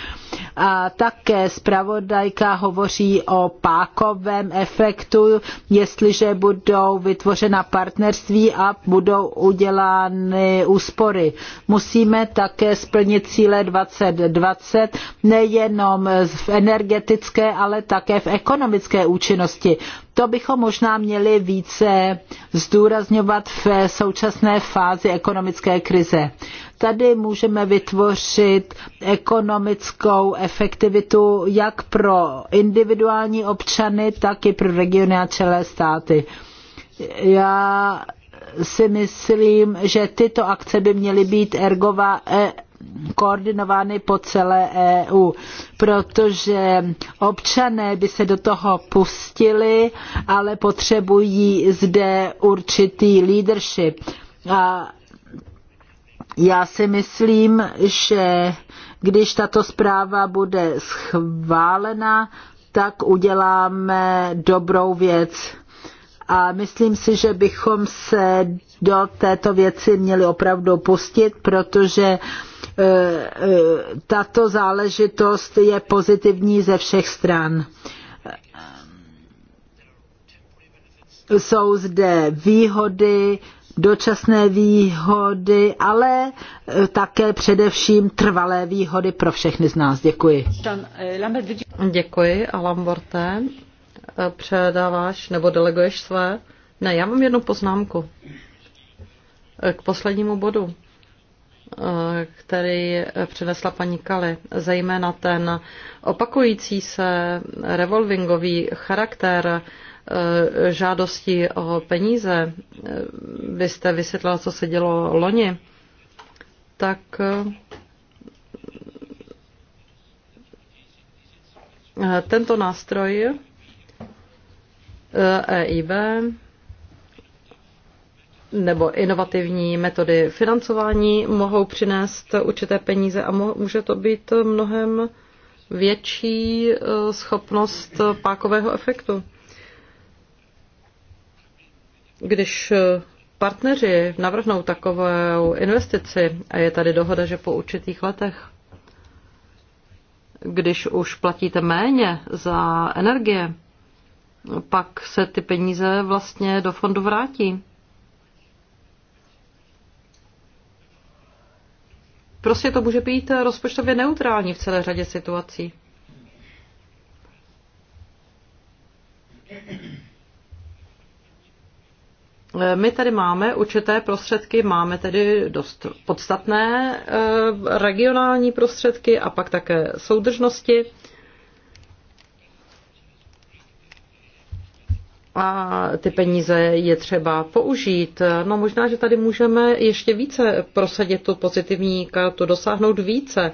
A také zpravodajka hovoří o pákovém efektu, jestliže budou vytvořena partnerství a budou udělány úspory. Musíme také splnit cíle 2020 nejenom v energetické, ale také v ekonomické účinnosti. To bychom možná měli více zdůrazňovat v současné fázi ekonomické krize. Tady můžeme vytvořit ekonomickou efektivitu jak pro individuální občany, tak i pro regiony a celé státy. Já si myslím, že tyto akce by měly být ergova, e- koordinovány po celé EU, protože občané by se do toho pustili, ale potřebují zde určitý leadership. A já si myslím, že když tato zpráva bude schválena, tak uděláme dobrou věc. A myslím si, že bychom se do této věci měli opravdu pustit, protože uh, tato záležitost je pozitivní ze všech stran. Jsou zde výhody, dočasné výhody, ale také především trvalé výhody pro všechny z nás. Děkuji. Děkuji, Borte. Předáváš nebo deleguješ své? Ne, já mám jednu poznámku k poslednímu bodu. Eh, který přinesla paní Kali, zejména ten opakující se revolvingový charakter eh, žádosti o peníze, eh, vy jste vysvětlila, co se dělo loni, tak tento nástroj EIB e nebo inovativní metody financování mohou přinést určité peníze a může to být mnohem větší eh, schopnost pákového efektu. Když eh, partneři navrhnou takovou investici, a je tady dohoda, že po určitých letech, když už platíte méně za energie, pak se ty peníze vlastně do fondu vrátí. Prostě to může být rozpočtově neutrální v celé řadě situací. My tady máme určité prostředky, máme tedy dost podstatné eh, regionální prostředky a pak také soudržnosti. a ty peníze je třeba použít. No možná, že tady můžeme ještě více prosadit tu pozitivní kartu, dosáhnout více.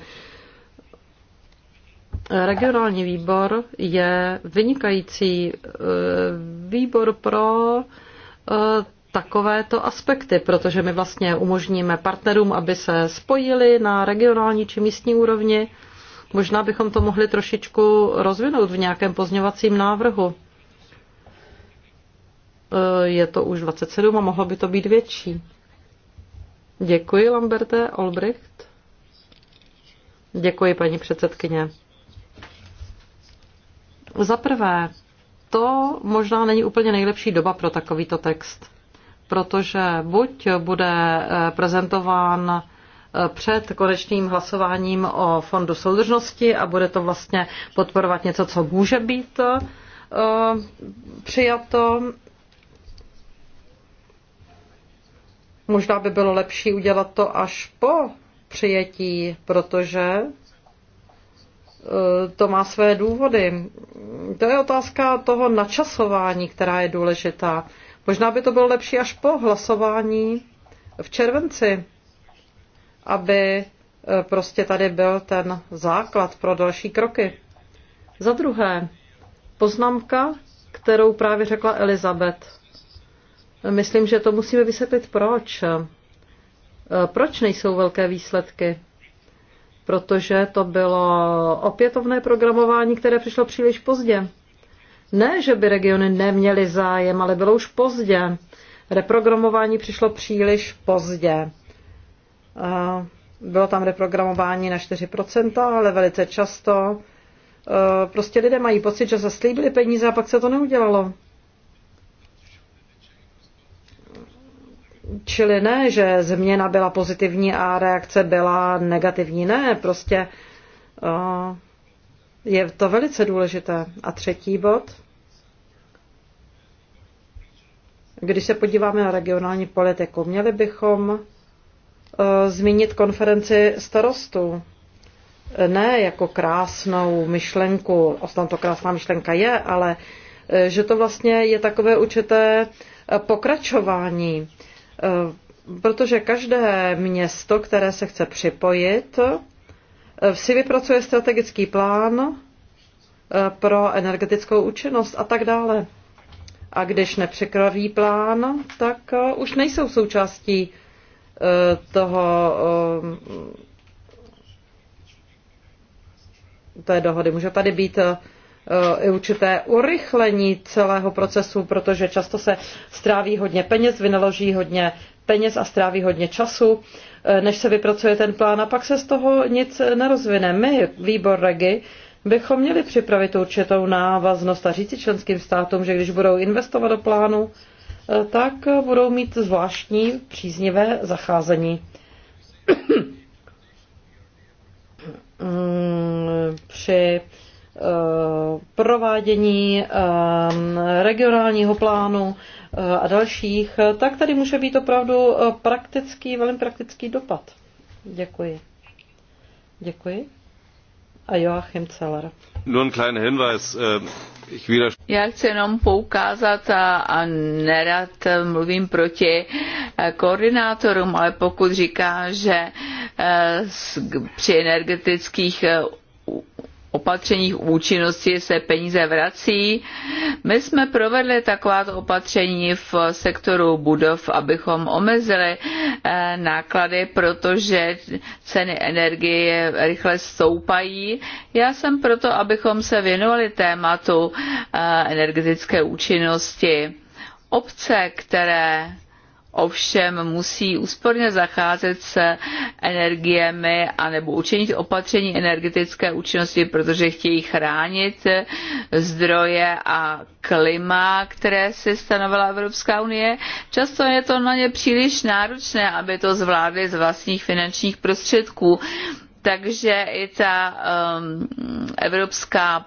Regionální výbor je vynikající e, výbor pro e, takovéto aspekty, protože my vlastně umožníme partnerům, aby se spojili na regionální či místní úrovni. Možná bychom to mohli trošičku rozvinout v nějakém pozňovacím návrhu. E, je to už 27 a mohlo by to být větší. Děkuji, Lamberte Olbricht. Děkuji, paní předsedkyně. Za prvé, to možná není úplně nejlepší doba pro takovýto text, protože buď bude e, prezentován e, před konečným hlasováním o fondu soudržnosti a bude to vlastně podporovat něco, co může být přijato Možná by bylo lepší udělat to až po přijetí, protože eh, to má své důvody. To je otázka toho načasování, která je důležitá. Možná by to bylo lepší až po hlasování v červenci, aby eh, prostě tady byl ten základ pro další kroky. Za druhé, poznámka, kterou právě řekla Elizabeth. Myslím, že to musíme vysvětlit proč. Eh, proč nejsou velké výsledky? Protože to bylo opětovné programování, které přišlo příliš pozdě. Ne, že by regiony neměly zájem, ale bylo už pozdě. Reprogramování přišlo příliš pozdě. Eh, bylo tam reprogramování na 4%, ale velice často eh, prostě lidé mají pocit, že slíbili peníze a pak se to neudělalo. Čili ne, že změna byla pozitivní a reakce byla negativní. Ne, prostě eh, je to velice důležité. A třetí bod. Když se podíváme na regionální politiku, měli bychom eh, zmínit konferenci starostů. Ne jako krásnou myšlenku, ostatně to krásná myšlenka je, ale eh, že to vlastně je takové určité pokračování Eh, protože každé město, které se chce připojit, eh, si vypracuje strategický plán eh, pro energetickou účinnost a tak dále. A když nepřekraví plán, tak už nejsou součástí toho té dohody. Může tady být Eh, i určité urychlení celého procesu, protože často se stráví hodně peněz, vynaloží hodně peněz a stráví hodně času, eh, než se vypracuje ten plán a pak se z toho nic nerozvine. My, výbor Regi, bychom měli připravit určitou návaznost a říci členským státům, že když budou investovat do plánu, eh, tak budou mít zvláštní příznivé zacházení. Mm, při Eh, provádění eh, regionálního plánu eh, a dalších, tak tady může být opravdu praktický, velmi praktický dopad. Děkuji. Děkuji. A Joachim Celer. Nur ein kleiner Hinweis. Já chci jenom poukázat a, a nerad mluvím proti koordinátorům, ale pokud říká, že při energetických opatřeních účinnosti se peníze vrací. My jsme provedli takováto opatření v sektoru budov, abychom omezili eh, náklady, protože ceny energie rychle stoupají. Já jsem proto, abychom se věnovali tématu eh, energetické účinnosti. Obce, které ovšem musí úsporně zacházet se energiemi anebo učinit opatření energetické účinnosti, protože chtějí chránit zdroje a klima, které si stanovila Evropská unie. Často je to na ně příliš náročné, aby to zvládli z vlastních finančních prostředků. Takže i ta um, evropská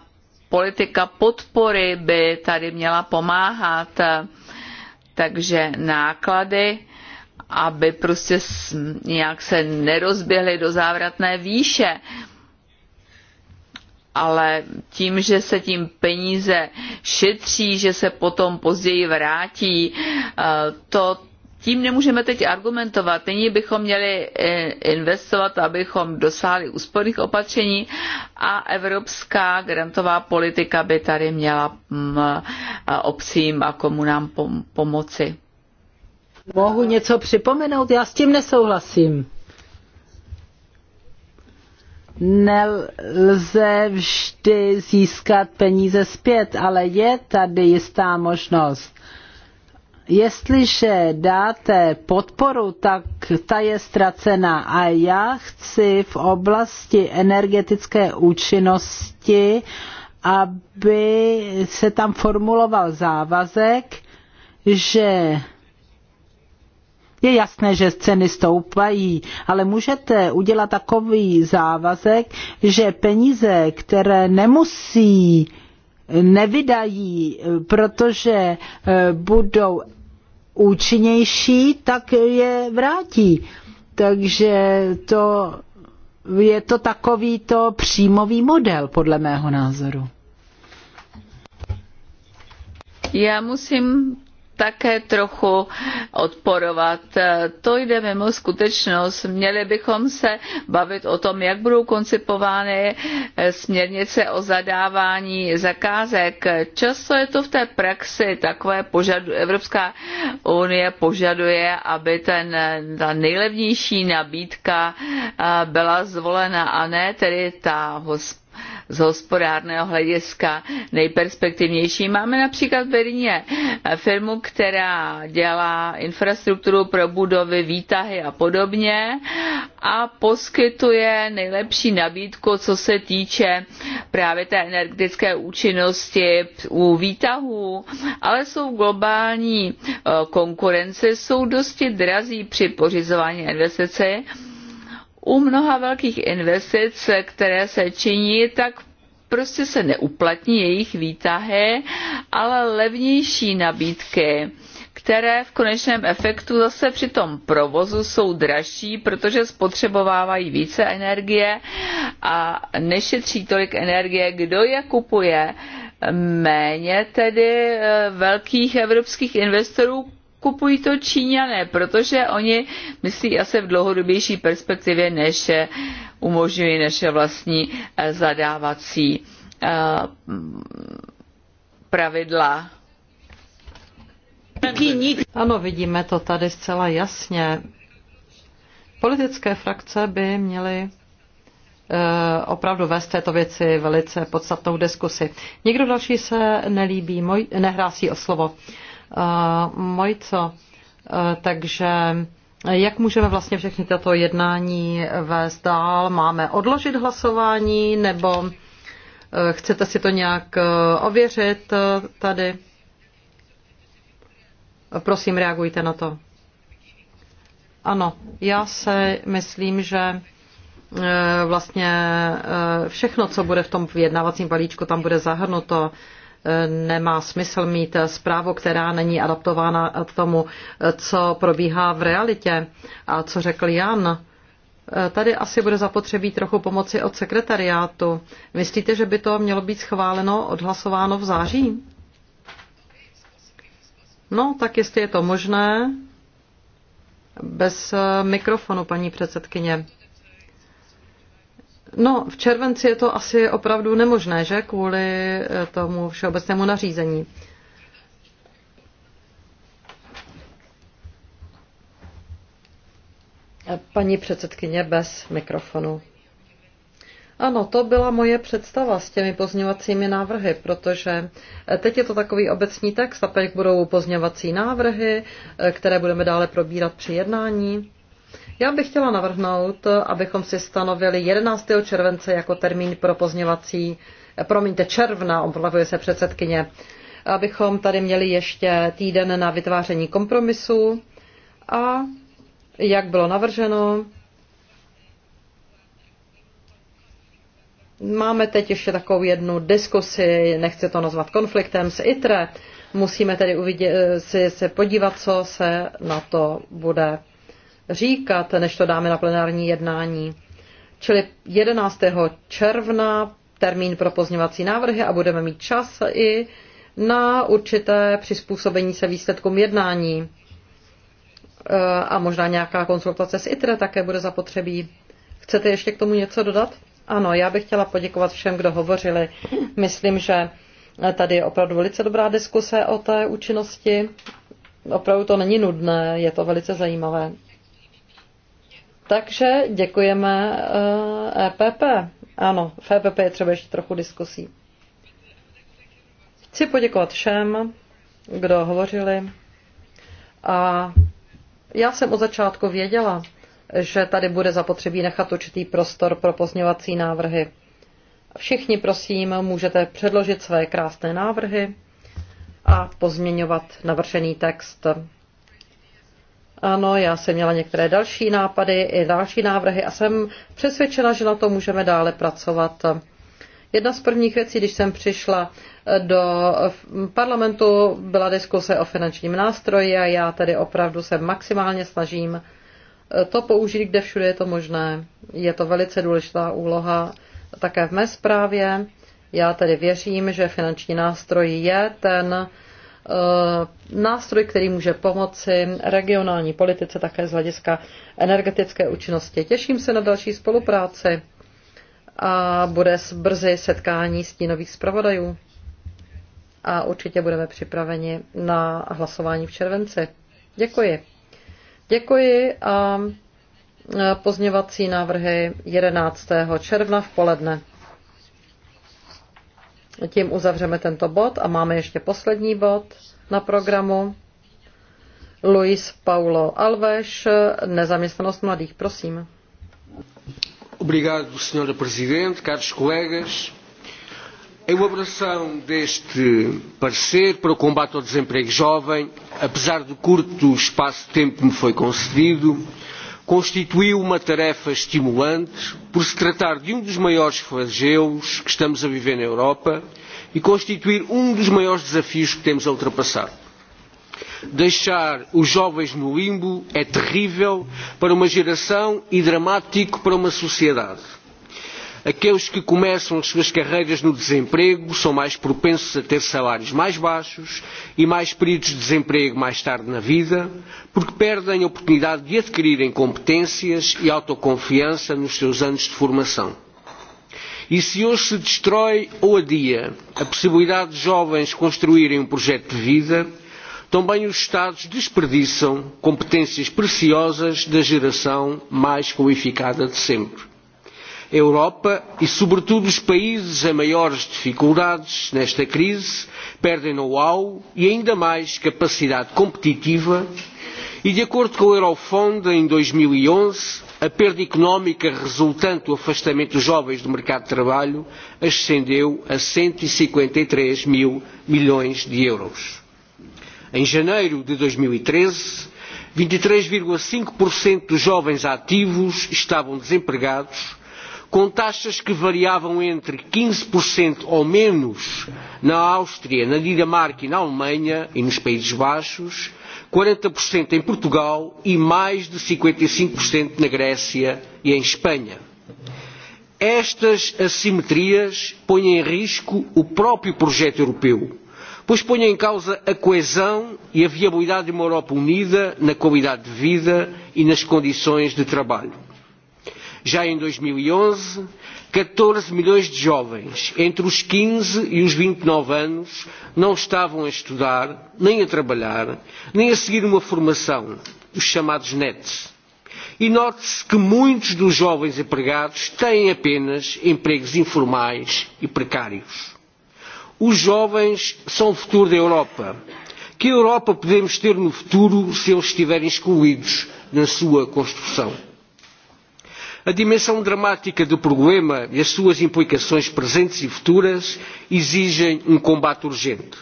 politika podpory by tady měla pomáhat takže náklady, aby prostě nějak se nerozběhly do závratné výše. Ale tím, že se tím peníze šetří, že se potom později vrátí, eh, to tím nemůžeme teď argumentovat. Nyní bychom měli eh, investovat, abychom dosáhli úsporných opatření a evropská grantová politika by tady měla mm, obcím a komunám pomoci. Mohu něco připomenout? Já s tím nesouhlasím nelze vždy získat peníze zpět, ale je tady jistá možnost jestliže dáte podporu, tak ta je ztracená. A já chci v oblasti energetické účinnosti, aby se tam formuloval závazek, že je jasné, že ceny stoupají, ale můžete udělat takový závazek, že peníze, které nemusí nevydají, protože eh, budou účinnější, tak je vrátí. Takže to je to takový to příjmový model, podle mého názoru. Já musím také trochu odporovat. To jde mimo skutečnost. Měli bychom se bavit o tom, jak budou koncipovány směrnice o zadávání zakázek. Často je to v té praxi takové požadu, Evropská unie požaduje, aby ten, ta nejlevnější nabídka byla zvolena a ne tedy ta hospodářská z hospodárného hlediska nejperspektivnější. Máme například v Berlíně firmu, která dělá infrastrukturu pro budovy, výtahy a podobně a poskytuje nejlepší nabídku, co se týče právě té energetické účinnosti u výtahů, ale jsou v globální eh, konkurenci, jsou dosti drazí při pořizování investice u mnoha velkých investic, které se činí, tak prostě se neuplatní jejich výtahy, ale levnější nabídky které v konečném efektu zase při tom provozu jsou dražší, protože spotřebovávají více energie a nešetří tolik energie, kdo je kupuje. Méně tedy eh, velkých evropských investorů kupují to Číňané, protože oni myslí asi v dlouhodobější perspektivě, než umožňují naše vlastní eh, zadávací eh, mm, pravidla. Ano, vidíme to tady zcela jasně. Politické frakce by měly eh, opravdu vést této věci velice podstatnou diskusi. Někdo další se nelíbí, moj, nehrásí o slovo. Eh, Mojco. Eh, takže jak můžeme vlastně všechny tato jednání vést dál? Máme odložit hlasování nebo eh, chcete si to nějak ověřit tady? Prosím, reagujte na to. Ano, já se myslím, že vlastně všechno, co bude v tom vyjednávacím balíčku, tam bude zahrnuto nemá smysl mít zprávu, která není adaptována k tomu, co probíhá v realitě a co řekl Jan. Tady asi bude zapotřebí trochu pomoci od sekretariátu. Myslíte, že by to mělo být schváleno, odhlasováno v září? No, tak jestli je to možné. Bez mikrofonu, paní předsedkyně. No, v červenci je to asi opravdu nemožné, že? Kvůli eh, tomu všeobecnému nařízení. Paní předsedkyně bez mikrofonu. Ano, to byla moje představa s těmi pozňovacími návrhy, protože eh, teď je to takový obecní text a teď budou pozňovací návrhy, eh, které budeme dále probírat při jednání. Já bych chtěla navrhnout, abychom si stanovili 11. července jako termín pro pozněvací, promiňte, června, omlavuje se předsedkyně, abychom tady měli ještě týden na vytváření kompromisu a jak bylo navrženo, Máme teď ještě takovou jednu diskusi, nechci to nazvat konfliktem s ITRE. Musíme tedy uvidě- eh, si, se podívat, co se na to bude říkat, než to dáme na plenární jednání. Čili 11. června termín pro pozněvací návrhy a budeme mít čas i na určité přizpůsobení se výsledkům jednání. E, a možná nějaká konsultace s ITRE také bude zapotřebí. Chcete ještě k tomu něco dodat? Ano, já bych chtěla poděkovat všem, kdo hovořili. Myslím, že tady je opravdu velice dobrá diskuse o té účinnosti. Opravdu to není nudné, je to velice zajímavé. Takže děkujeme EPP. Eh, e ano, v EPP je třeba ještě trochu diskusí. Chci poděkovat všem, kdo hovořili. A já jsem od začátku věděla, že tady bude zapotřebí nechat určitý prostor pro pozměňovací návrhy. Všichni, prosím, můžete předložit své krásné návrhy a pozměňovat navržený text. Ano, já jsem měla některé další nápady i další návrhy a jsem přesvědčena, že na to můžeme dále pracovat. Jedna z prvních věcí, když jsem přišla eh, do parlamentu, byla diskuse o finančním nástroji a já tedy opravdu se maximálně snažím eh, to použít, kde všude je to možné. Je to velice důležitá úloha také v mé zprávě. Já tedy věřím, že finanční nástroj je ten Eh, nástroj, který může pomoci regionální politice také z hlediska energetické účinnosti. Těším se na další spolupráci a bude brzy setkání stínových zpravodajů a určitě budeme připraveni na hlasování v červenci. Děkuji. Děkuji a eh, pozněvací návrhy 11. června v poledne. Tím uzavřeme tento bod a máme ještě poslední bod na programu. Luis Paulo Alves, nezaměstnanost mladých, prosím. Obrigado, senhora presidente, caros colegas. Em elaboração deste parecer para o combate ao desemprego jovem, apesar do curto espaço de tempo que me foi concedido, constituiu uma tarefa estimulante por se tratar de um dos maiores flagelos que estamos a viver na Europa e constituir um dos maiores desafios que temos a ultrapassar. Deixar os jovens no limbo é terrível para uma geração e dramático para uma sociedade Aqueles que começam as suas carreiras no desemprego são mais propensos a ter salários mais baixos e mais períodos de desemprego mais tarde na vida, porque perdem a oportunidade de adquirirem competências e autoconfiança nos seus anos de formação. E se hoje se destrói ou adia a possibilidade de jovens construírem um projeto de vida, também os Estados desperdiçam competências preciosas da geração mais qualificada de sempre. Europa e, sobretudo, os países em maiores dificuldades nesta crise perdem know-how e ainda mais capacidade competitiva e, de acordo com o Eurofond, em 2011, e a perda económica resultante do afastamento dos jovens do mercado de trabalho ascendeu a 153 e e mil milhões de euros. Em janeiro de 2013, 23,5% dos jovens ativos estavam desempregados com taxas que variavam entre 15% ou menos na Áustria, na Dinamarca e na Alemanha e nos Países Baixos, 40% em Portugal e mais de 55% e na Grécia e em Espanha. Estas assimetrias põem em risco o próprio projeto europeu, pois põem em causa a coesão e a viabilidade de uma Europa unida na qualidade de vida e nas condições de trabalho já em 2011, 14 e milhões de jovens entre os 15 e os 29 e anos não estavam a estudar, nem a trabalhar, nem a seguir uma formação, os chamados NETs. E note-se que muitos dos jovens empregados têm apenas empregos informais e precários. Os jovens são o futuro da Europa. Que Europa podemos ter no futuro se eles estiverem excluídos na sua construção? A dimensão dramática do problema e as suas implicações presentes e futuras exigem um combate urgente.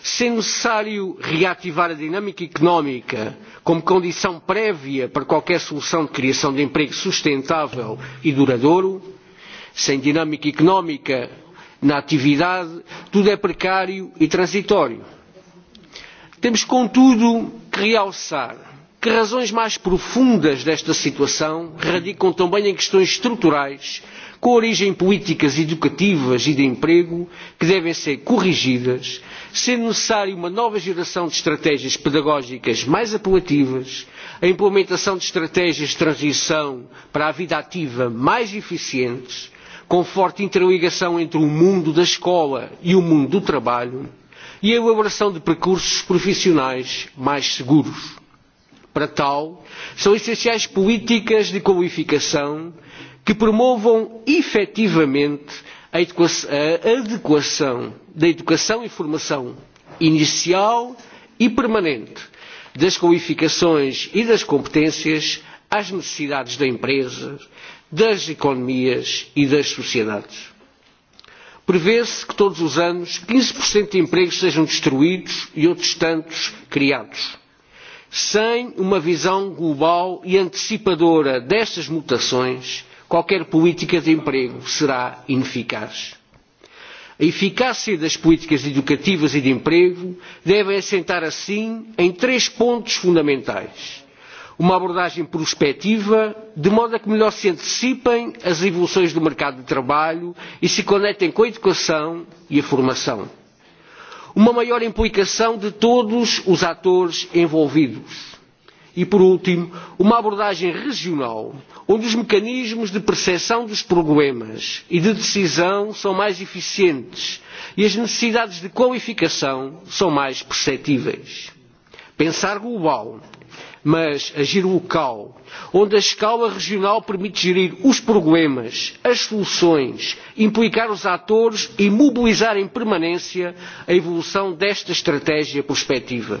Se é necessário reativar a dinâmica económica como condição prévia para qualquer solução de criação de emprego sustentável e duradouro, sem dinâmica económica na atividade, tudo é precário e transitório. Temos, contudo, que realçar que razões mais profundas desta situação radicam também em questões estruturais com origem políticas educativas e de emprego que devem ser corrigidas, sendo necessária uma nova geração de estratégias pedagógicas mais apelativas, a implementação de estratégias de transição para a vida ativa mais eficientes, com forte interligação entre o mundo da escola e o mundo do trabalho, e a elaboração de percursos profissionais mais seguros para tal, são essenciais políticas de qualificação que promovam efetivamente a, a adequação da educação e formação inicial e permanente das qualificações e das competências às necessidades da empresa, das economias e das sociedades. Prevê-se que todos os anos 15% de empregos sejam destruídos e outros tantos criados sem uma visão global e antecipadora destas mutações, qualquer política de emprego será ineficaz. A eficácia das políticas educativas e de emprego deve assentar assim em três pontos fundamentais. Uma abordagem prospectiva, de modo a que melhor se antecipem as evoluções do mercado de trabalho e se conectem com a educação e a formação uma maior implicação de todos os atores envolvidos e por último uma abordagem regional onde os mecanismos de percepção dos problemas e de decisão são mais eficientes e as necessidades de qualificação são mais perceptíveis. pensar global mas agir local, onde a escala regional permite gerir os problemas, as soluções, implicar os atores e mobilizar em permanência a evolução desta estratégia prospectiva.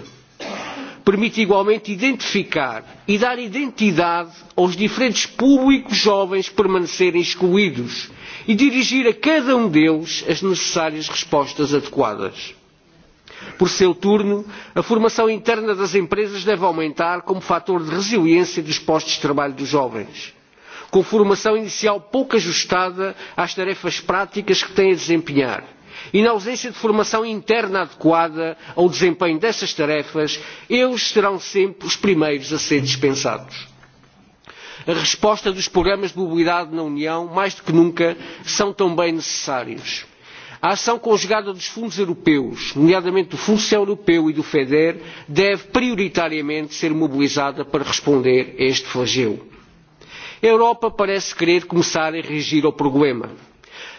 Permite igualmente identificar e dar identidade aos diferentes públicos jovens permanecerem excluídos e dirigir a cada um deles as necessárias respostas adequadas Por seu turno, a formação interna das empresas deve aumentar como fator de resiliência dos postos de trabalho dos jovens com formação inicial pouco ajustada às tarefas práticas que têm a desempenhar. E na ausência de formação interna adequada ao desempenho dessas tarefas, eles serão sempre os primeiros a ser dispensados. A resposta dos programas de mobilidade na União, mais do que nunca, são também necessários a ação conjugada dos fundos europeus nomeadamente do fundo social europeu e do feder deve prioritariamente ser mobilizada para responder a este flagelo. a europa parece querer começar a reagir ao problema.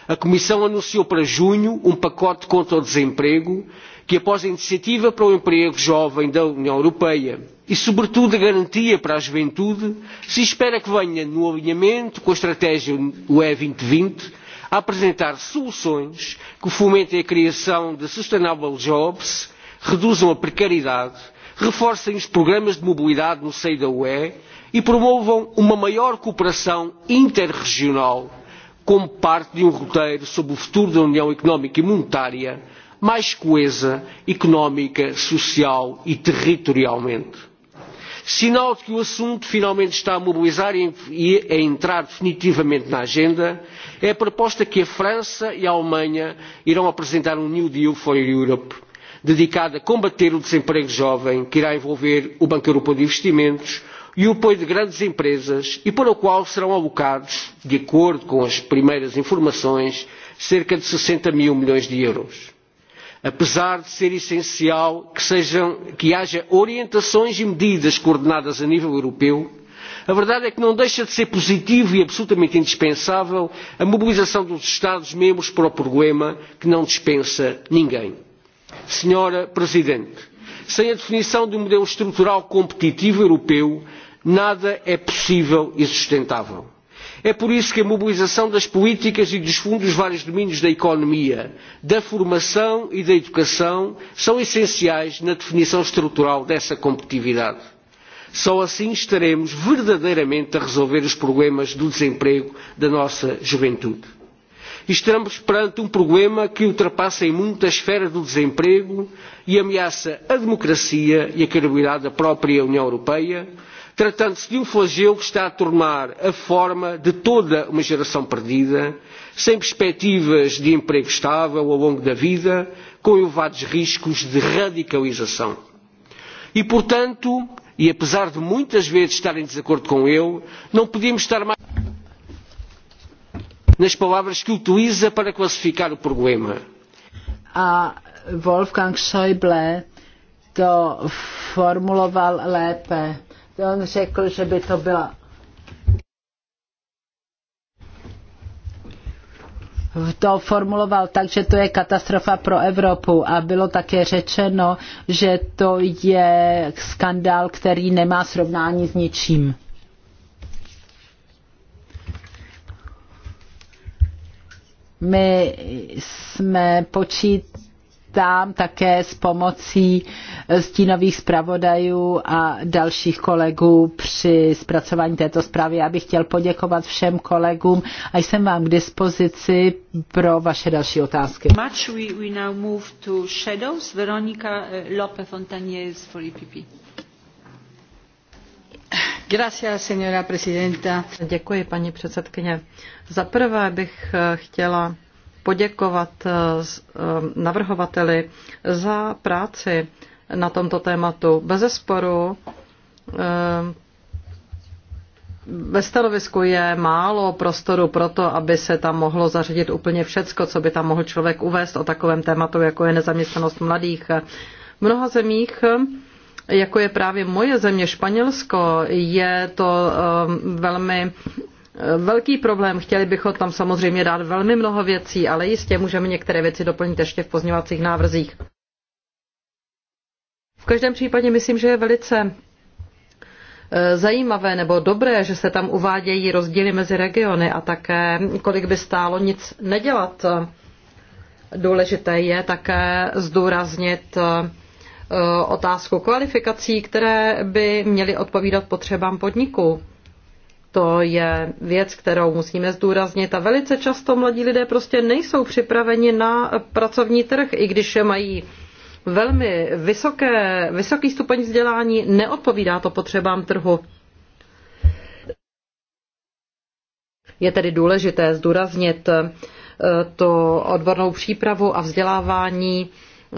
a comissão anunciou para junho um pacote contra o desemprego que após a iniciativa para o emprego jovem da união europeia e sobretudo a garantia para a juventude se espera que venha no alinhamento com a estratégia ue dois mil e vinte a apresentar soluções que fomentem a criação de sustainable jobs, reduzam a precariedade, reforcem os programas de mobilidade no seio da UE e promovam uma maior cooperação interregional como parte de um roteiro sobre o futuro da União Económica e Monetária mais coesa, económica, social e territorialmente sinal de que o assunto finalmente está a mobilizar e, e a entrar definitivamente na agenda é a proposta que a frança e a alemanha irão apresentar um new deal for europe dedicado a combater o desemprego jovem que irá envolver o banco europeu de investimentos e o apoio de grandes empresas e para o qual serão alocados de acordo com as primeiras informações cerca de sessenta mil milhões de euros apesar de ser essencial que, sejam, que haja orientações e medidas coordenadas a nível europeu, a verdade é que não deixa de ser positivo e absolutamente indispensável a mobilização dos Estados membros para o problema que não dispensa ninguém. Senhora Presidente, sem a definição de um modelo estrutural competitivo europeu, nada é possível e sustentável É por isso que a mobilização das políticas e dos fundos dos vários domínios da economia, da formação e da educação são essenciais na definição estrutural dessa competitividade. Só assim estaremos verdadeiramente a resolver os problemas do desemprego da nossa juventude. E Estamos perante um problema que ultrapassa em muito a esfera do desemprego e ameaça a democracia e a credibilidade da própria União Europeia, tratando-se de um flagelo que está a tornar a forma de toda uma geração perdida, sem perspectivas de emprego estável ao longo da vida, com elevados riscos de radicalização. E, portanto, e apesar de muitas vezes estar em desacordo com ele, não podíamos estar mais nas palavras que utiliza para classificar o problema. A Wolfgang Schäuble to formuloval lépe On řekl, že by to byla to formuloval tak, že to je katastrofa pro Evropu a bylo také řečeno, že to je skandál, který nemá srovnání s ničím. My jsme počítali ptám také s pomocí stínových zpravodajů a dalších kolegů při zpracování této zprávy. Já bych chtěl poděkovat všem kolegům a jsem vám k dispozici pro vaše další otázky. Much we, we now move to shadows. Eh, for EPP. Děkuji, paní předsedkyně. Za prvé bych eh, chtěla poděkovat eh, eh, navrhovateli za práci na tomto tématu. Bez zesporu eh, ve stanovisku je málo prostoru pro to, aby se tam mohlo zařadit úplně všecko, co by tam mohl člověk uvést o takovém tématu, jako je nezaměstnanost mladých. V mnoha zemích, jako je právě moje země Španělsko, je to velmi velký problém. Chtěli bychom tam samozřejmě dát velmi mnoho věcí, ale jistě můžeme některé věci doplnit ještě v pozněvacích návrzích. V každém případě myslím, že je velice eh, zajímavé nebo dobré, že se tam uvádějí rozdíly mezi regiony a také kolik by stálo nic nedělat. Důležité je také zdůraznit eh, otázku kvalifikací, které by měly odpovídat potřebám podniku. To je věc, kterou musíme zdůraznit a velice často mladí lidé prostě nejsou připraveni na pracovní trh, i když mají velmi vysoké, vysoký stupeň vzdělání, neodpovídá to potřebám trhu. Je tedy důležité zdůraznit eh, to odbornou přípravu a vzdělávání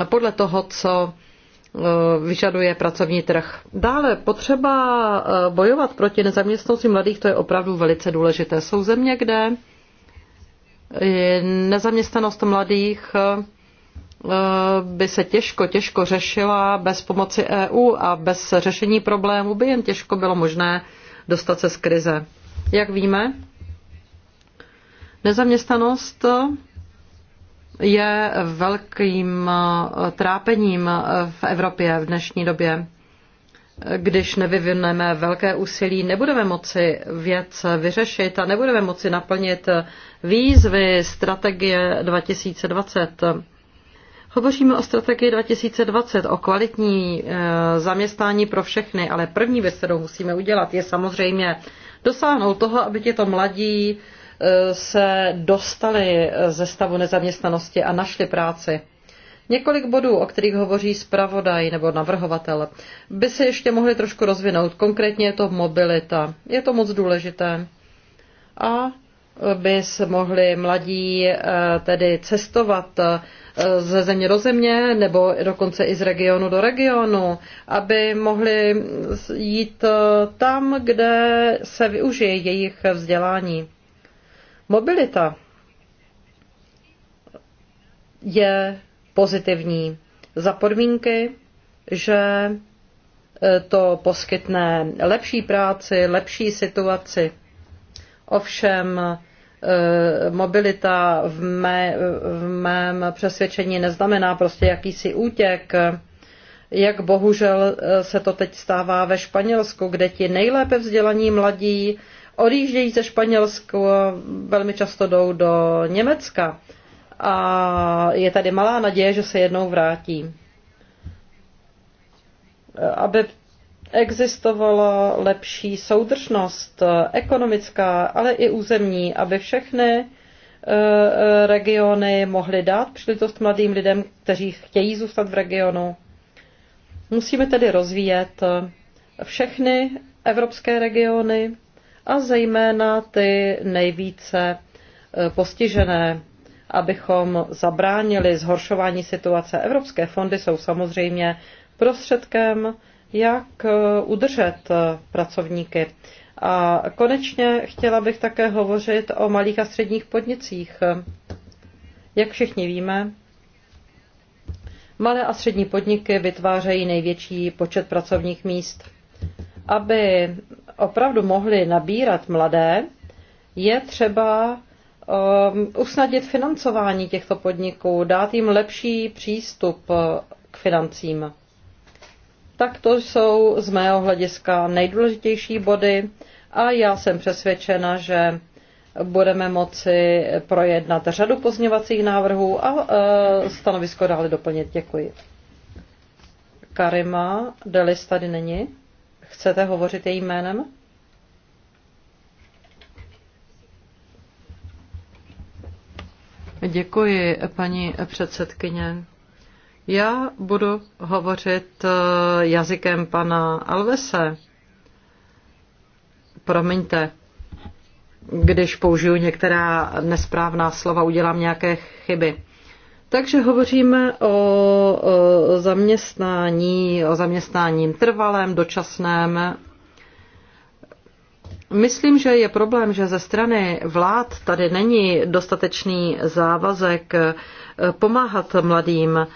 podle toho, co Eh, vyžaduje pracovní trh. Dále potřeba eh, bojovat proti nezaměstnanosti mladých, to je opravdu velice důležité. Jsou země, kde nezaměstnanost mladých eh, by se těžko, těžko řešila bez pomoci EU a bez řešení problému by jen těžko bylo možné dostat se z krize. Jak víme, nezaměstnanost je velkým eh, trápením eh, v Evropě v dnešní době. Když nevyvineme velké úsilí, nebudeme moci věc vyřešit a nebudeme moci naplnit eh, výzvy strategie 2020. Hovoříme o strategii 2020, o kvalitní zaměstnání pro všechny, ale první věc, kterou musíme udělat, je samozřejmě dosáhnout toho, aby těto mladí Eh, se dostali ze stavu nezaměstnanosti a našli práci. Několik bodů, o kterých hovoří zpravodaj nebo navrhovatel, by se ještě mohli trošku rozvinout. Konkrétně je to mobilita. Je to moc důležité. A by se mohli mladí eh, tedy cestovat eh, ze země do země nebo dokonce i z regionu do regionu, aby mohli jít tam, kde se využije jejich vzdělání. Mobilita je pozitivní za podmínky, že e, to poskytne lepší práci, lepší situaci. Ovšem e, mobilita v, mé, v mém přesvědčení neznamená prostě jakýsi útěk, jak bohužel e, se to teď stává ve Španělsku, kde ti nejlépe vzdělaní mladí odjíždějí ze Španělska, velmi často jdou do Německa a je tady malá naděje, že se jednou vrátí. Aby existovala lepší soudržnost ekonomická, ale i územní, aby všechny eh, regiony mohly dát příležitost mladým lidem, kteří chtějí zůstat v regionu. Musíme tedy rozvíjet všechny evropské regiony, a zejména ty nejvíce e, postižené, abychom zabránili zhoršování situace. Evropské fondy jsou samozřejmě prostředkem, jak e, udržet e, pracovníky. A konečně chtěla bych také hovořit o malých a středních podnicích. Jak všichni víme, malé a střední podniky vytvářejí největší počet pracovních míst. Aby opravdu mohli nabírat mladé, je třeba um, usnadnit financování těchto podniků, dát jim lepší přístup uh, k financím. Tak to jsou z mého hlediska nejdůležitější body a já jsem přesvědčena, že budeme moci projednat řadu pozměvacích návrhů a uh, stanovisko dále doplnit. Děkuji. Karima Delis tady není. Chcete hovořit jejím jménem? Děkuji, paní předsedkyně. Já budu hovořit eh, jazykem pana Alvese. Promiňte, když použiju některá nesprávná slova, udělám nějaké chyby. Takže hovoříme o zaměstnání, o zaměstnáním trvalém, dočasném. Myslím, že je problém, že ze strany vlád tady není dostatečný závazek pomáhat mladým.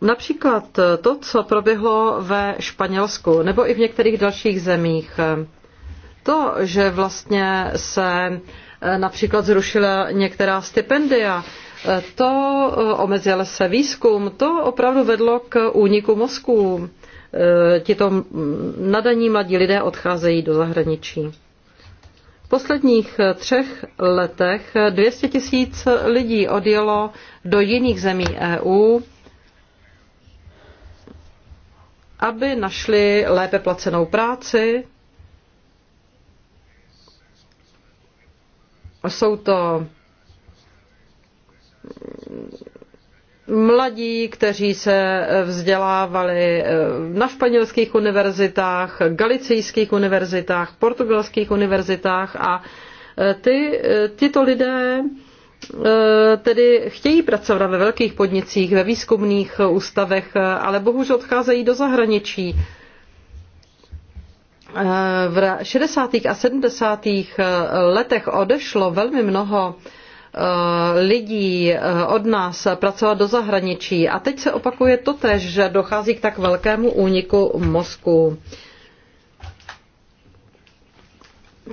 Například to, co proběhlo ve Španělsku nebo i v některých dalších zemích. To, že vlastně se například zrušila některá stipendia, to eh, omezil se výzkum, to opravdu vedlo k úniku mozků. Eh, Tito nadaní mladí lidé odcházejí do zahraničí. V posledních eh, třech letech 200 tisíc lidí odjelo do jiných zemí EU, aby našli lépe placenou práci. Jsou to mladí, kteří se vzdělávali eh, na španělských univerzitách, galicijských univerzitách, portugalských univerzitách a eh, ty, eh, tyto lidé tedy chtějí pracovat ve velkých podnicích, ve výzkumných ústavech, ale bohužel odcházejí do zahraničí. V 60. a 70. letech odešlo velmi mnoho Eh, lidí eh, od nás pracovat do zahraničí. A teď se opakuje totež, že dochází k tak velkému úniku mozku.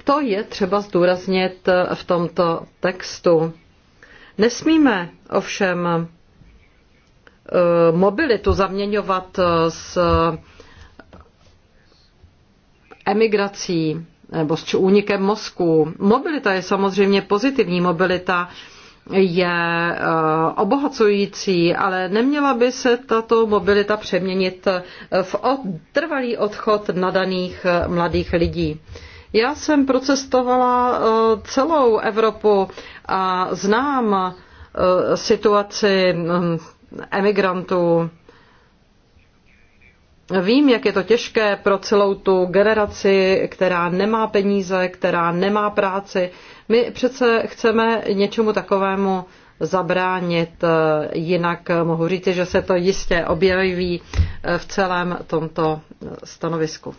To je třeba zdůraznit v tomto textu. Nesmíme ovšem eh, mobilitu zaměňovat s emigrací nebo s únikem mozku. Mobilita je samozřejmě pozitivní mobilita, je e, obohacující, ale neměla by se tato mobilita přeměnit v trvalý odchod nadaných e, mladých lidí. Já jsem procestovala e, celou Evropu a znám situaci emigrantů Vím, jak je to těžké pro celou tu generaci, která nemá peníze, která nemá práci. My přece chceme něčemu takovému zabránit, eh, jinak mohu říct, že se to jistě objeví eh, v celém tomto eh, stanovisku.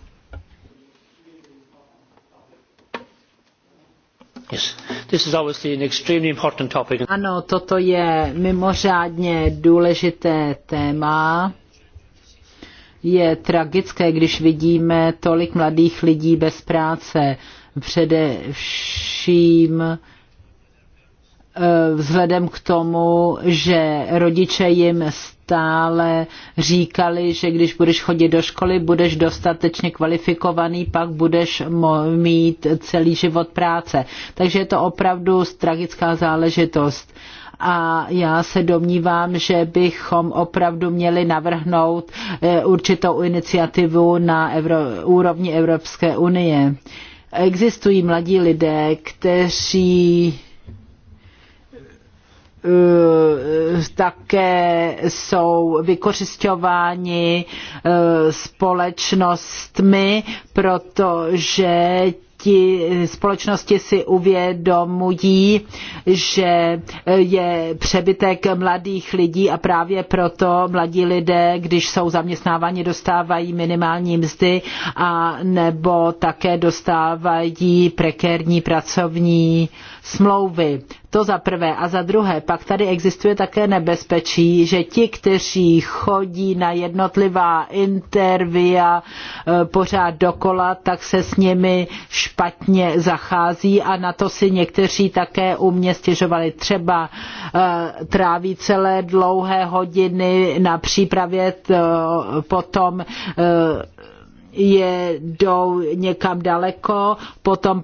Ano, toto je mimořádně důležité téma je tragické, když vidíme tolik mladých lidí bez práce, především eh, vzhledem k tomu, že rodiče jim stále říkali, že když budeš chodit do školy, budeš dostatečně kvalifikovaný, pak budeš mít celý život práce. Takže je to opravdu tragická záležitost a já se domnívám, že bychom opravdu měli navrhnout eh, určitou iniciativu na Evro, úrovni Evropské unie. Existují mladí lidé, kteří eh, také jsou vykořišťováni eh, společnostmi, protože ti eh, společnosti si uvědomují, že eh, je přebytek mladých lidí a právě proto mladí lidé, když jsou zaměstnáváni, dostávají minimální mzdy a nebo také dostávají prekérní pracovní uh, smlouvy. To za prvé. A za druhé, pak tady existuje také nebezpečí, že ti, kteří chodí na jednotlivá intervia e, pořád dokola, tak se s nimi špatně zachází a na to si někteří také u mě stěžovali. Třeba e, tráví celé dlouhé hodiny na přípravě, e, potom jedou někam daleko, potom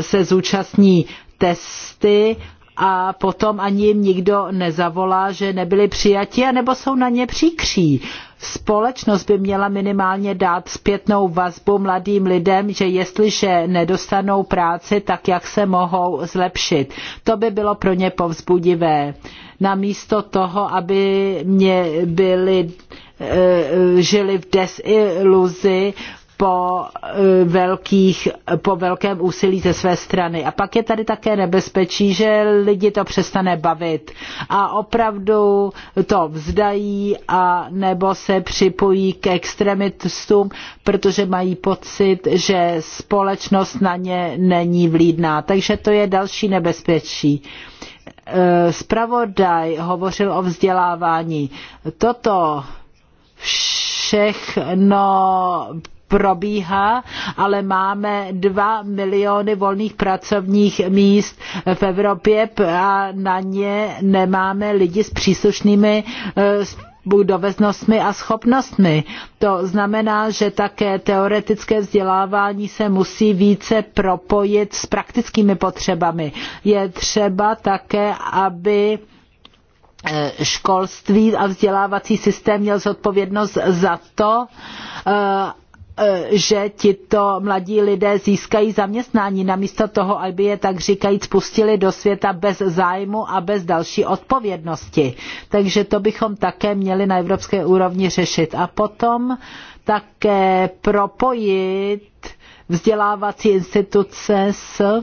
se zúčastní testy a potom ani jim nikdo nezavolá, že nebyli přijati, anebo jsou na ně příkří. Společnost by měla minimálně dát zpětnou vazbu mladým lidem, že jestliže nedostanou práci, tak jak se mohou zlepšit. To by bylo pro ně povzbudivé. Namísto toho, aby mě byli eh, eh, žili v desiluzi po, eh, velkých, po velkém úsilí ze své strany. A pak je tady také nebezpečí, že lidi to přestane bavit a opravdu to vzdají a nebo se připojí k extremistům, protože mají pocit, že společnost na ně není vlídná. Takže to je další nebezpečí Spravodaj eh, hovořil o vzdělávání. Toto všechno probíhá, ale máme 2 miliony volných pracovních míst v Evropě a na ně nemáme lidi s příslušnými eh, dovednostmi a schopnostmi. To znamená, že také teoretické vzdělávání se musí více propojit s praktickými potřebami. Je třeba také, aby eh, školství a vzdělávací systém měl zodpovědnost za to, eh, Eh, že tito mladí lidé získají zaměstnání, namísto toho, aby je tak říkajíc pustili do světa bez zájmu a bez další odpovědnosti. Takže to bychom také měli na evropské úrovni řešit. A potom také propojit vzdělávací instituce s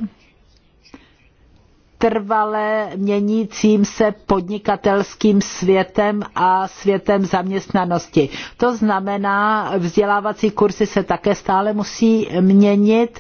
trvale měnícím se podnikatelským světem a světem zaměstnanosti. To znamená, vzdělávací kurzy se také stále musí měnit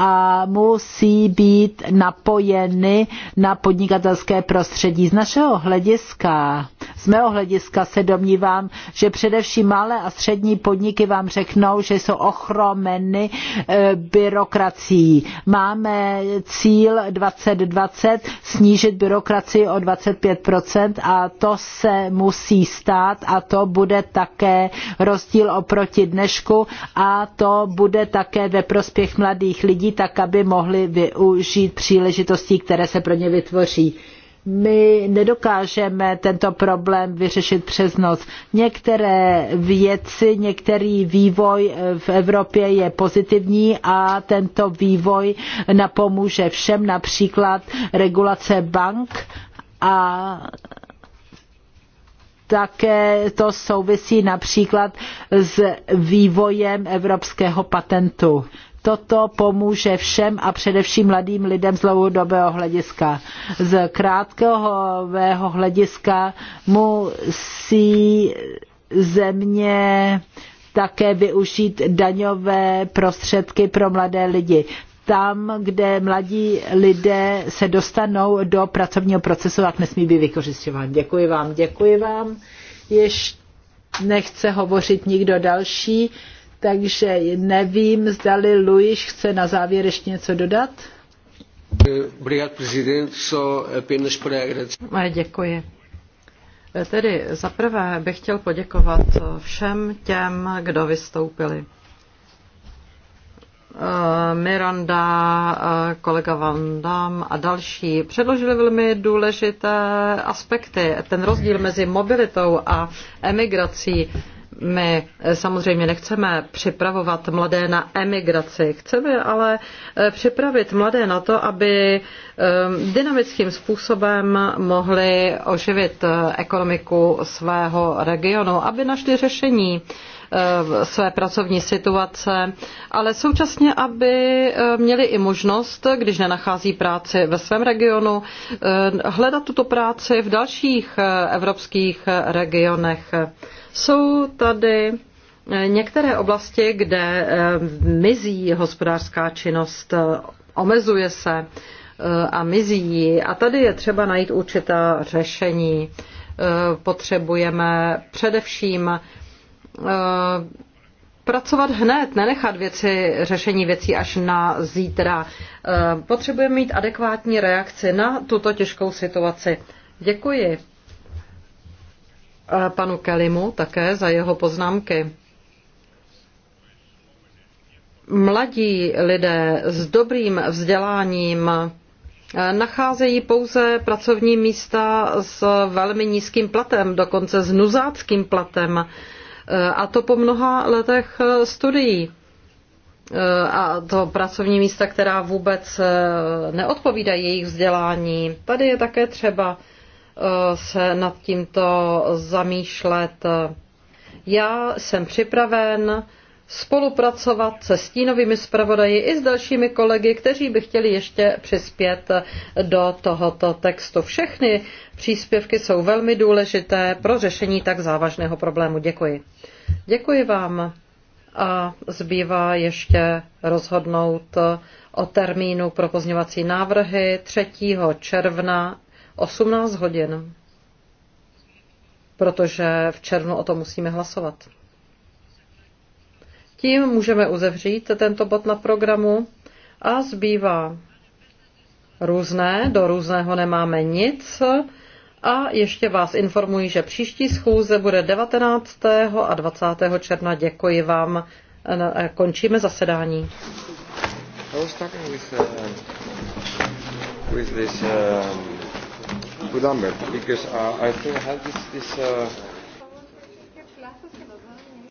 a musí být napojeny na podnikatelské prostředí. Z našeho hlediska, z mého hlediska se domnívám, že především malé a střední podniky vám řeknou, že jsou ochromeny eh, byrokracií. Máme cíl 2020 snížit byrokracii o 25% a to se musí stát a to bude také rozdíl oproti dnešku a to bude také ve prospěch mladých lidí, lidí, tak aby mohli využít příležitostí, které se pro ně vytvoří my nedokážeme tento problém vyřešit přes noc. Některé věci, některý vývoj v Evropě je pozitivní a tento vývoj napomůže všem, například regulace bank a také to souvisí například s vývojem evropského patentu. Toto pomůže všem a především mladým lidem z dlouhodobého hlediska. Z krátkého hlediska musí země také využít daňové prostředky pro mladé lidi tam, kde mladí lidé se dostanou do pracovního procesu, tak nesmí být vykořišťován. Děkuji vám, děkuji vám. Ještě nechce hovořit nikdo další, takže nevím, zdali Luis chce na závěr ještě něco dodat. Děkuji. Tedy zaprvé bych chtěl poděkovat všem těm, kdo vystoupili. Miranda, kolega Van Dam a další předložili velmi důležité aspekty. Ten rozdíl mezi mobilitou a emigrací my samozřejmě nechceme připravovat mladé na emigraci, chceme ale eh, připravit mladé na to, aby eh, dynamickým způsobem mohli oživit eh, ekonomiku svého regionu, aby našli řešení své pracovní situace, ale současně, aby měli i možnost, když nenachází práci ve svém regionu, hledat tuto práci v dalších evropských regionech. Jsou tady eh, některé oblasti, kde eh, mizí hospodářská činnost, eh, omezuje se a mizí. A tady je třeba najít určitá řešení. Potřebujeme především pracovat hned, nenechat věci, řešení věcí až na zítra. Potřebujeme mít adekvátní reakci na tuto těžkou situaci. Děkuji. Eh, panu Kelimu také za jeho poznámky. Mladí lidé s dobrým vzděláním eh, nacházejí pouze pracovní místa s velmi nízkým platem, dokonce s nuzáckým platem, eh, a to po mnoha letech studií a to pracovní místa, která vůbec neodpovídají jejich vzdělání. Tady je také třeba Eh, se nad tímto zamýšlet. Já jsem připraven spolupracovat se stínovými zpravodaji i s dalšími kolegy, kteří by chtěli ještě přispět do tohoto textu. Všechny příspěvky jsou velmi důležité pro řešení tak závažného problému. Děkuji. Děkuji vám a zbývá ještě rozhodnout o termínu pro pozněvací návrhy 3. června 18 hodin, protože v červnu o tom musíme hlasovat. Tím můžeme uzevřít tento bod na programu a zbývá různé, do různého nemáme nic. A ještě vás informuji, že příští schůze bude 19. a 20. června. Děkuji vám. Končíme zasedání. I was talking with, uh, with this, uh, good number because uh, I think I have this, this uh,